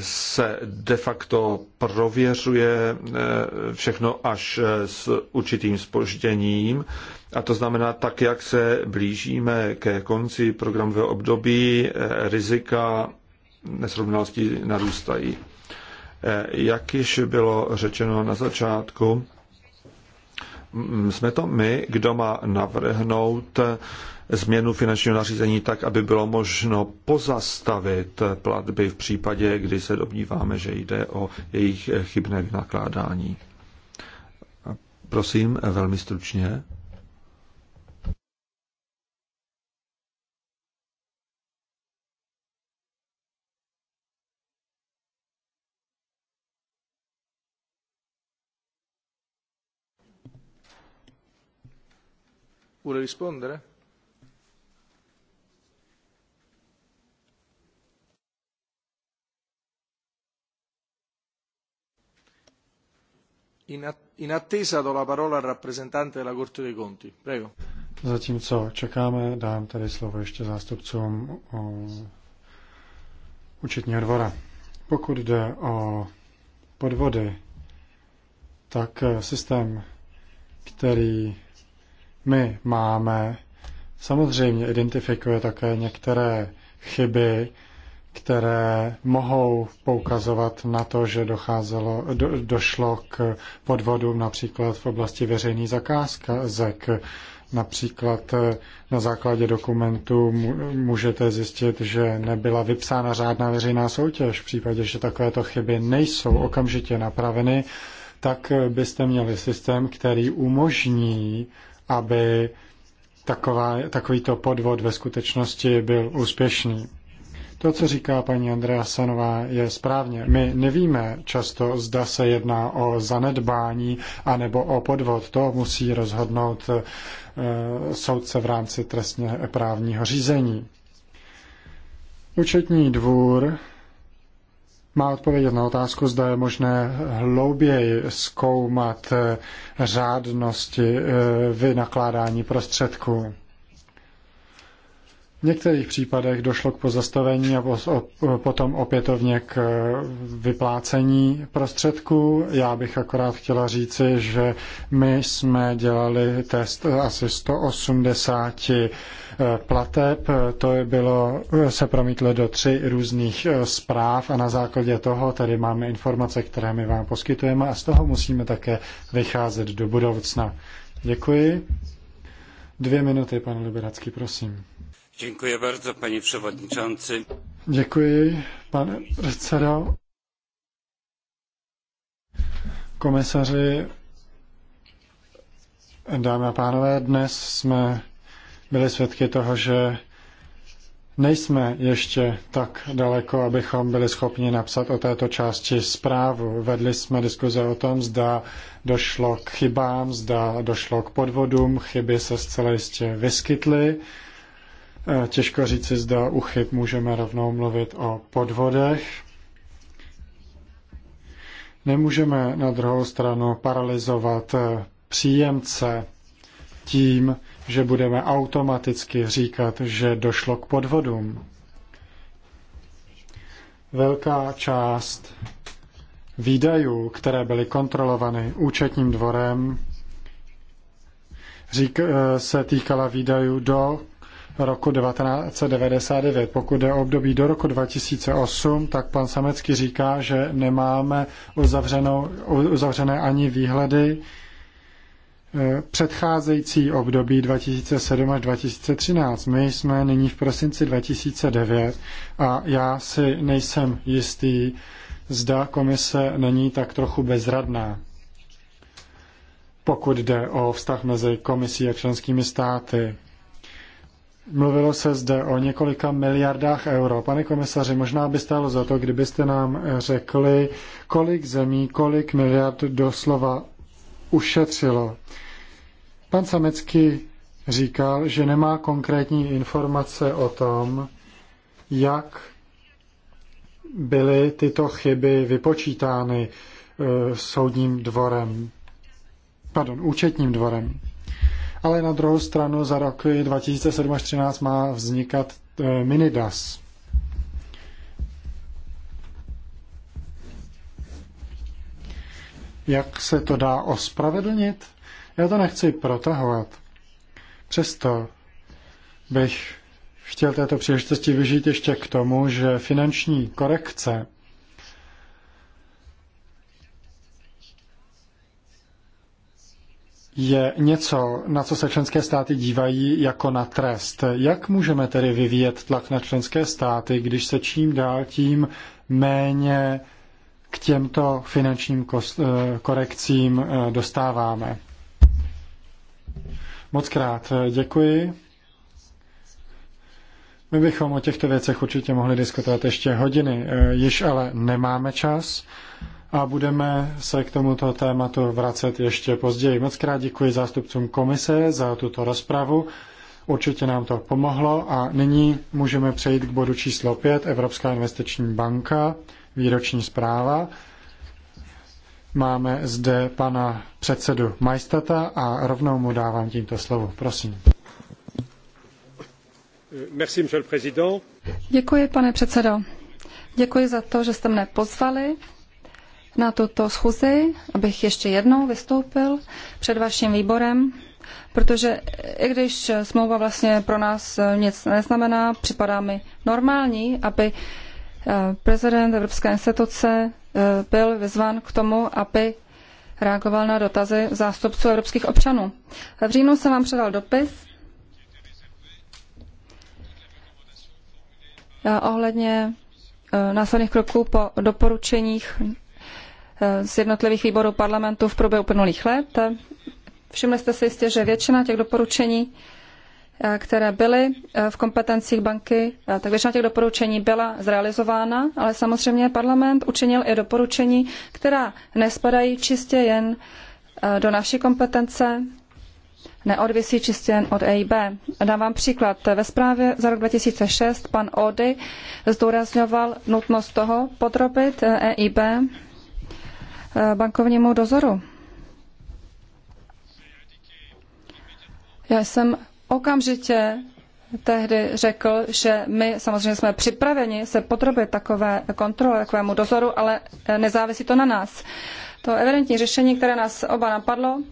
se de facto prověřuje eh, všechno až eh, s určitým spožděním. A to znamená, tak jak se blížíme ke konci programového období, eh, rizika nesrovnalostí narůstají. Jak již bylo řečeno na začátku, jsme to my, kdo má navrhnout změnu finančního nařízení tak, aby bylo možno pozastavit platby v případě, kdy se domníváme, že jde o jejich chybné vynakládání. Prosím, velmi stručně. Vuole rispondere? Zatímco čekáme, dám tedy slovo ještě zástupcům o účetního dvora. Pokud jde o podvody, tak systém, který my máme, samozřejmě identifikuje také některé chyby, které mohou poukazovat na to, že docházelo, do, došlo k podvodům například v oblasti zakázka ZEK. Například eh, na základě dokumentu můžete zjistit, že nebyla vypsána řádná veřejná soutěž. V případě, že takovéto chyby nejsou okamžitě napraveny, tak eh, byste měli systém, který umožní, aby taková, takovýto podvod ve skutečnosti byl úspěšný. To, co říká paní Andrea Sanová, je správně. My nevíme často, zda se jedná o zanedbání anebo o podvod. To musí rozhodnout eh, soudce v rámci trestně právního řízení. Účetní dvůr má odpovědět na otázku, zda je možné hlouběji zkoumat eh, řádnosti eh, vynakládání prostředků. V některých případech došlo k pozastavení a potom opětovně k eh, vyplácení prostředků. Já bych akorát chtěla říci, že my jsme dělali test asi 180 eh, plateb. To bylo, eh, se promítlo do tři různých zpráv a na základě toho tedy máme informace, které my vám poskytujeme a z toho musíme také vycházet do budoucna. Děkuji. Dvě minuty, pan Liberacký, prosím. Děkuji bardzo, pane předsedo. Komisaři, dámy a pánové, dnes jsme byli svědky toho, že nejsme ještě tak daleko, abychom byli schopni napsat o této části zprávu. Vedli jsme diskuze o tom, zda došlo k chybám, zda došlo k podvodům, chyby se zcela jistě vyskytly. Těžko říci, zda u chyb můžeme rovnou mluvit o podvodech. Nemůžeme na druhou stranu paralizovat eh, příjemce tím, že budeme automaticky říkat, že došlo k podvodům. Velká část výdajů, které byly kontrolovány účetním dvorem, eh, se týkala výdajů do roku 1999. Pokud je o období do roku 2008, tak pan Samecký říká, že nemáme uzavřené ani výhledy eh, předcházející období 2007 až 2013. My jsme nyní v prosinci 2009 a já si nejsem jistý, zda komise není tak trochu bezradná pokud jde o vztah mezi komisí a členskými státy. Mluvilo se zde o několika miliardách euro. Pane komisaři, možná by stálo za to, kdybyste nám řekli, kolik zemí, kolik miliard doslova ušetřilo. Pan Samecký říkal, že nemá konkrétní informace o tom, jak byly tyto chyby vypočítány eh, soudním dvorem, pardon, účetním dvorem ale na druhou stranu za roky 2007 až 2013 má vznikat e, minidas. Jak se to dá ospravedlnit? Já to nechci protahovat. Přesto bych chtěl této příležitosti vyžít ještě k tomu, že finanční korekce je něco, na co se členské státy dívají jako na trest. Jak můžeme tedy vyvíjet tlak na členské státy, když se čím dál tím méně k těmto finančním eh, korekcím eh, dostáváme? Moc krát eh, děkuji. My bychom o těchto věcech určitě mohli diskutovat ještě hodiny, již ale nemáme čas a budeme se k tomuto tématu vracet ještě později. Moc krát děkuji zástupcům komise za tuto rozpravu. Určitě nám to pomohlo a nyní můžeme přejít k bodu číslo 5, Evropská investiční banka, výroční zpráva. Máme zde pana předsedu Majstata a rovnou mu dávám tímto slovo. Prosím. Děkuji, pane předsedo. Děkuji za to, že jste mne pozvali na tuto schůzi, abych ještě jednou vystoupil před vaším výborem, protože i když smlouva vlastně pro nás nic neznamená, připadá mi normální, aby eh, prezident Evropské instituce eh, byl vyzván k tomu, aby reagoval na dotazy zástupců evropských občanů. V říjnu jsem vám předal dopis eh, ohledně následných kroků po doporučeních Eh, z jednotlivých výborů parlamentu v průběhu plnulých let. Všimli jste si jistě, že většina těch doporučení, eh, které byly eh, v kompetencích banky, tak většina těch doporučení byla zrealizována, ale samozřejmě parlament učinil i doporučení, která nespadají čistě jen do naší kompetence, neodvisí čistě jen od EIB. Dám vám příklad. Ve zprávě za rok 2006 pan Ody zdůrazňoval nutnost toho podrobit EIB Eh, bankovnímu dozoru. Já jsem okamžitě tehdy řekl, že my samozřejmě jsme připraveni se podrobit takové kontrole, takovému dozoru, ale eh, nezávisí to na nás. To evidentní řešení, které nás oba napadlo,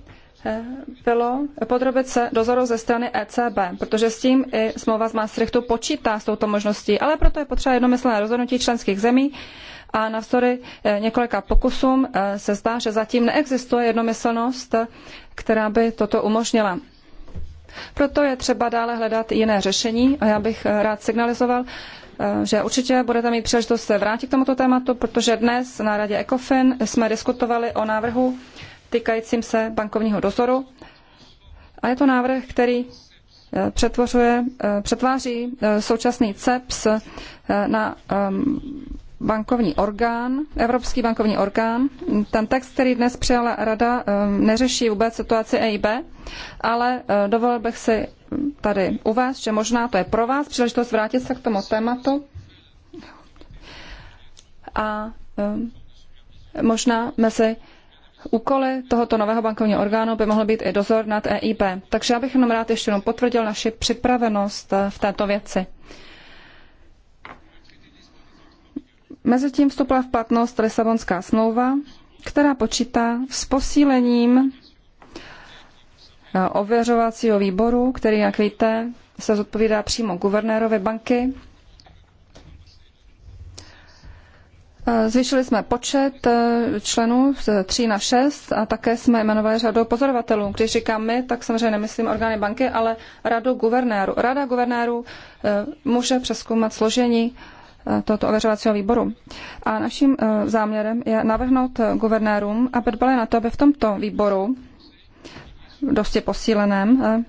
eh, bylo podrobit se dozoru ze strany ECB, protože s tím i smlouva z Maastrichtu počítá s touto možností, ale proto je potřeba jednomyslné rozhodnutí členských zemí a navzdory eh, několika pokusům eh, se zdá, že zatím neexistuje jednomyslnost, eh, která by toto umožnila. Proto je třeba dále hledat jiné řešení a já bych rád signalizoval, že určitě budete mít příležitost se vrátit k tomuto tématu, protože dnes na radě ECOFIN jsme diskutovali o návrhu týkajícím se bankovního dozoru. A je to návrh, který přetvořuje, přetváří současný CEPS na ehm, bankovní orgán, Evropský bankovní orgán. Ten text, který dnes přijala rada, eh, neřeší vůbec situaci EIB, ale eh, dovolil bych si tady uvést, že možná to je pro vás příležitost vrátit se k tomu tématu a eh, možná mezi úkoly tohoto nového bankovního orgánu by mohl být i dozor nad EIB. Takže já bych jenom rád ještě jenom potvrdil naši připravenost v této věci. Mezitím vstoupila v platnost Lisabonská smlouva, která počítá s posílením eh, ověřovacího výboru, který, jak víte, se zodpovídá přímo guvernérovi banky. Eh, zvýšili jsme počet eh, členů z 3 na 6 a také jsme jmenovali řadu pozorovatelů. Když říkám my, tak samozřejmě nemyslím orgány banky, ale radu guvernéru. Rada guvernéru může přeskoumat složení tohoto ověřovacího výboru. A naším eh, záměrem je navrhnout guvernérům, aby dbali na to, aby v tomto výboru, dosti posíleném, eh,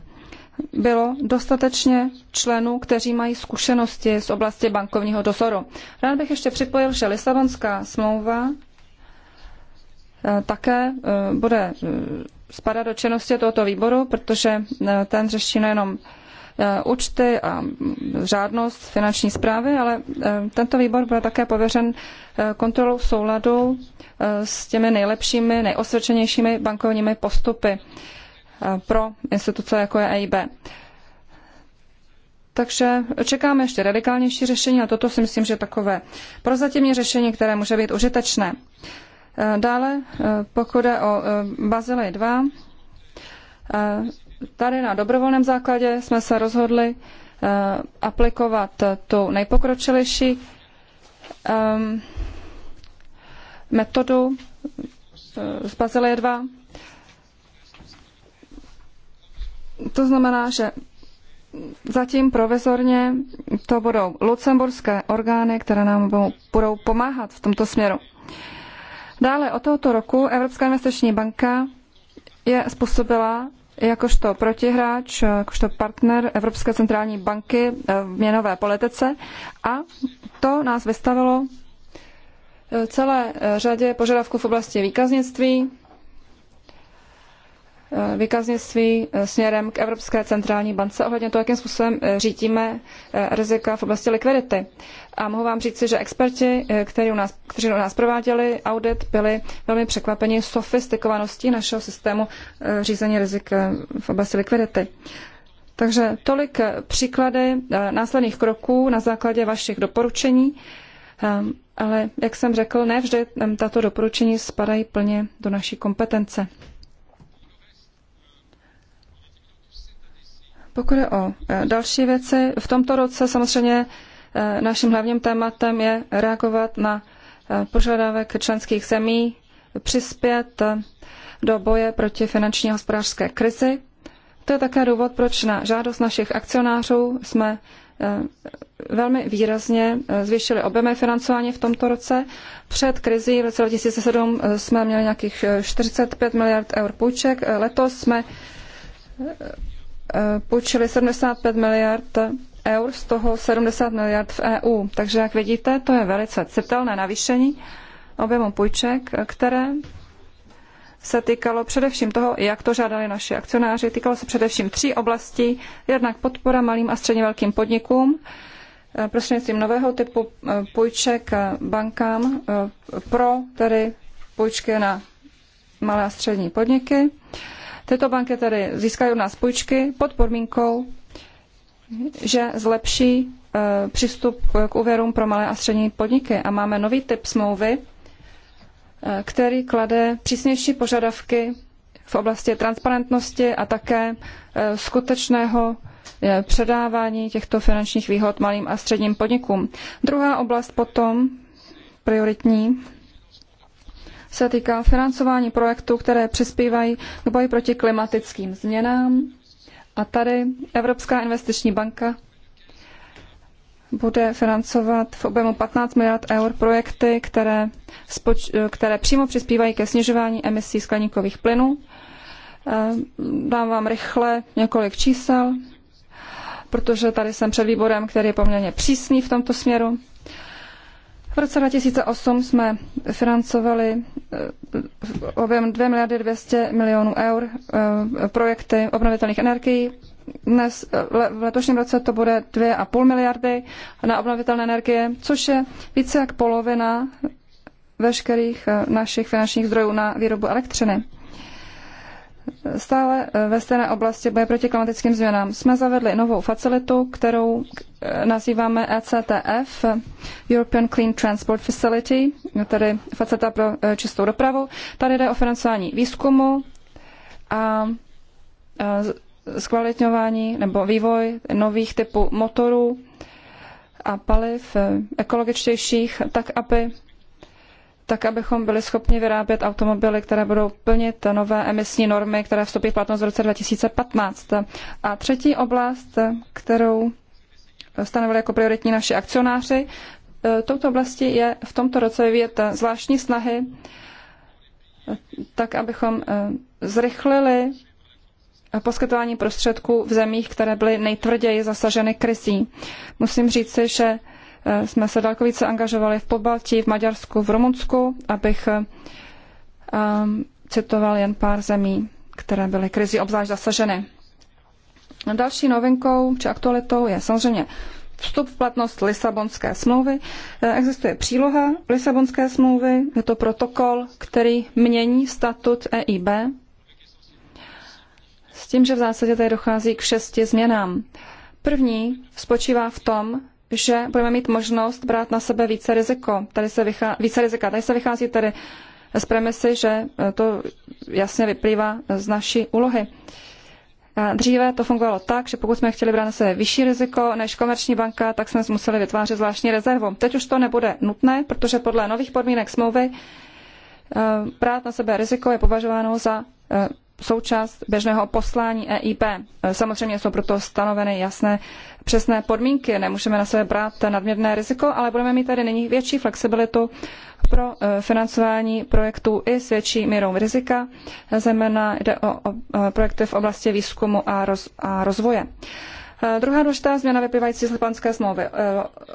bylo dostatečně členů, kteří mají zkušenosti z oblasti bankovního dozoru. Rád bych ještě připojil, že Lisabonská smlouva eh, také bude spadat do činnosti tohoto výboru, protože ten řeší nejenom Eh, účty a řádnost finanční zprávy, ale eh, tento výbor byl také pověřen eh, kontrolou souladu s těmi nejlepšími, nejosvědčenějšími bankovními postupy pro instituce, jako je EIB. Takže čekáme ještě radikálnější řešení a toto si myslím, že je takové prozatímní řešení, které může být užitečné. Dále, pokud je o Bazilej 2, Tady na dobrovolném základě jsme se rozhodli eh, aplikovat tu nejpokročilejší ehm, metodu eh, z Bazilie 2. To znamená, že zatím provizorně to budou lucemburské orgány, které nám budou pomáhat v tomto směru. Dále od tohoto roku Evropská investiční banka je způsobila jakožto protihráč, jakožto partner Evropské centrální banky eh, v měnové politice a to nás vystavilo eh, celé eh, řadě požadavků v oblasti výkaznictví, výkaznictví směrem k Evropské centrální bance ohledně toho, jakým způsobem řídíme rizika v oblasti likvidity. A mohu vám říci, že experti, eh, kteří u nás, kteří u nás prováděli audit, byli velmi překvapeni sofistikovaností našeho systému eh, řízení rizik eh, v oblasti likvidity. Takže tolik příklady následných kroků na základě vašich doporučení, ale jak jsem řekl, ne vždy tato doporučení spadají plně do naší kompetence. Pokud je o další věci, v tomto roce samozřejmě Eh, naším hlavním tématem je reagovat na eh, požadavek členských zemí přispět eh, do boje proti finanční a hospodářské krizi. To je také důvod, proč na žádost našich akcionářů jsme velmi výrazně zvýšili objemy financování v tomto roce. Před krizí v roce 2007 jsme měli nějakých 45 miliard eur půjček. Letos jsme půjčili 75 miliard eur, z toho 70 miliard v EU. Takže, jak vidíte, to je velice citelné navýšení objemu půjček, které se týkalo především toho, jak to žádali naši akcionáři. Týkalo se především tří oblastí. Jednak podpora malým a středně velkým podnikům, eh, prostřednictvím nového typu eh, půjček eh, bankám pro tedy půjčky na malé a střední podniky. Tyto banky tedy získají od nás půjčky pod podmínkou, že zlepší eh, přístup k úvěrům pro malé a střední podniky. A máme nový typ smlouvy, eh, který klade přísnější požadavky v oblasti transparentnosti a také eh, skutečného předávání těchto finančních výhod malým a středním podnikům. Druhá oblast potom, prioritní, se týká financování projektů, které přispívají k boji proti klimatickým změnám a tady Evropská investiční banka bude financovat v objemu 15 miliard eur projekty, které, které přímo přispívají ke snižování emisí skleníkových plynů. Eh, dám vám rychle několik čísel, protože tady jsem před výborem, který je poměrně přísný v tomto směru. V roce 2008 jsme financovali eh, objem 2 miliardy 200 milionů eur eh, projekty obnovitelných energií. Dnes, eh, v letošním roce to bude 2,5 miliardy na obnovitelné energie, což je více jak polovina veškerých našich finančních zdrojů na výrobu elektřiny stále eh, ve stejné oblasti boje proti klimatickým změnám. Jsme zavedli novou facilitu, kterou eh, nazýváme ECTF, European Clean Transport Facility, tedy facilita pro eh, čistou dopravu. Tady jde o financování výzkumu a zkvalitňování nebo vývoj nových typů motorů a paliv ekologičtějších, tak aby tak abychom byli schopni vyrábět automobily, které budou plnit nové emisní normy, které vstoupí v platnost v roce 2015. A třetí oblast, kterou stanovili jako prioritní naši akcionáři, e, touto oblasti je v tomto roce vyvíjet zvláštní snahy, e, tak abychom e, zrychlili poskytování prostředků v zemích, které byly nejtvrději zasaženy krizí. Musím říci, že Eh, jsme se daleko více angažovali v Pobaltí, v Maďarsku, v Rumunsku, abych eh, citoval jen pár zemí, které byly krizi obzvlášť zasaženy. Další novinkou či aktualitou je samozřejmě vstup v platnost Lisabonské smlouvy. Eh, existuje příloha Lisabonské smlouvy, je to protokol, který mění statut EIB, s tím, že v zásadě tady dochází k šesti změnám. První spočívá v tom, že budeme mít možnost brát na sebe více riziko. Tady se vychá, více rizika. Tady se vychází tedy z premisy, že e, to jasně vyplývá z naší úlohy. Dříve to fungovalo tak, že pokud jsme chtěli brát na sebe vyšší riziko než komerční banka, tak jsme museli vytvářet zvláštní rezervu. Teď už to nebude nutné, protože podle nových podmínek smlouvy e, brát na sebe riziko je považováno za e, součást běžného poslání EIB. Samozřejmě jsou proto stanoveny jasné přesné podmínky, nemůžeme na sebe brát nadměrné riziko, ale budeme mít tady nyní větší flexibilitu pro eh, financování projektů i s větší mírou rizika, zejména jde o, o eh, projekty v oblasti výzkumu a, roz, a rozvoje. Eh, druhá důležitá změna vyplývající z Lipanské smlouvy.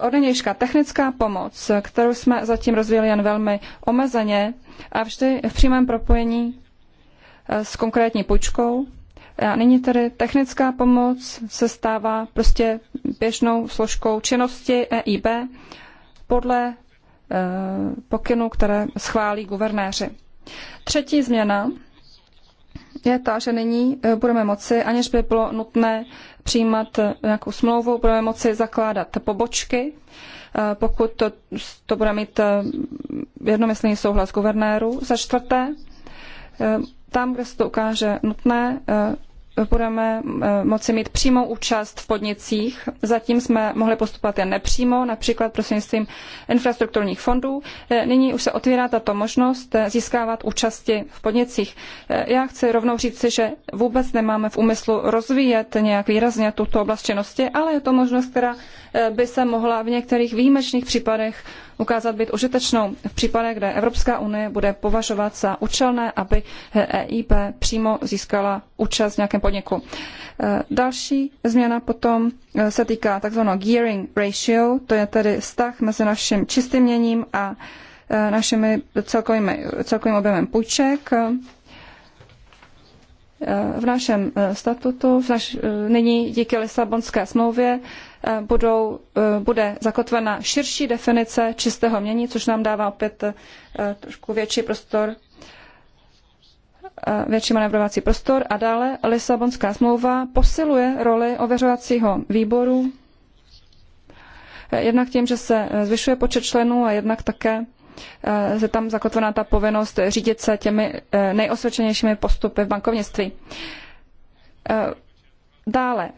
Od nynějška technická pomoc, kterou jsme zatím rozvíjeli jen velmi omezeně a vždy v přímém propojení Eh, s konkrétní půjčkou. A nyní tedy technická pomoc se stává prostě běžnou složkou činnosti EIB podle eh, pokynů, které schválí guvernéři. Třetí změna je ta, že nyní eh, budeme moci, aniž by bylo nutné přijímat nějakou smlouvu, budeme moci zakládat pobočky, pokud to, to bude mít jednomyslný souhlas guvernéru. Za čtvrté, tam, kde se to ukáže nutné, eh, budeme eh, moci mít přímou účast v podnicích. Zatím jsme mohli postupovat jen nepřímo, například prostřednictvím infrastrukturních fondů. Eh, nyní už se otvírá tato možnost získávat účasti v podnicích. Já chci rovnou říci, že vůbec nemáme v úmyslu rozvíjet nějak výrazně tuto oblast činnosti, ale je to možnost, která by se mohla v některých výjimečných případech ukázat být užitečnou v případech, kde Evropská unie bude považovat za účelné, aby EIP přímo získala účast v nějakém podniku. E, další změna potom e, se týká tzv. gearing ratio, to je tedy vztah mezi naším čistým měním a e, našimi celkovými, celkovým objemem půjček. V našem statutu v naš, nyní díky Lisabonské smlouvě Eh, budou, eh, bude zakotvena širší definice čistého mění, což nám dává opět eh, trošku větší prostor větší manevrovací prostor a dále Lisabonská smlouva posiluje roli ověřovacího výboru jednak tím, že se zvyšuje počet členů a jednak také je tam zakotvená ta povinnost řídit se těmi nejosvědčenějšími postupy v bankovnictví. Dále,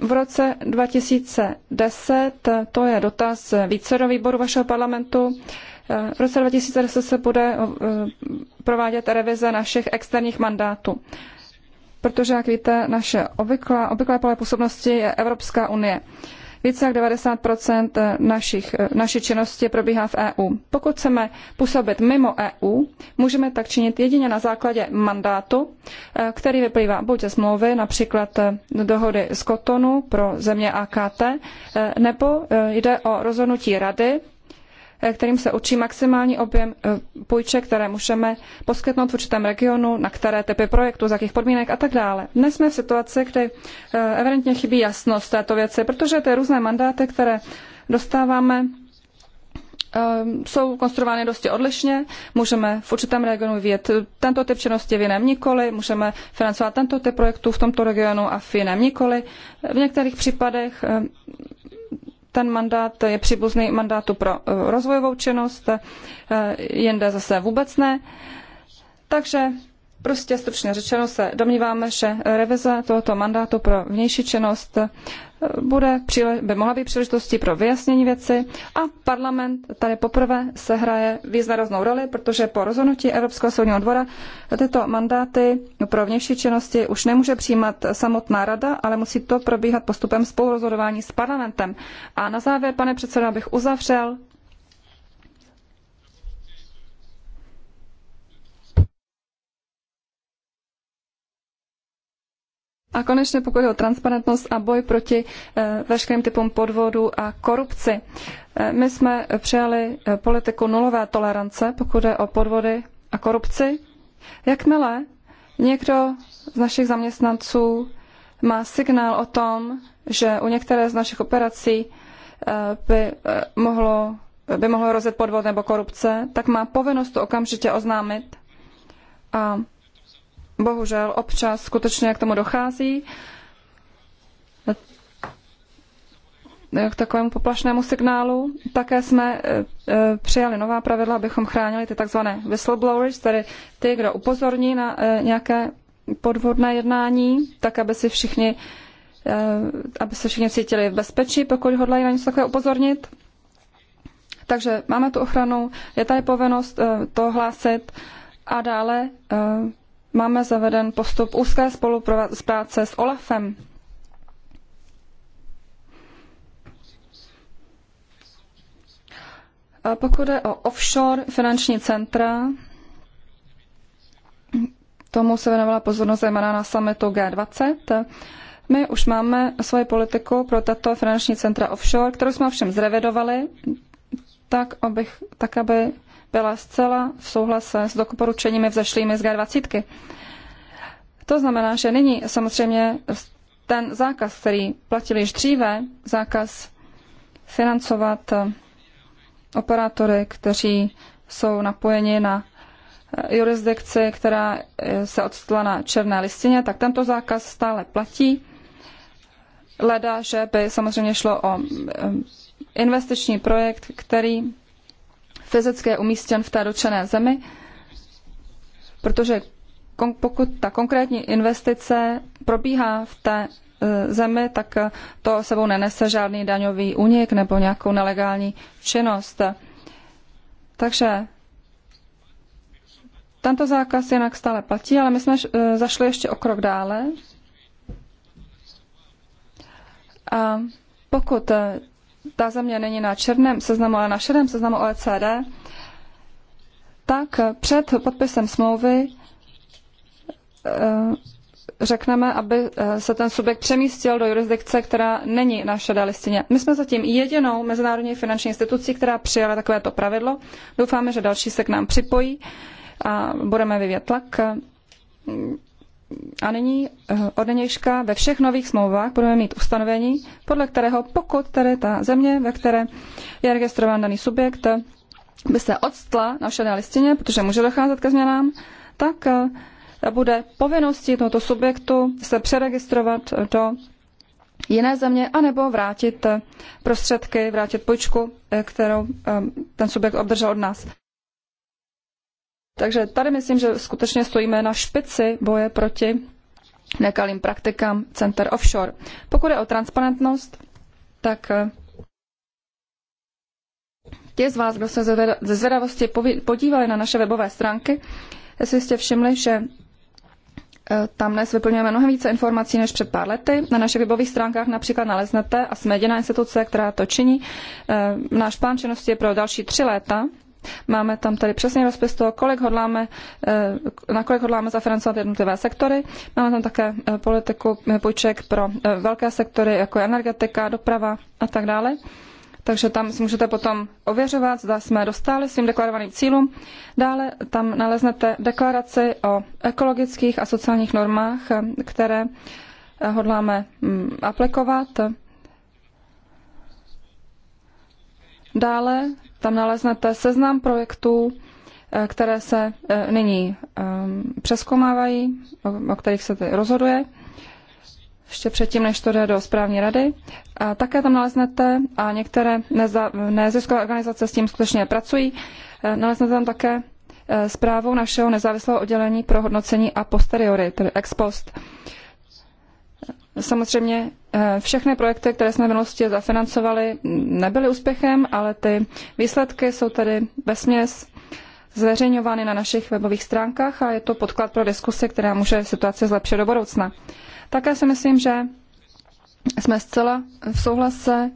v roce 2010, to je dotaz více do výboru vašeho parlamentu, eh, v roce 2010 se bude eh, provádět revize našich externích mandátů. Protože, jak víte, naše obvyklá, obvyklé pole působnosti je Evropská unie. Více jak 90 eh, našich, eh, naší činnosti probíhá v EU. Pokud chceme působit mimo EU, můžeme tak činit jedině na základě mandátu, eh, který vyplývá buď ze smlouvy, například dohody z Kotonu pro země AKT, nebo jde o rozhodnutí Rady Eh, kterým se určí maximální objem eh, půjček, které můžeme poskytnout v určitém regionu, na které typy projektu, z jakých podmínek a tak dále. Dnes jsme v situaci, kdy eh, evidentně chybí jasnost této věci, protože ty různé mandáty, které dostáváme, jsou konstruovány dosti odlišně. Můžeme v určitém regionu vyvíjet tento typ činnosti, v jiném nikoli, můžeme financovat tento typ projektů v tomto regionu a v jiném nikoli. V některých případech ten mandát je příbuzný mandátu pro eh, rozvojovou činnost, eh, jinde zase vůbec ne. Takže Prostě stručně řečeno se domníváme, že revize tohoto mandátu pro vnější činnost eh, bude, by mohla být příležitostí pro vyjasnění věci a parlament tady poprvé se hraje významnou roli, protože po rozhodnutí Evropského soudního dvora tyto mandáty pro vnější činnosti už nemůže přijímat samotná rada, ale musí to probíhat postupem spolurozhodování s parlamentem. A na závěr, pane předsedo, abych uzavřel A konečně pokud o transparentnost a boj proti eh, veškerým typům podvodu a korupci. Eh, my jsme přijali eh, politiku nulové tolerance, pokud je o podvody a korupci. Jakmile někdo z našich zaměstnanců má signál o tom, že u některé z našich operací by mohlo, by mohlo rozjet podvod nebo korupce, tak má povinnost to okamžitě oznámit a bohužel občas skutečně k tomu dochází k takovému poplašnému signálu. Také jsme e, e, přijali nová pravidla, abychom chránili ty tzv. whistleblowers, tedy ty, kdo upozorní na e, nějaké podvodné jednání, tak aby si všichni aby se všichni cítili v bezpečí, pokud hodlají na něco takové upozornit. Takže máme tu ochranu, je tady povinnost to hlásit a dále máme zaveden postup úzké spolupráce s OLAFem. A pokud je o offshore finanční centra, tomu se věnovala pozornost zejména na summitu G20. My už máme svoji politiku pro tato finanční centra offshore, kterou jsme ovšem zrevidovali, tak, abych, tak aby byla zcela v souhlase s doporučeními vzešlými z G20. To znamená, že nyní samozřejmě ten zákaz, který platil již dříve, zákaz financovat eh, operátory, kteří jsou napojeni na eh, jurisdikci, která eh, se odstala na černé listině, tak tento zákaz stále platí. Leda, že by samozřejmě šlo o investiční projekt, který fyzicky je umístěn v té dočené zemi, protože pokud ta konkrétní investice probíhá v té e, zemi, tak to sebou nenese žádný daňový únik nebo nějakou nelegální činnost. Takže tento zákaz jinak stále platí, ale my jsme e, zašli ještě o krok dále. A pokud e, ta země není na černém seznamu, ale na šedém seznamu OECD, tak před podpisem smlouvy eh, řekneme, aby eh, se ten subjekt přemístil do jurisdikce, která není na šedé listině. My jsme zatím jedinou mezinárodní finanční institucí, která přijala takovéto pravidlo. Doufáme, že další se k nám připojí a budeme vyvět tlak a nyní eh, od nynějška ve všech nových smlouvách budeme mít ustanovení, podle kterého pokud tedy ta země, ve které je registrován daný subjekt, by se odstla na všedné listině, protože může docházet ke změnám, tak eh, bude povinností tohoto subjektu se přeregistrovat do jiné země, anebo vrátit eh, prostředky, vrátit počku, kterou ten subjekt obdržel od nás. Takže tady myslím, že skutečně stojíme na špici boje proti nekalým praktikám center offshore. Pokud je o transparentnost, tak eh, ti z vás, kdo se ze zvědavosti podívali na naše webové stránky, jestli jste všimli, že eh, tam dnes vyplňujeme mnohem více informací než před pár lety. Na našich webových stránkách například naleznete, a jsme jediná instituce, která to činí, eh, náš plán činnosti je pro další tři léta, Máme tam tady přesně rozpis toho, kolik hodláme, eh, na kolik hodláme zafinancovat jednotlivé sektory. Máme tam také eh, politiku eh, půjček pro velké sektory, jako je energetika, doprava a tak dále. Takže tam si můžete potom ověřovat, zda jsme dostali svým deklarovaným cílům. Dále tam naleznete deklaraci o ekologických a sociálních normách, které hodláme mm, aplikovat. Dále tam naleznete seznam projektů, eh, které se eh, nyní ehm, přeskomávají, o kterých se rozhoduje, ještě předtím, než to jde do správní rady. A také tam naleznete, a některé neziskové organizace s tím skutečně pracují, eh, naleznete tam také zprávu našeho nezávislého oddělení pro hodnocení a posteriori, tedy ex post. Samozřejmě Eh, všechny projekty, které jsme v minulosti zafinancovali, nebyly úspěchem, ale ty výsledky jsou tady vesměs zveřejňovány na našich webových stránkách a je to podklad pro diskusy, která může situaci zlepšit do budoucna. Také si myslím, že jsme zcela v souhlase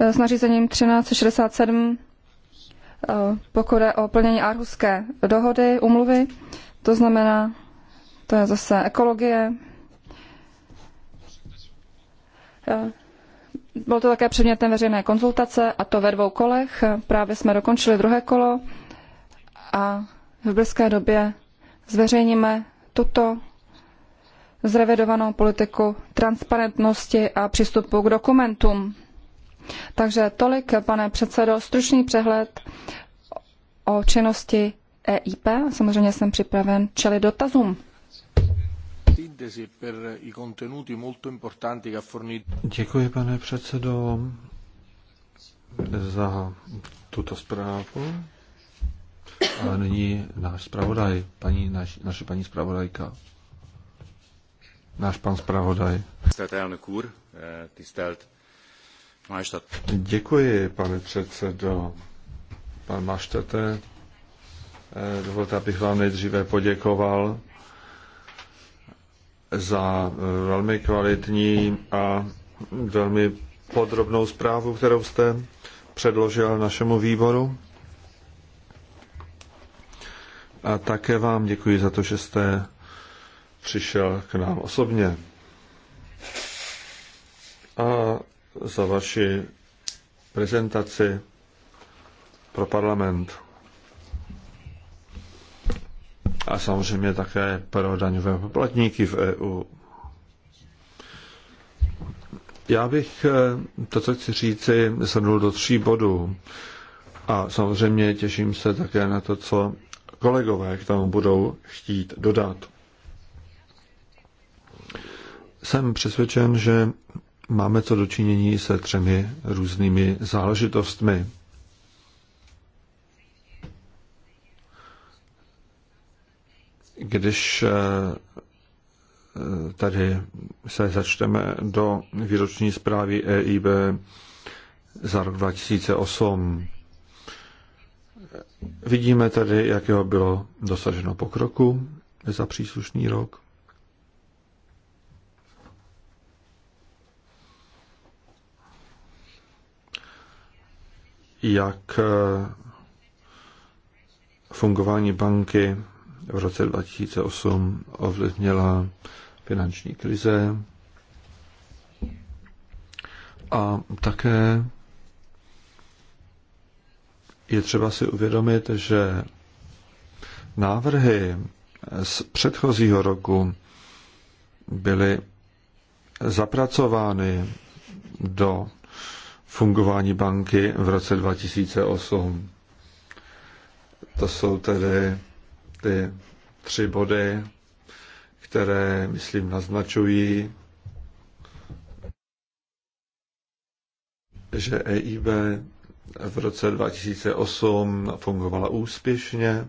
eh, s nařízením 1367, eh, pokud je o plnění Arhuské dohody, umluvy, to znamená, to je zase ekologie, Eh, bylo to také předmětem veřejné konzultace a to ve dvou kolech. Právě jsme dokončili druhé kolo a v blízké době zveřejníme tuto zrevidovanou politiku transparentnosti a přístupu k dokumentům. Takže tolik, pane předsedo, stručný přehled o činnosti EIP. Samozřejmě jsem připraven čelit dotazům sintesi per i contenuti molto importanti che ha fornito. Děkuji, pane předsedo, za tuto zprávu. A nyní náš zpravodaj, paní, naš, naše paní zpravodajka. Náš pan zpravodaj. Děkuji, pane předsedo. Pan Maštete, dovolte, abych vám nejdříve poděkoval za eh, velmi kvalitní a velmi podrobnou zprávu, kterou jste předložil našemu výboru. A také vám děkuji za to, že jste přišel k nám osobně. A za vaši prezentaci pro parlament a samozřejmě také pro daňové poplatníky v EU. Já bych eh, to, co chci říci, zhrnul do tří bodů. A samozřejmě těším se také na to, co kolegové k tomu budou chtít dodat. Jsem přesvědčen, že máme co dočinění se třemi různými záležitostmi. Když eh, tady se začteme do výroční zprávy EIB za rok 2008, vidíme tady, jakého bylo dosaženo pokroku za příslušný rok. jak eh, fungování banky v roce 2008 ovlivnila finanční krize a také je třeba si uvědomit, že návrhy z předchozího roku byly zapracovány do fungování banky v roce 2008. To jsou tedy ty tři body, které, myslím, naznačují, že EIB v roce 2008 fungovala úspěšně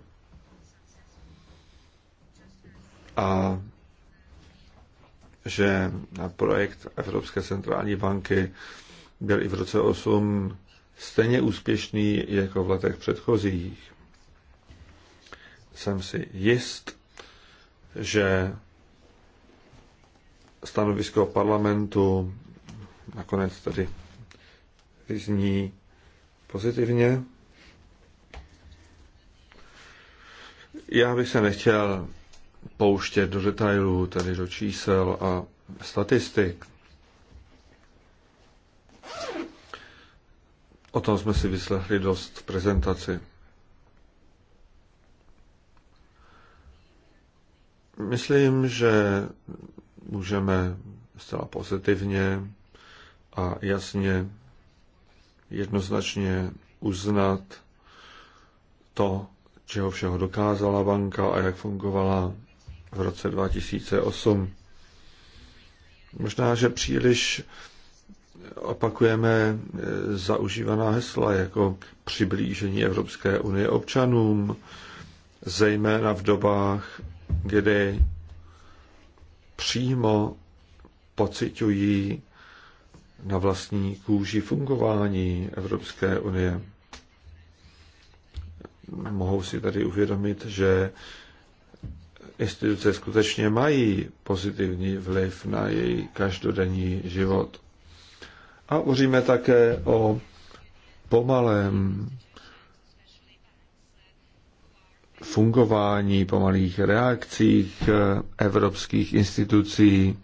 a že projekt Evropské centrální banky byl i v roce 2008 stejně úspěšný jako v letech předchozích jsem si jist, že stanovisko parlamentu nakonec tedy vyzní pozitivně. Já bych se nechtěl pouštět do detailů, tedy do čísel a statistik. O tom jsme si vyslechli dost v prezentaci. Myslím, že můžeme zcela pozitivně a jasně, jednoznačně uznat to, čeho všeho dokázala banka a jak fungovala v roce 2008. Možná, že příliš opakujeme e, zaužívaná hesla jako přiblížení Evropské unie občanům, zejména v dobách kdy přímo pocitují na vlastní kůži fungování Evropské unie. Mohou si tady uvědomit, že instituce skutečně mají pozitivní vliv na její každodenní život. A uříme také o pomalém fungování, po malých reakcích eh, evropských institucí,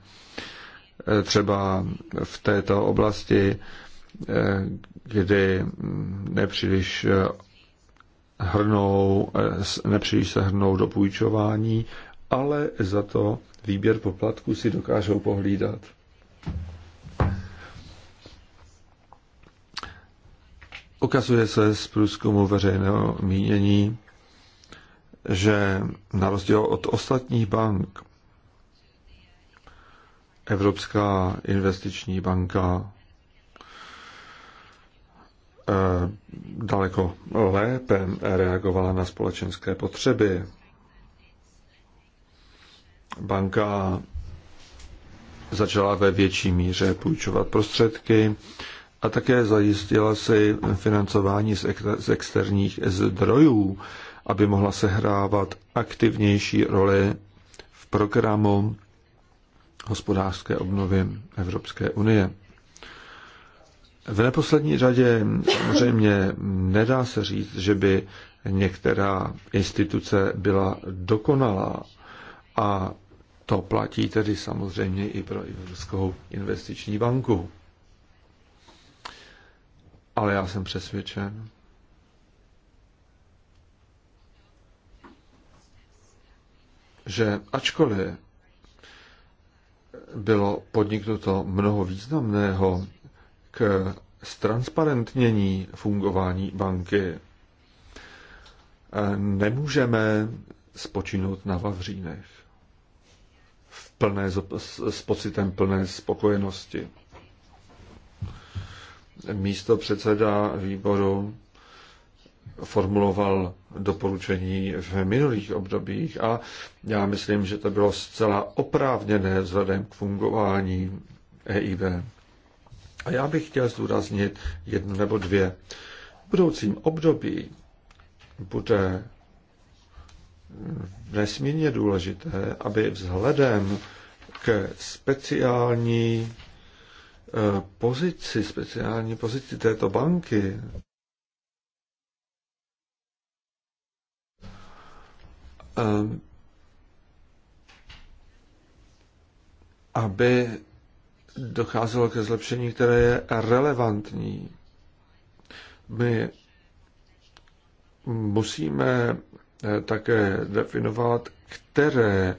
eh, třeba v této oblasti, eh, kdy nepříliš hrnou, nepříliš se hrnou do půjčování, ale za to výběr poplatků si dokážou pohlídat. Ukazuje se z průzkumu veřejného mínění, že na rozdíl od ostatních bank Evropská investiční banka eh, daleko lépe reagovala na společenské potřeby. Banka začala ve větší míře půjčovat prostředky a také zajistila si financování z externích zdrojů aby mohla sehrávat aktivnější roli v programu hospodářské obnovy Evropské unie. V neposlední řadě samozřejmě nedá se říct, že by některá instituce byla dokonalá a to platí tedy samozřejmě i pro Evropskou investiční banku. Ale já jsem přesvědčen, že ačkoliv bylo podniknuto mnoho významného k ztransparentnění fungování banky, nemůžeme spočinout na Vavřínech v plné, s pocitem plné spokojenosti. Místo předseda výboru formuloval doporučení v minulých obdobích a já myslím, že to bylo zcela oprávněné vzhledem k fungování EIB. A já bych chtěl zdůraznit jednu nebo dvě. V budoucím období bude nesmírně důležité, aby vzhledem k speciální eh, pozici, speciální pozici této banky Eh, aby docházelo ke zlepšení, které je relevantní. My musíme eh, také definovat, které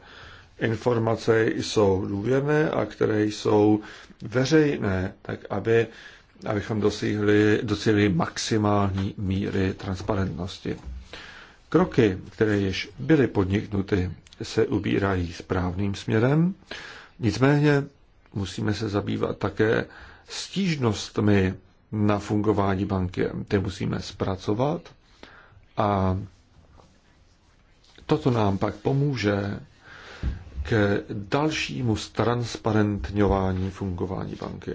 informace jsou důvěrné a které jsou veřejné, tak aby, abychom dosíhli, docílili maximální míry transparentnosti. Kroky, které již byly podniknuty, se ubírají správným směrem, nicméně musíme se zabývat také stížnostmi na fungování banky. Ty musíme zpracovat a toto nám pak pomůže k dalšímu transparentňování fungování banky.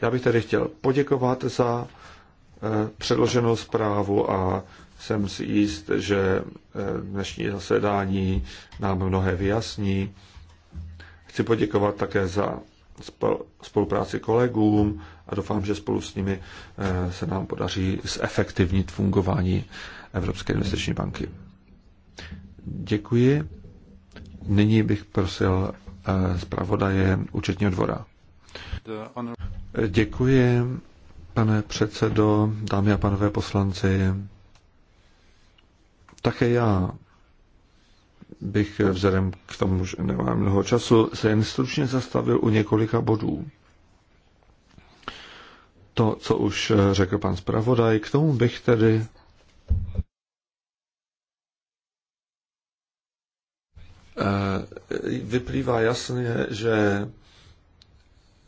Já bych tedy chtěl poděkovat za eh, předloženou zprávu a jsem si jist, že eh, dnešní zasedání nám mnohé vyjasní. Chci poděkovat také za spolupráci kolegům a doufám, že spolu s nimi eh, se nám podaří zefektivnit fungování Evropské investiční banky. Děkuji. Nyní bych prosil eh, zpravodaje účetního dvora. Děkuji, pane předsedo, dámy a panové poslanci. Také já bych vzhledem k tomu, že nemám mnoho času, se jen stručně zastavil u několika bodů. To, co už řekl pan zpravodaj, k tomu bych tedy eh, vyplývá jasně, že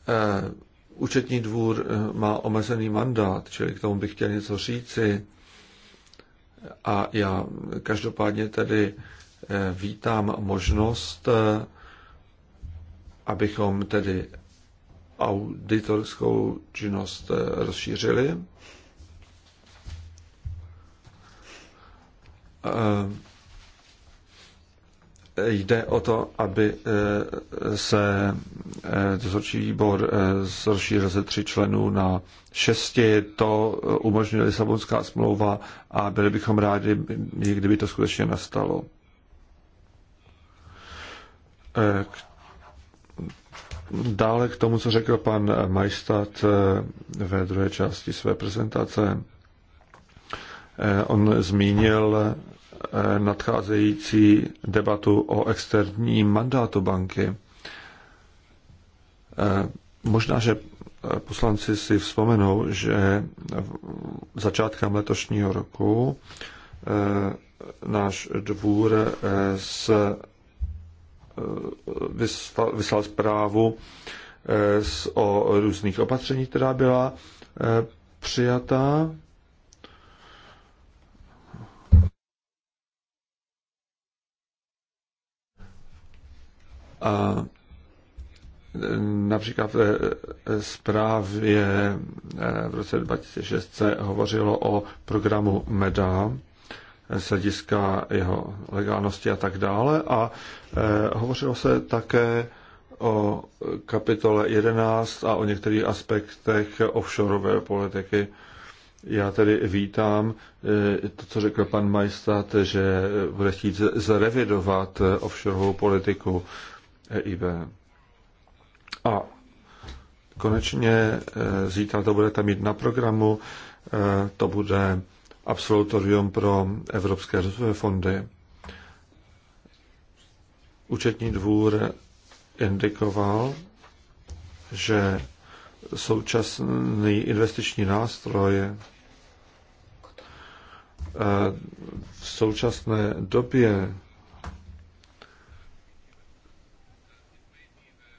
eh, účetní dvůr má omezený mandát, čili k tomu bych chtěl něco říci. A já každopádně tedy eh, vítám možnost, eh, abychom tedy auditorskou činnost eh, rozšířili jde o to, aby eh, se eh, dozorčí výbor eh, rozšířil ze tři členů na šesti. To umožňuje Lisabonská smlouva a byli bychom rádi, kdyby to skutečně nastalo. Dále k tomu, co řekl pan Majstat ve druhé části své prezentace. On zmínil nadcházející debatu o externím mandátu banky. E, možná, že poslanci si vzpomenou, že začátkem letošního roku e, náš dvůr e, s, vyslal, vyslal zprávu o různých opatřeních, která byla přijatá A e, například ve e, zprávě e, v roce 2006 se hovořilo o programu MEDA, z hlediska jeho legálnosti a tak dále. A hovořilo se také o kapitole 11 a o některých aspektech offshoreové politiky. Já tedy vítám to, co řekl pan Majstat, že bude chtít zrevidovat offshoreovou politiku. EIB. A konečně e, zítra to budete mít na programu, e, to bude absolutorium pro Evropské rozvojové fondy. Účetní dvůr indikoval, že současný investiční nástroj e, v současné době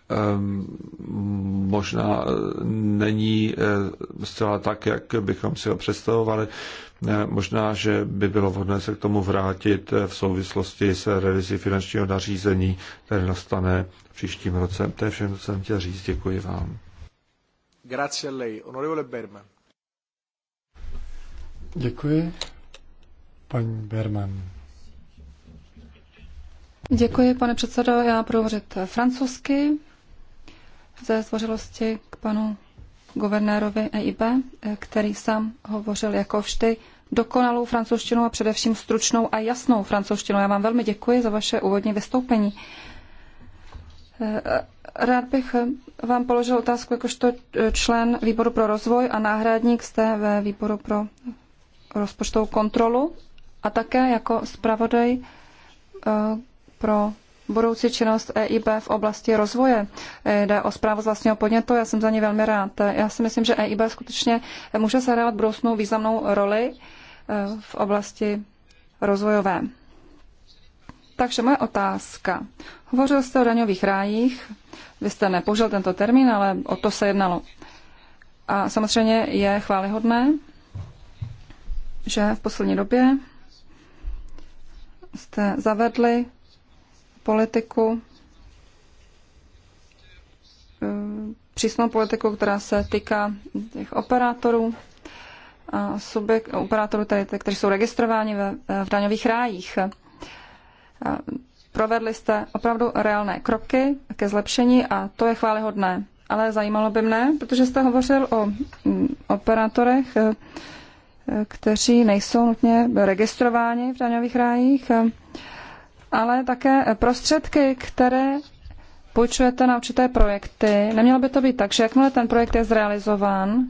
Ehm, možná není eh, zcela tak, jak bychom si ho představovali. Eh, možná, že by bylo vhodné se k tomu vrátit eh, v souvislosti s revizí finančního nařízení, které nastane v příštím roce. To je všechno, co jsem chtěl říct. Děkuji vám. Grazie a lei. Onorevole Berman. Děkuji. Paní Berman. Děkuji, pane předsedo. Já budu hovořit francouzsky ze zdvořilosti k panu guvernérovi EIB, eh, který sám hovořil jako vždy dokonalou francouzštinu a především stručnou a jasnou francouzštinu. Já vám velmi děkuji za vaše úvodní vystoupení. Eh, rád bych eh, vám položil otázku jakožto člen výboru pro rozvoj a náhradník jste ve výboru pro rozpočtovou kontrolu a také jako zpravodaj pro budoucí činnost EIB v oblasti rozvoje. E, jde o zprávu z vlastního podnětu, já jsem za ní velmi rád. Já si myslím, že EIB skutečně může sehrávat v významnou roli e, v oblasti rozvojové. Takže moje otázka. Hovořil jste o daňových rájích, vy jste nepoužil tento termín, ale o to se jednalo. A samozřejmě je chválihodné, že v poslední době jste zavedli politiku, eh, přísnou politiku, která se týká těch operátorů, a subjekt, operátorů, tedy, kteří jsou registrováni v, eh, v daňových rájích. Provedli jste opravdu reálné kroky ke zlepšení a to je chválihodné. Ale zajímalo by mne, protože jste hovořil o mm, operátorech, eh, kteří nejsou nutně registrováni v daňových rájích, ale také prostředky, které půjčujete na určité projekty. Nemělo by to být tak, že jakmile ten projekt je zrealizován,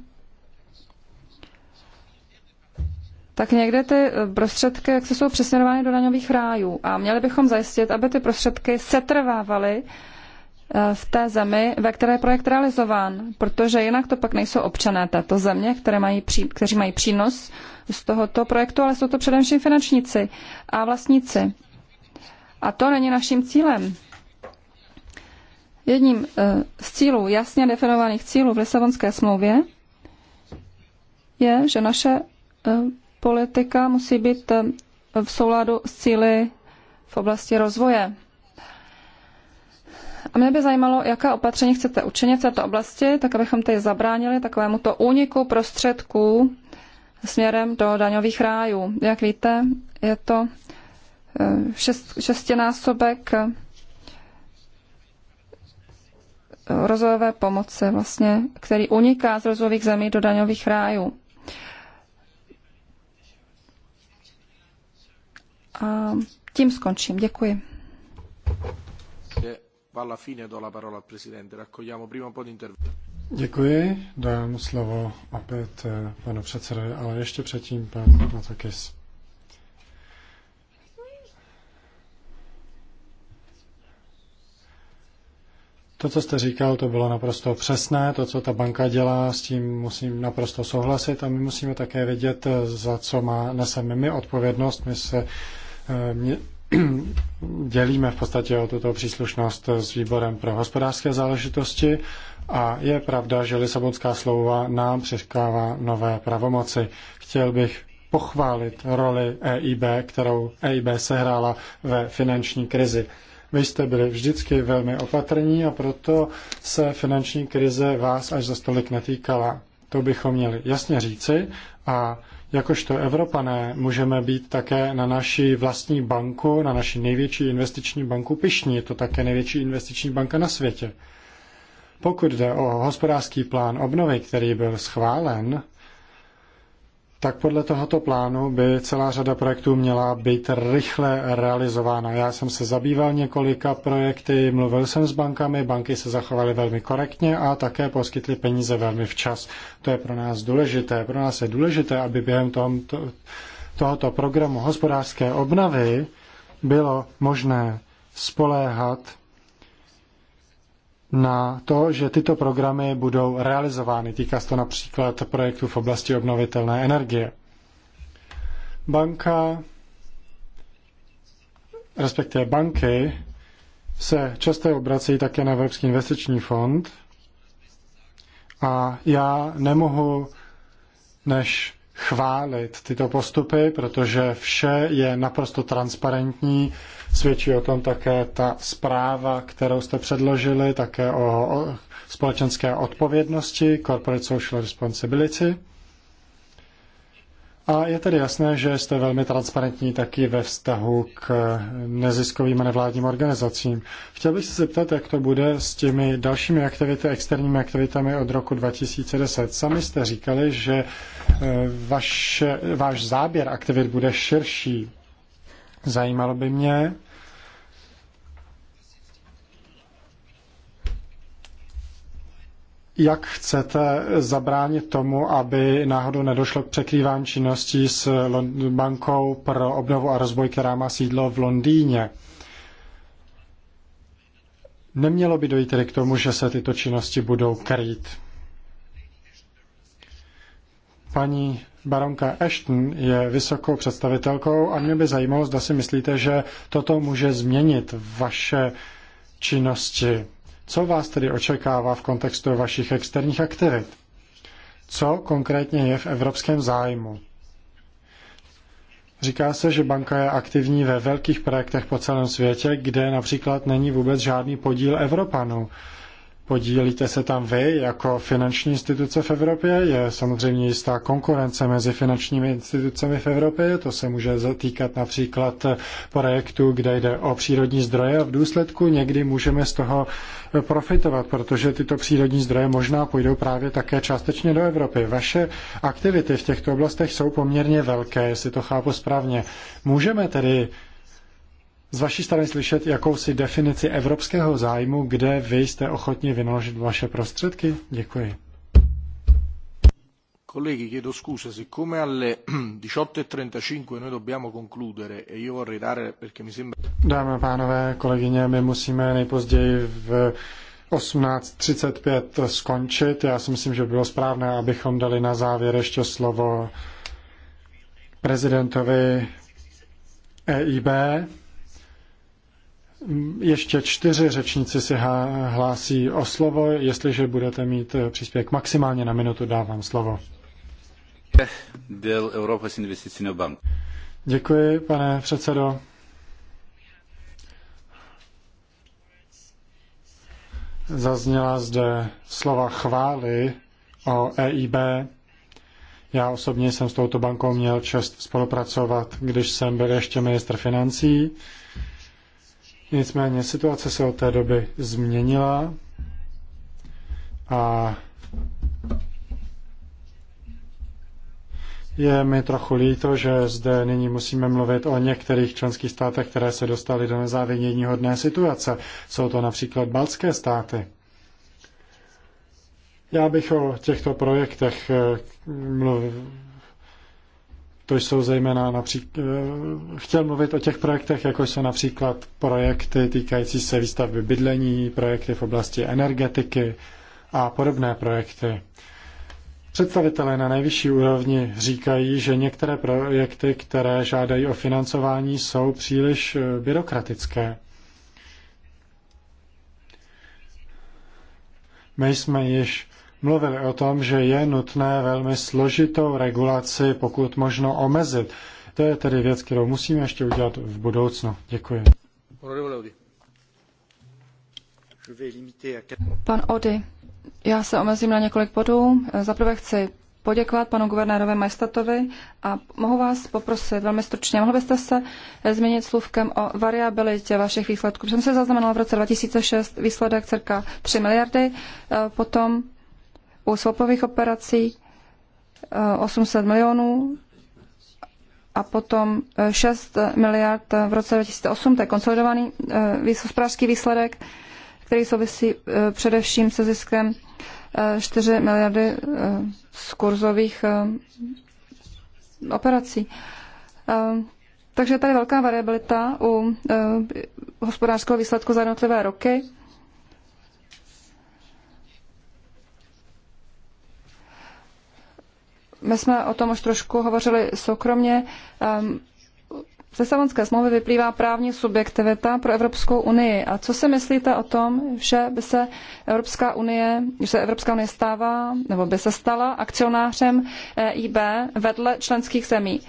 tak někde ty prostředky jak se jsou přesměrovány do daňových rájů. A měli bychom zajistit, aby ty prostředky setrvávaly eh, v té zemi, ve které je projekt realizován, protože jinak to pak nejsou občané této země, které mají pří, kteří mají přínos z tohoto projektu, ale jsou to především finančníci a vlastníci. A to není naším cílem. Jedním eh, z cílů, jasně definovaných cílů v Lisabonské smlouvě, je, že naše eh, politika musí být eh, v souladu s cíly v oblasti rozvoje. A mě by zajímalo, jaká opatření chcete učinit v této oblasti, tak abychom tady zabránili takovému to úniku prostředků směrem do daňových rájů. Jak víte, je to šest, šestinásobek eh, rozvojové pomoci, vlastně, který uniká z rozvojových zemí do daňových rájů. A tím skončím. Děkuji. Děkuji, dám slovo opět eh, panu předsedovi, ale ještě předtím pan Matakis. To, co jste říkal, to bylo naprosto přesné. To, co ta banka dělá, s tím musím naprosto souhlasit a my musíme také vědět, za co má neseme my odpovědnost. My se eh, mě, dělíme v podstatě o tuto příslušnost s výborem pro hospodářské záležitosti a je pravda, že Lisabonská slouva nám přeskává nové pravomoci. Chtěl bych pochválit roli EIB, kterou EIB sehrála ve finanční krizi. Vy jste byli vždycky velmi opatrní a proto se finanční krize vás až za stolik netýkala. To bychom měli jasně říci a jakožto Evropané můžeme být také na naší vlastní banku, na naši největší investiční banku pišní. Je to také největší investiční banka na světě. Pokud jde o hospodářský plán obnovy, který byl schválen tak podle tohoto plánu by celá řada projektů měla být rychle realizována. Já jsem se zabýval několika projekty, mluvil jsem s bankami, banky se zachovaly velmi korektně a také poskytly peníze velmi včas. To je pro nás důležité. Pro nás je důležité, aby během tomto, tohoto programu hospodářské obnovy bylo možné spoléhat na to, že tyto programy budou realizovány. Týká se to například projektů v oblasti obnovitelné energie. Banka, respektive banky, se často obrací také na Evropský investiční fond a já nemohu než chválit tyto postupy, protože vše je naprosto transparentní. Svědčí o tom také ta zpráva, kterou jste předložili, také o společenské odpovědnosti, corporate social responsibility. A je tedy jasné, že jste velmi transparentní taky ve vztahu k neziskovým a nevládním organizacím. Chtěl bych se zeptat, jak to bude s těmi dalšími aktivity, externími aktivitami od roku 2010. Sami jste říkali, že e, vaš, váš záběr aktivit bude širší. Zajímalo by mě, jak chcete zabránit tomu, aby náhodou nedošlo k překrývání činností s bankou pro obnovu a rozvoj, která má sídlo v Londýně. Nemělo by dojít tedy k tomu, že se tyto činnosti budou krýt. Paní baronka Ashton je vysokou představitelkou a mě by zajímalo, zda si myslíte, že toto může změnit vaše činnosti co vás tedy očekává v kontextu vašich externích aktivit? Co konkrétně je v evropském zájmu? Říká se, že banka je aktivní ve velkých projektech po celém světě, kde například není vůbec žádný podíl Evropanů. Podílíte se tam vy jako finanční instituce v Evropě? Je samozřejmě jistá konkurence mezi finančními institucemi v Evropě. To se může zatýkat například projektu, kde jde o přírodní zdroje a v důsledku někdy můžeme z toho profitovat, protože tyto přírodní zdroje možná půjdou právě také částečně do Evropy. Vaše aktivity v těchto oblastech jsou poměrně velké, jestli to chápu správně. Můžeme tedy z vaší strany slyšet jakousi definici evropského zájmu, kde vy jste ochotni vynaložit vaše prostředky? Děkuji. Colleghi, chiedo scusa, siccome alle 18.35 e noi dobbiamo concludere e io vorrei dare, perché mi sembra... Dámy a pánové, kolegyně, my musíme nejpozději v 18.35 skončit. Já si myslím, že bylo správné, abychom dali na závěr ještě slovo prezidentovi EIB. Ještě čtyři řečníci si hlásí o slovo. Jestliže budete mít eh, příspěvek maximálně na minutu, dávám slovo. Byl Europas investiční bank. Děkuji, pane předsedo. Zazněla zde slova chvály o EIB. Já osobně jsem s touto bankou měl čest spolupracovat, když jsem byl ještě ministr financí. Nicméně situace se od té doby změnila a je mi trochu líto, že zde nyní musíme mluvit o některých členských státech, které se dostaly do hodné situace. Jsou to například baltské státy. Já bych o těchto projektech eh, mluvil to jsou zejména například, eh, chtěl mluvit o těch projektech, jako jsou například projekty týkající se výstavby bydlení, projekty v oblasti energetiky a podobné projekty. Představitelé na nejvyšší úrovni říkají, že některé projekty, které žádají o financování, jsou příliš eh, byrokratické. My jsme již mluvili o tom, že je nutné velmi složitou regulaci pokud možno omezit. To je tedy věc, kterou musíme ještě udělat v budoucnu. Děkuji. Pan Ody, já se omezím na několik bodů. Zaprvé chci poděkovat panu guvernérovi Majstatovi a mohu vás poprosit velmi stručně, mohl byste se změnit slůvkem o variabilitě vašich výsledků. Jsem se zaznamenala v roce 2006 výsledek cirka 3 miliardy, eh, potom u swapových operací 800 eh, milionů a potom 6 eh, miliard v roce 2008, to je konsolidovaný eh, hospodářský výsledek, který souvisí především se ziskem 4 miliardy z kurzových operací. Takže je tady velká variabilita u hospodářského výsledku za jednotlivé roky my jsme o tom už trošku hovořili soukromně. Ehm, ze Savonské smlouvy vyplývá právní subjektivita pro Evropskou unii. A co si myslíte o tom, že by se Evropská unie, že se Evropská unie stává, nebo by se stala akcionářem EIB vedle členských zemí?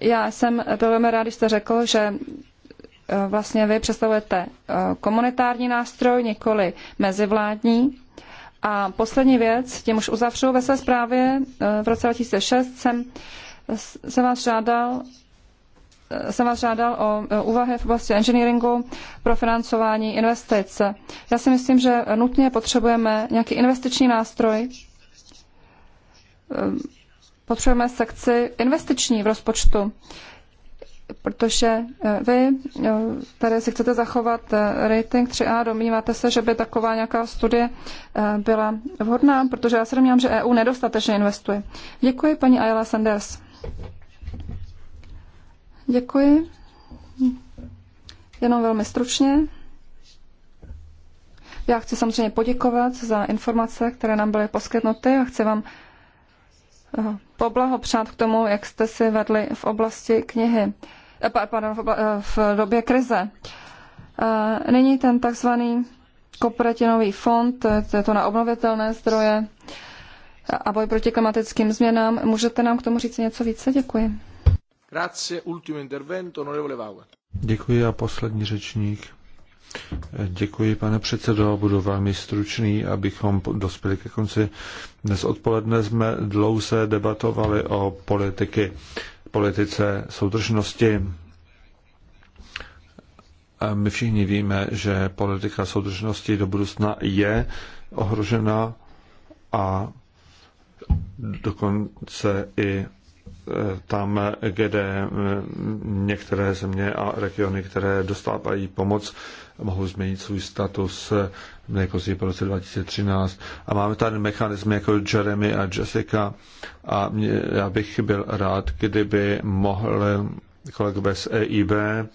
Já jsem byl velmi rád, když jste řekl, že e, vlastně vy představujete e, komunitární nástroj, nikoli mezivládní. A poslední věc, tím už uzavřu ve své zprávě. E, v roce 2006 jsem, jsem vás žádal e, jsem vás žádal o e, úvahy v oblasti engineeringu pro financování investic. Já si myslím, že nutně potřebujeme nějaký investiční nástroj. Potřebujeme sekci investiční v rozpočtu protože eh, vy eh, tady si chcete zachovat eh, rating 3A, domníváte se, že by taková nějaká studie byla vhodná, protože já se domnívám, že EU nedostatečně investuje. Děkuji, paní Ayala Sanders. Děkuji. Jenom velmi stručně. Já chci samozřejmě poděkovat za informace, které nám byly poskytnuty a chci vám poblahopřát k tomu, jak jste si vedli v oblasti knihy, eh, pardon, eh, v době krize. Eh, nyní ten takzvaný kopretinový fond, to je to na obnovitelné zdroje a boj proti klimatickým změnám. Můžete nám k tomu říct něco více? Děkuji. Grazie, ultimo intervento, onorevole Vauga. Děkuji a poslední řečník. Děkuji, pane předsedo. Budu velmi stručný, abychom dospěli ke konci. Dnes odpoledne jsme dlouze debatovali o politiky, politice soudržnosti. A my všichni víme, že politika soudržnosti do budoucna je ohrožena a dokonce i e, tam, kde některé země a regiony, které dostávají pomoc, mohou změnit svůj status nejpozději po roce 2013. A máme tady mechanizmy jako Jeremy a Jessica a mě, já bych byl rád, kdyby mohl kolegové z EIB eh,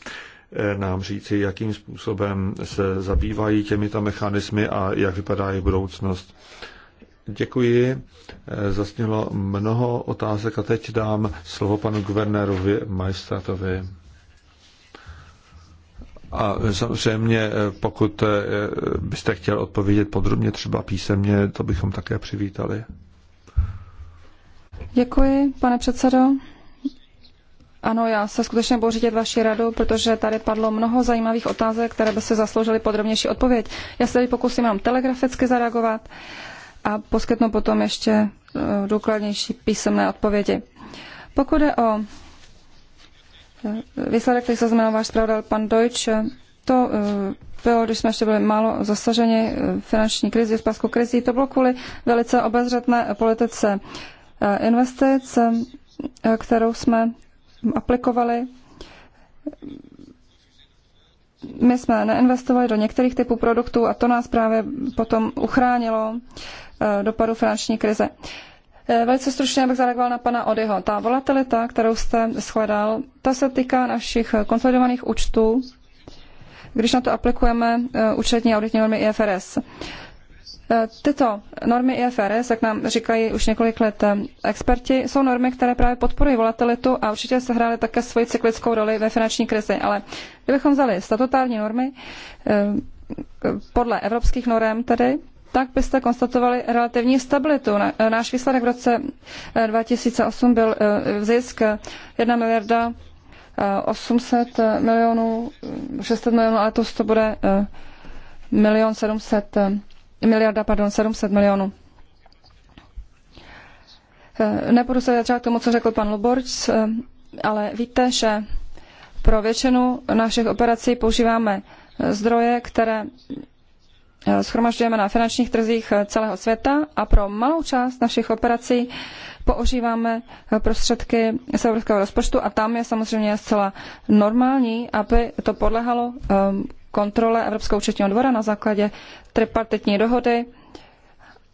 nám říci, jakým způsobem se zabývají těmito mechanismy a jak vypadá jejich budoucnost. Děkuji. Eh, Zasnělo mnoho otázek a teď dám slovo panu guvernérovi Majstratovi. A samozřejmě, eh, pokud eh, byste chtěl odpovědět podrobně, třeba písemně, to bychom také přivítali. Děkuji, pane předsedo. Ano, já se skutečně budu řídit vaši radu, protože tady padlo mnoho zajímavých otázek, které by se zasloužily podrobnější odpověď. Já se tady pokusím vám telegraficky zareagovat a poskytnu potom ještě eh, důkladnější písemné odpovědi. Pokud je o výsledek, který zaznamenal váš zpravodaj pan Deutsch, to eh, bylo, když jsme ještě byli málo zasaženi eh, finanční krizi, hospodářskou krizi, to bylo kvůli velice obezřetné politice eh, investic, kterou jsme aplikovali. My jsme neinvestovali do některých typů produktů a to nás právě potom uchránilo dopadu finanční krize. Eh, velice stručně bych zareagoval na pana Odyho. Ta volatilita, kterou jste shledal, ta se týká našich eh, konsolidovaných účtů, když na to aplikujeme eh, účetní auditní normy IFRS. Tyto normy IFRS, jak nám říkají už několik let experti, jsou normy, které právě podporují volatilitu a určitě se hrály také svoji cyklickou roli ve finanční krizi. Ale kdybychom vzali statutární normy, podle evropských norem tedy, tak byste konstatovali relativní stabilitu. Eh, náš výsledek v roce 2008 eh, byl eh, zisk 1 miliarda 800 milionů, 600 milionů, ale to, bude milion 700, miliarda, pardon, 700 milionů. Nebudu se vyjadřovat k tomu, co řekl pan Luborč, ale víte, že pro většinu našich operací používáme zdroje, které Eh, schromažďujeme na finančních trzích eh, celého světa a pro malou část našich operací používáme eh, prostředky z evropského rozpočtu a tam je samozřejmě zcela normální, aby to podlehalo ehm, kontrole Evropského účetního dvora na základě tripartitní dohody.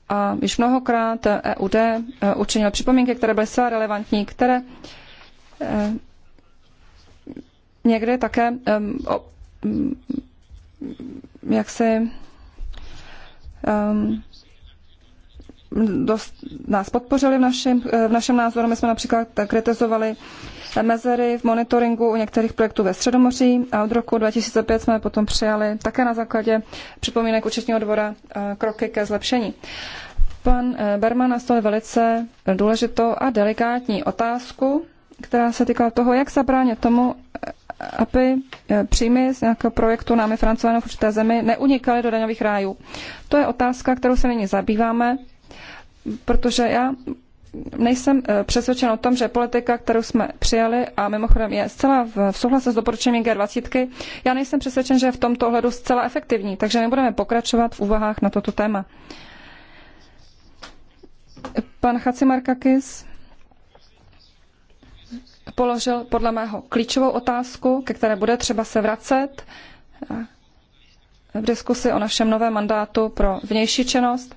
A již mnohokrát EUD e učinil připomínky, které byly zcela relevantní, které někdy také ehm, jak se um, dost, nás podpořili v našem, v našem názoru. My jsme například kritizovali mezery v monitoringu u některých projektů ve Středomoří a od roku 2005 jsme potom přijali také na základě připomínek účetního dvora eh, kroky ke zlepšení. Pan eh, Berman nastavil velice důležitou a delikátní otázku, která se týkala toho, jak zabránit tomu, aby eh, příjmy z nějakého projektu námi financovaného v určité zemi neunikaly do daňových rájů. To je otázka, kterou se nyní zabýváme, protože já nejsem eh, přesvědčen o tom, že politika, kterou jsme přijali, a mimochodem je zcela v, v souhlasu s doporučením G20, já nejsem přesvědčen, že je v tomto ohledu zcela efektivní, takže my budeme pokračovat v úvahách na toto téma. Pan Chacimarkakis položil podle mého klíčovou otázku, ke které bude třeba se vracet eh, v diskusi o našem novém mandátu pro vnější činnost,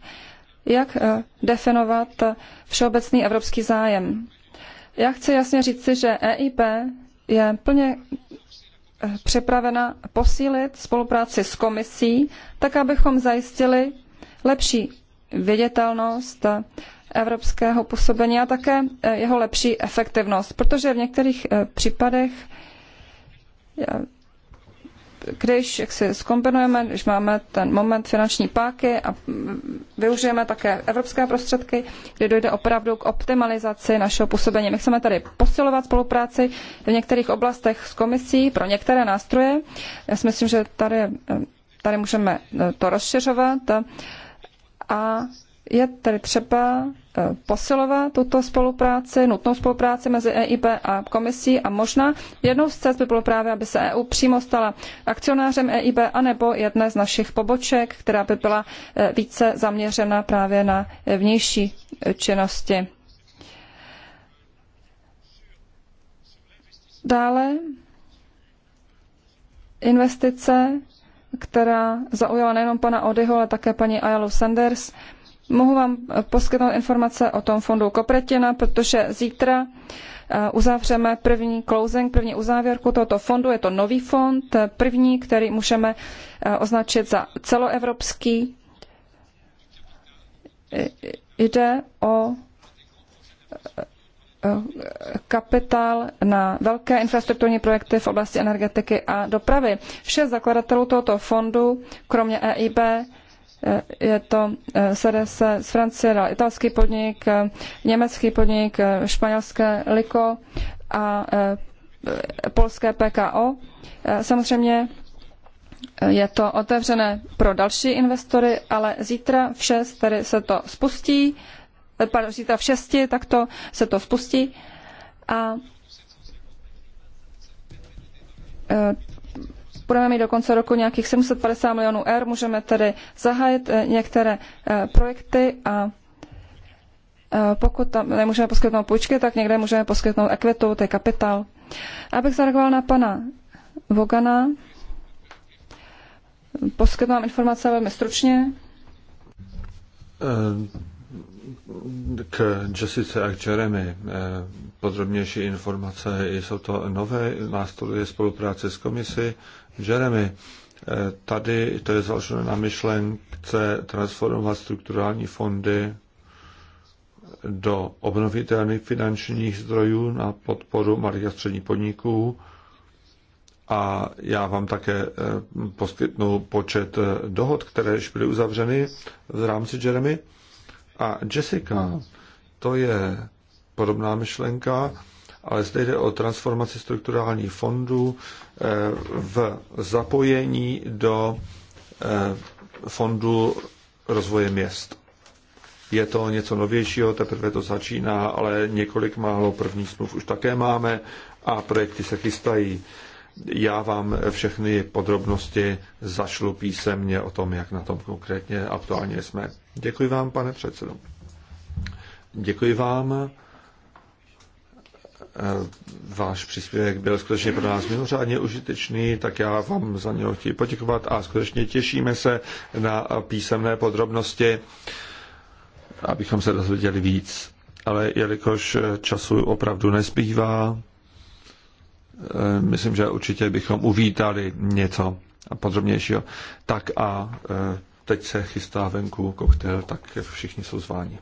jak eh, definovat eh, všeobecný evropský zájem. Já chci jasně říci, že EIP je plně připravena posílit spolupráci s komisí, tak abychom zajistili lepší viditelnost evropského působení a také eh, jeho lepší efektivnost, protože v některých eh, případech když jak si zkombinujeme, když máme ten moment finanční páky a mm, využijeme také evropské prostředky, kdy dojde opravdu k optimalizaci našeho působení. My chceme tady posilovat spolupráci v některých oblastech s komisí pro některé nástroje. Já si myslím, že tady, eh, tady můžeme to rozšiřovat a je tedy třeba eh, posilovat tuto spolupráci, nutnou spolupráci mezi EIB a komisí a možná jednou z cest by bylo právě, aby se EU přímo stala akcionářem EIB anebo jedné z našich poboček, která by byla eh, více zaměřena právě na vnější činnosti. Dále investice která zaujala nejenom pana Odyho, ale také paní Ayalu Sanders. Mohu vám eh, poskytnout informace o tom fondu Kopretina, protože zítra eh, uzavřeme první closing, první uzávěrku tohoto fondu. Je to nový fond, eh, první, který můžeme označit za celoevropský. Jde o kapitál na velké infrastrukturní projekty v oblasti energetiky a dopravy. Šest zakladatelů tohoto fondu, kromě EIB, je to SRS eh, z Francie, italský podnik, eh, německý podnik, eh, španělské Liko a polské PKO. Samozřejmě je to otevřené pro další investory, ale zítra v 6 tady se to spustí zítra v šesti, tak to se to spustí. A e, budeme mít do konce roku nějakých 750 milionů R můžeme tedy zahájit e, některé e, projekty a pokud tam nemůžeme poskytnout půjčky, tak někde můžeme poskytnout ekvitu, to je kapitál. Abych zareagoval na pana Vogana, poskytnu vám informace velmi stručně. K Jessice a k Jeremy eh, podrobnější informace. Jsou to nové nástroje spolupráce s komisí Jeremy, eh, tady to je založeno na myšlence transformovat strukturální fondy do obnovitelných finančních zdrojů na podporu malých a středních podniků. A já vám také eh, poskytnu počet dohod, které byly uzavřeny v rámci Jeremy. A Jessica, to je podobná myšlenka, ale zde jde o transformaci strukturálních fondů eh, v zapojení do eh, fondu rozvoje měst. Je to něco novějšího, teprve to začíná, ale několik málo prvních smluv už také máme a projekty se chystají. Já vám všechny podrobnosti zašlu písemně o tom, jak na tom konkrétně aktuálně jsme. Děkuji vám, pane předsedo. Děkuji vám. Váš příspěvek byl skutečně pro nás mimořádně užitečný, tak já vám za něho chci poděkovat a skutečně těšíme se na písemné podrobnosti, abychom se dozvěděli víc. Ale jelikož času opravdu nespívá, myslím, že určitě bychom uvítali něco podrobnějšího. Tak a teď se chystá venku koktejl, tak všichni jsou zváni.